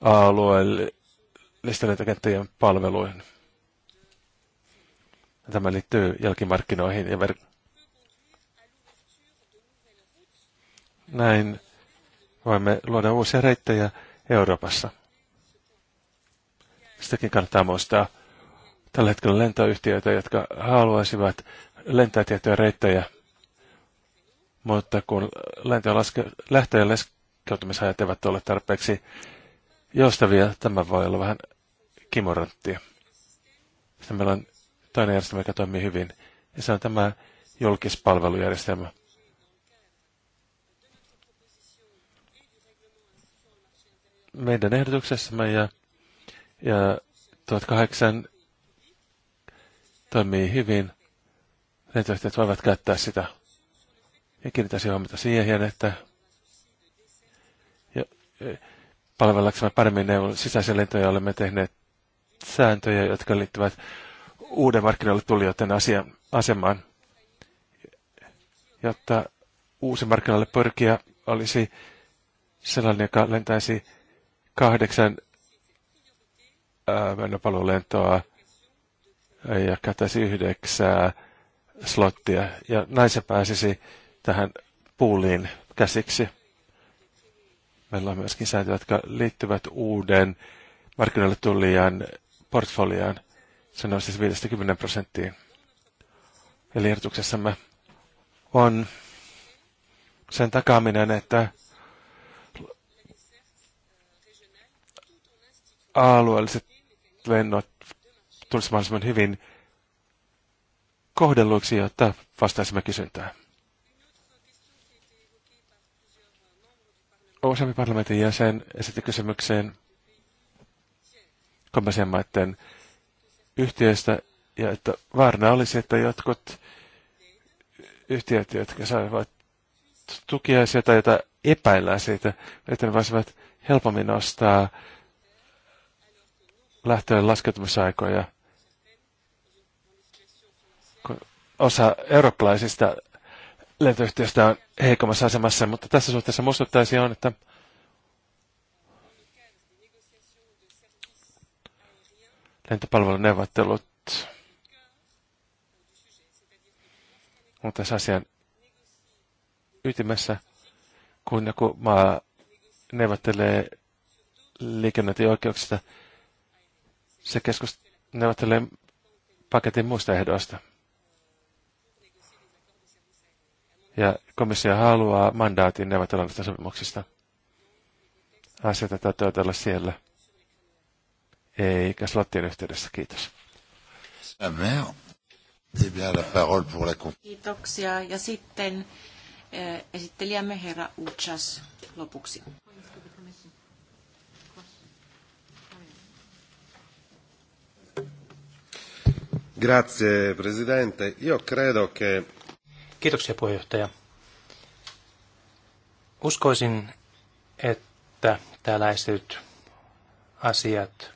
alueellisten lentokenttien palveluihin. Tämä liittyy jälkimarkkinoihin ja ver- Näin voimme luoda uusia reittejä Euroopassa. Sitäkin kannattaa muistaa. Tällä hetkellä lentoyhtiöitä, jotka haluaisivat lentää tiettyjä reittejä, mutta kun lento- laske- lähtö- ja eivät ole tarpeeksi joustavia, tämä voi olla vähän kimoranttia. Sitten meillä on toinen järjestelmä, joka toimii hyvin, ja se on tämä julkispalvelujärjestelmä. meidän ehdotuksessamme ja, ja 1008 toimii hyvin. Lentoyhtiöt voivat käyttää sitä. Ja kiinnittäisin huomiota siihen, että ja, e, palvellaksemme paremmin neuvon sisäisiä lentoja olemme tehneet sääntöjä, jotka liittyvät uuden markkinoille tulijoiden asia, asemaan, jotta uusi markkinoille pyrkiä olisi sellainen, joka lentäisi kahdeksan äh, mennäpalulentoa ja käyttäisi yhdeksää slottia. Ja näin se pääsisi tähän puuliin käsiksi. Meillä on myöskin sääntöjä, jotka liittyvät uuden markkinoille tulijan portfoliaan. Se nousi siis 50 prosenttiin. Eli ehdotuksessamme on sen takaaminen, että alueelliset lennot tulisi mahdollisimman hyvin kohdelluiksi, jotta vastaisimme kysyntää. Useampi parlamentin jäsen esitti kysymykseen kompensien maiden yhtiöistä, ja että vaarana olisi, että jotkut yhtiöt, jotka saivat tukia tai joita epäillään siitä, että ne voisivat helpommin ostaa lähtöön laskeutumisaikoja. Osa eurooppalaisista lentoyhtiöistä on heikommassa asemassa, mutta tässä suhteessa muistuttaisi on, että lentopalveluneuvottelut on tässä asian ytimessä, kun joku maa neuvottelee liikennöintioikeuksista, oikeuksista se keskustelee paketin muista ehdoista. Ja komissio haluaa mandaatin neuvottelusta sopimuksista. Asioita täytyy olla siellä. Eikä slottien yhteydessä. Kiitos. Kiitoksia. Ja sitten eh, esittelijämme herra Uchas lopuksi. Grazie, presidente. Io credo che... Kiitoksia, puheenjohtaja. Uskoisin, että tällaiset asiat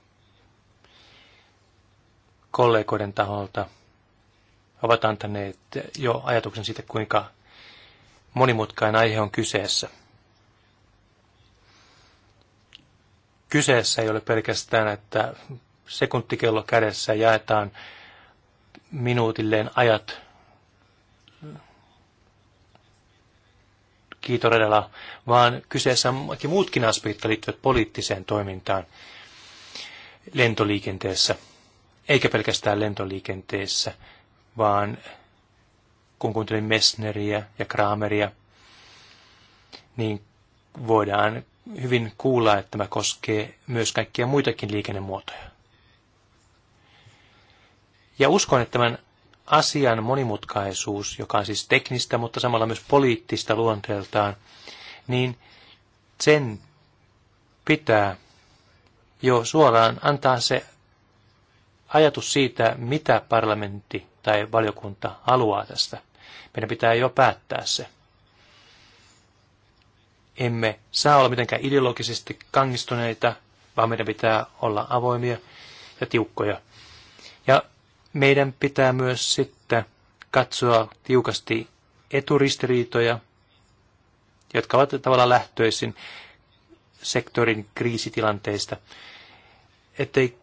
kollegoiden taholta ovat antaneet jo ajatuksen siitä, kuinka monimutkainen aihe on kyseessä. Kyseessä ei ole pelkästään, että sekuntikello kädessä jaetaan minuutilleen ajat kiitoredalla, vaan kyseessä on muutkin aspektit, jotka liittyvät poliittiseen toimintaan lentoliikenteessä, eikä pelkästään lentoliikenteessä, vaan kun kuuntelin Messneriä ja Krameria, niin voidaan hyvin kuulla, että tämä koskee myös kaikkia muitakin liikennemuotoja. Ja uskon, että tämän asian monimutkaisuus, joka on siis teknistä, mutta samalla myös poliittista luonteeltaan, niin sen pitää jo suoraan antaa se ajatus siitä, mitä parlamentti tai valiokunta haluaa tästä. Meidän pitää jo päättää se. Emme saa olla mitenkään ideologisesti kangistuneita, vaan meidän pitää olla avoimia ja tiukkoja. Ja meidän pitää myös sitten katsoa tiukasti eturistiriitoja, jotka ovat tavallaan lähtöisin sektorin kriisitilanteista, ettei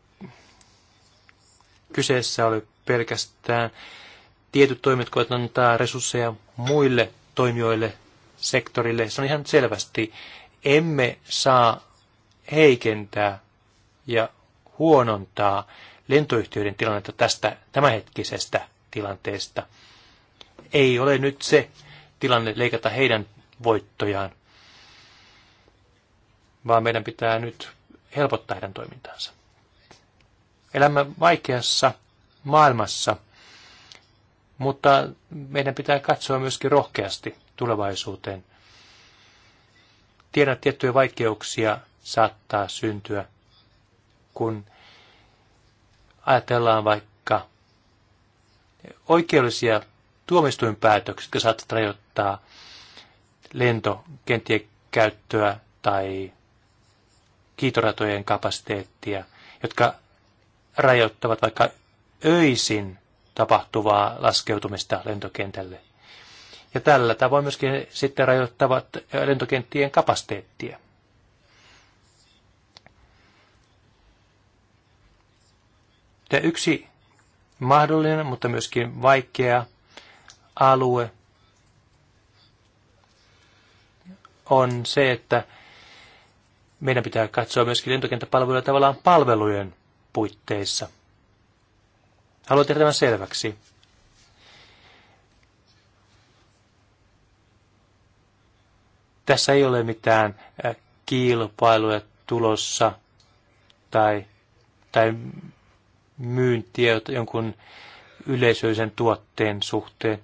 kyseessä ole pelkästään tietyt toimet, kun antaa resursseja muille toimijoille, sektorille. Se on ihan selvästi, emme saa heikentää ja huonontaa lentoyhtiöiden tilannetta tästä tämänhetkisestä tilanteesta. Ei ole nyt se tilanne leikata heidän voittojaan, vaan meidän pitää nyt helpottaa heidän toimintaansa. Elämme vaikeassa maailmassa, mutta meidän pitää katsoa myöskin rohkeasti tulevaisuuteen. Tiedän, että tiettyjä vaikeuksia saattaa syntyä, kun ajatellaan vaikka oikeudellisia tuomistuinpäätöksiä, jotka saattavat rajoittaa lentokenttien käyttöä tai kiitoratojen kapasiteettia, jotka rajoittavat vaikka öisin tapahtuvaa laskeutumista lentokentälle. Ja tällä tavoin myöskin sitten rajoittavat lentokenttien kapasiteettia. Ja yksi mahdollinen, mutta myöskin vaikea alue on se, että meidän pitää katsoa myöskin lentokenttäpalveluja tavallaan palvelujen puitteissa. Haluan tehdä tämän selväksi. Tässä ei ole mitään kilpailuja tulossa tai, tai myyntiä jonkun yleisöisen tuotteen suhteen,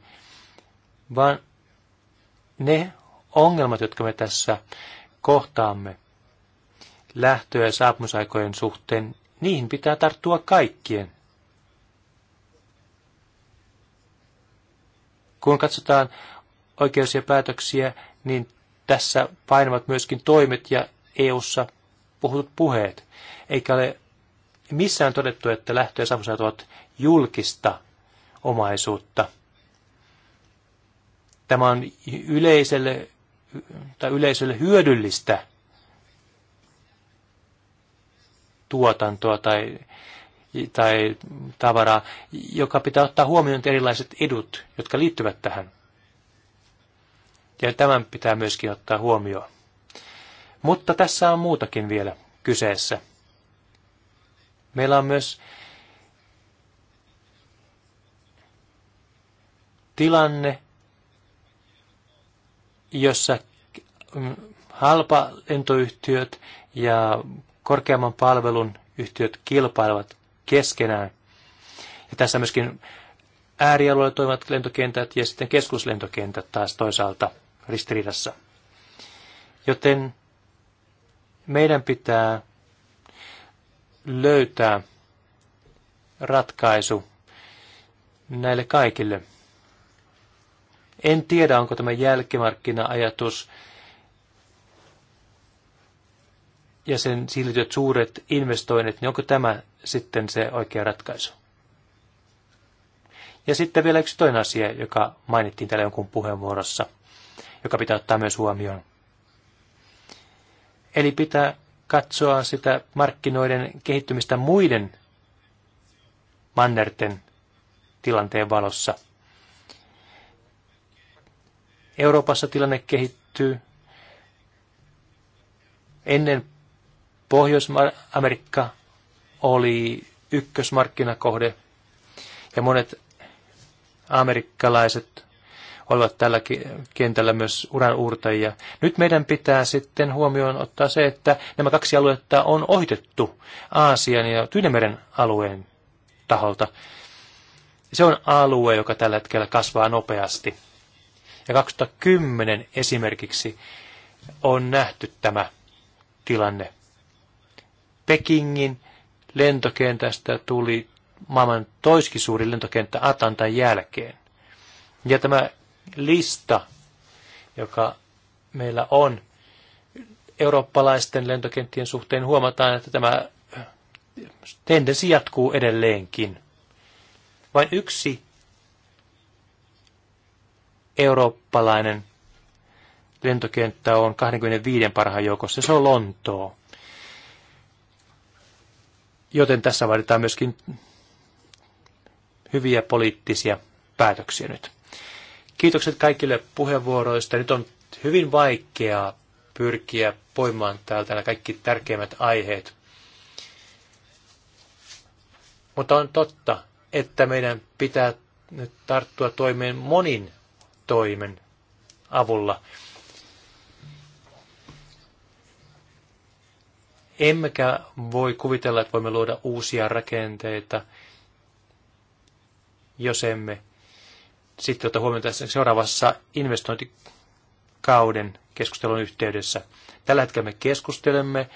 vaan ne ongelmat, jotka me tässä kohtaamme lähtö- ja saapumisaikojen suhteen, niihin pitää tarttua kaikkien. Kun katsotaan oikeusia päätöksiä, niin tässä painavat myöskin toimet ja EU-ssa puhutut puheet, eikä ole missään on todettu, että lähtö- ja savusaitot ovat julkista omaisuutta. Tämä on yleiselle, tai yleisölle hyödyllistä tuotantoa tai, tai tavaraa, joka pitää ottaa huomioon erilaiset edut, jotka liittyvät tähän. Ja tämän pitää myöskin ottaa huomioon. Mutta tässä on muutakin vielä kyseessä. Meillä on myös tilanne, jossa mm, halpa lentoyhtiöt ja korkeamman palvelun yhtiöt kilpailevat keskenään. Ja tässä myöskin äärialueella toimivat lentokentät ja sitten keskuslentokentät taas toisaalta ristiriidassa. Joten meidän pitää löytää ratkaisu näille kaikille. En tiedä, onko tämä jälkimarkkina-ajatus ja sen siirtyvät suuret investoinnit, niin onko tämä sitten se oikea ratkaisu? Ja sitten vielä yksi toinen asia, joka mainittiin täällä jonkun puheenvuorossa, joka pitää ottaa myös huomioon. Eli pitää katsoa sitä markkinoiden kehittymistä muiden mannerten tilanteen valossa. Euroopassa tilanne kehittyy ennen Pohjois-Amerikka oli ykkösmarkkinakohde ja monet amerikkalaiset olivat tällä kentällä myös uranuurtajia. Nyt meidän pitää sitten huomioon ottaa se, että nämä kaksi aluetta on ohitettu Aasian ja Tyynemeren alueen taholta. Se on alue, joka tällä hetkellä kasvaa nopeasti. Ja 2010 esimerkiksi on nähty tämä tilanne. Pekingin lentokentästä tuli maailman toiski suuri lentokenttä Atlantan jälkeen. Ja tämä lista, joka meillä on eurooppalaisten lentokenttien suhteen, huomataan, että tämä tendenssi jatkuu edelleenkin. Vain yksi eurooppalainen lentokenttä on 25 parhaan joukossa, se on Lontoo. Joten tässä vaaditaan myöskin hyviä poliittisia päätöksiä nyt. Kiitokset kaikille puheenvuoroista. Nyt on hyvin vaikeaa pyrkiä poimaan täältä nämä kaikki tärkeimmät aiheet. Mutta on totta, että meidän pitää nyt tarttua toimeen monin toimen avulla. Emmekä voi kuvitella, että voimme luoda uusia rakenteita, jos emme sitten ottaa huomioon tässä seuraavassa investointikauden keskustelun yhteydessä. Tällä hetkellä me keskustelemme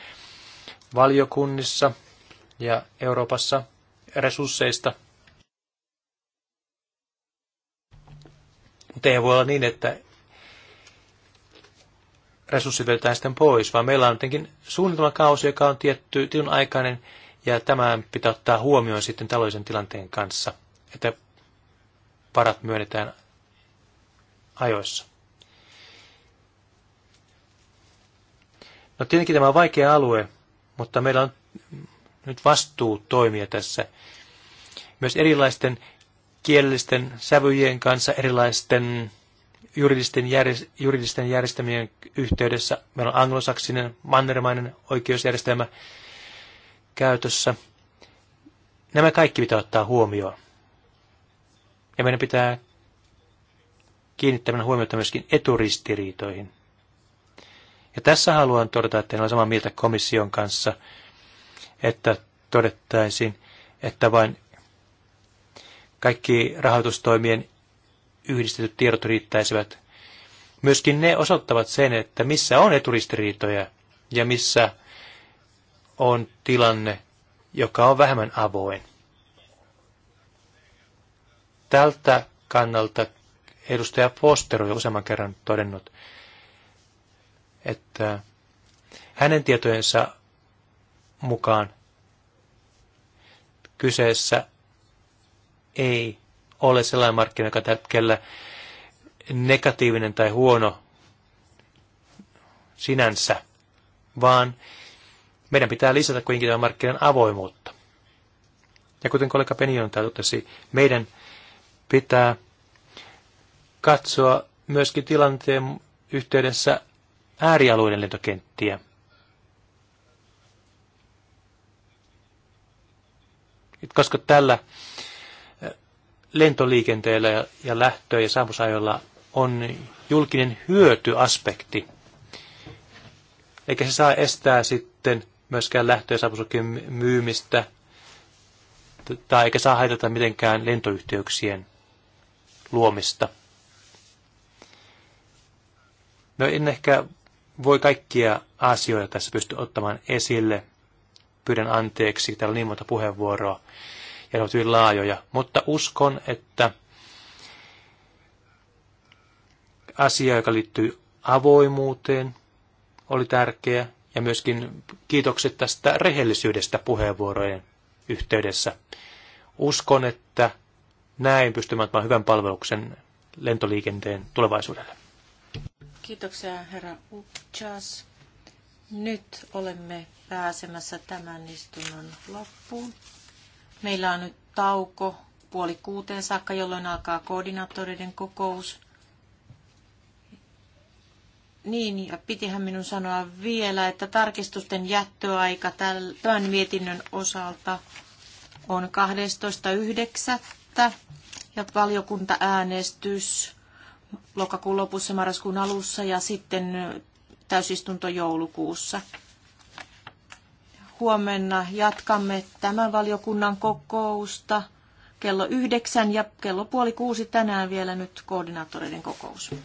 valiokunnissa ja Euroopassa resursseista. Mutta ei voi olla niin, että resurssit vedetään sitten pois, vaan meillä on jotenkin suunnitelmakausi, joka on tietty, tietyn aikainen, ja tämän pitää ottaa huomioon sitten taloudellisen tilanteen kanssa, että varat myönnetään ajoissa. No tietenkin tämä on vaikea alue, mutta meillä on nyt vastuu toimia tässä myös erilaisten kielellisten sävyjen kanssa, erilaisten juridisten, järjest- juridisten järjestelmien yhteydessä. Meillä on anglosaksinen, mannermainen oikeusjärjestelmä käytössä. Nämä kaikki pitää ottaa huomioon. Ja meidän pitää kiinnittämään huomiota myöskin eturistiriitoihin. Ja tässä haluan todeta, että en ole samaa mieltä komission kanssa, että todettaisiin, että vain kaikki rahoitustoimien yhdistetyt tiedot riittäisivät. Myöskin ne osoittavat sen, että missä on eturistiriitoja ja missä on tilanne, joka on vähemmän avoin. Tältä kannalta edustaja Foster on jo useamman kerran todennut, että hänen tietojensa mukaan kyseessä ei ole sellainen markkina, joka hetkellä negatiivinen tai huono sinänsä, vaan meidän pitää lisätä kuitenkin tämän markkinan avoimuutta. Ja kuten kollega Penion täytyy meidän pitää katsoa myöskin tilanteen yhteydessä äärialueiden lentokenttiä. Koska tällä lentoliikenteellä ja lähtö- ja saavusajoilla on julkinen hyötyaspekti, eikä se saa estää sitten myöskään lähtö- ja myymistä, tai eikä saa haitata mitenkään lentoyhteyksien luomista. No en ehkä voi kaikkia asioita tässä pysty ottamaan esille. Pyydän anteeksi, täällä on niin monta puheenvuoroa ja ne ovat hyvin laajoja, mutta uskon, että asia, joka liittyy avoimuuteen, oli tärkeä ja myöskin kiitokset tästä rehellisyydestä puheenvuorojen yhteydessä. Uskon, että näin pystymme antamaan hyvän palveluksen lentoliikenteen tulevaisuudelle. Kiitoksia herra Uchas. Nyt olemme pääsemässä tämän istunnon loppuun. Meillä on nyt tauko puoli kuuteen saakka, jolloin alkaa koordinaattoreiden kokous. Niin, ja pitihän minun sanoa vielä, että tarkistusten jättöaika tämän mietinnön osalta on 12.9 että ja äänestys lokakuun lopussa, marraskuun alussa ja sitten täysistunto joulukuussa. Huomenna jatkamme tämän valiokunnan kokousta kello yhdeksän ja kello puoli kuusi tänään vielä nyt koordinaattoreiden kokous.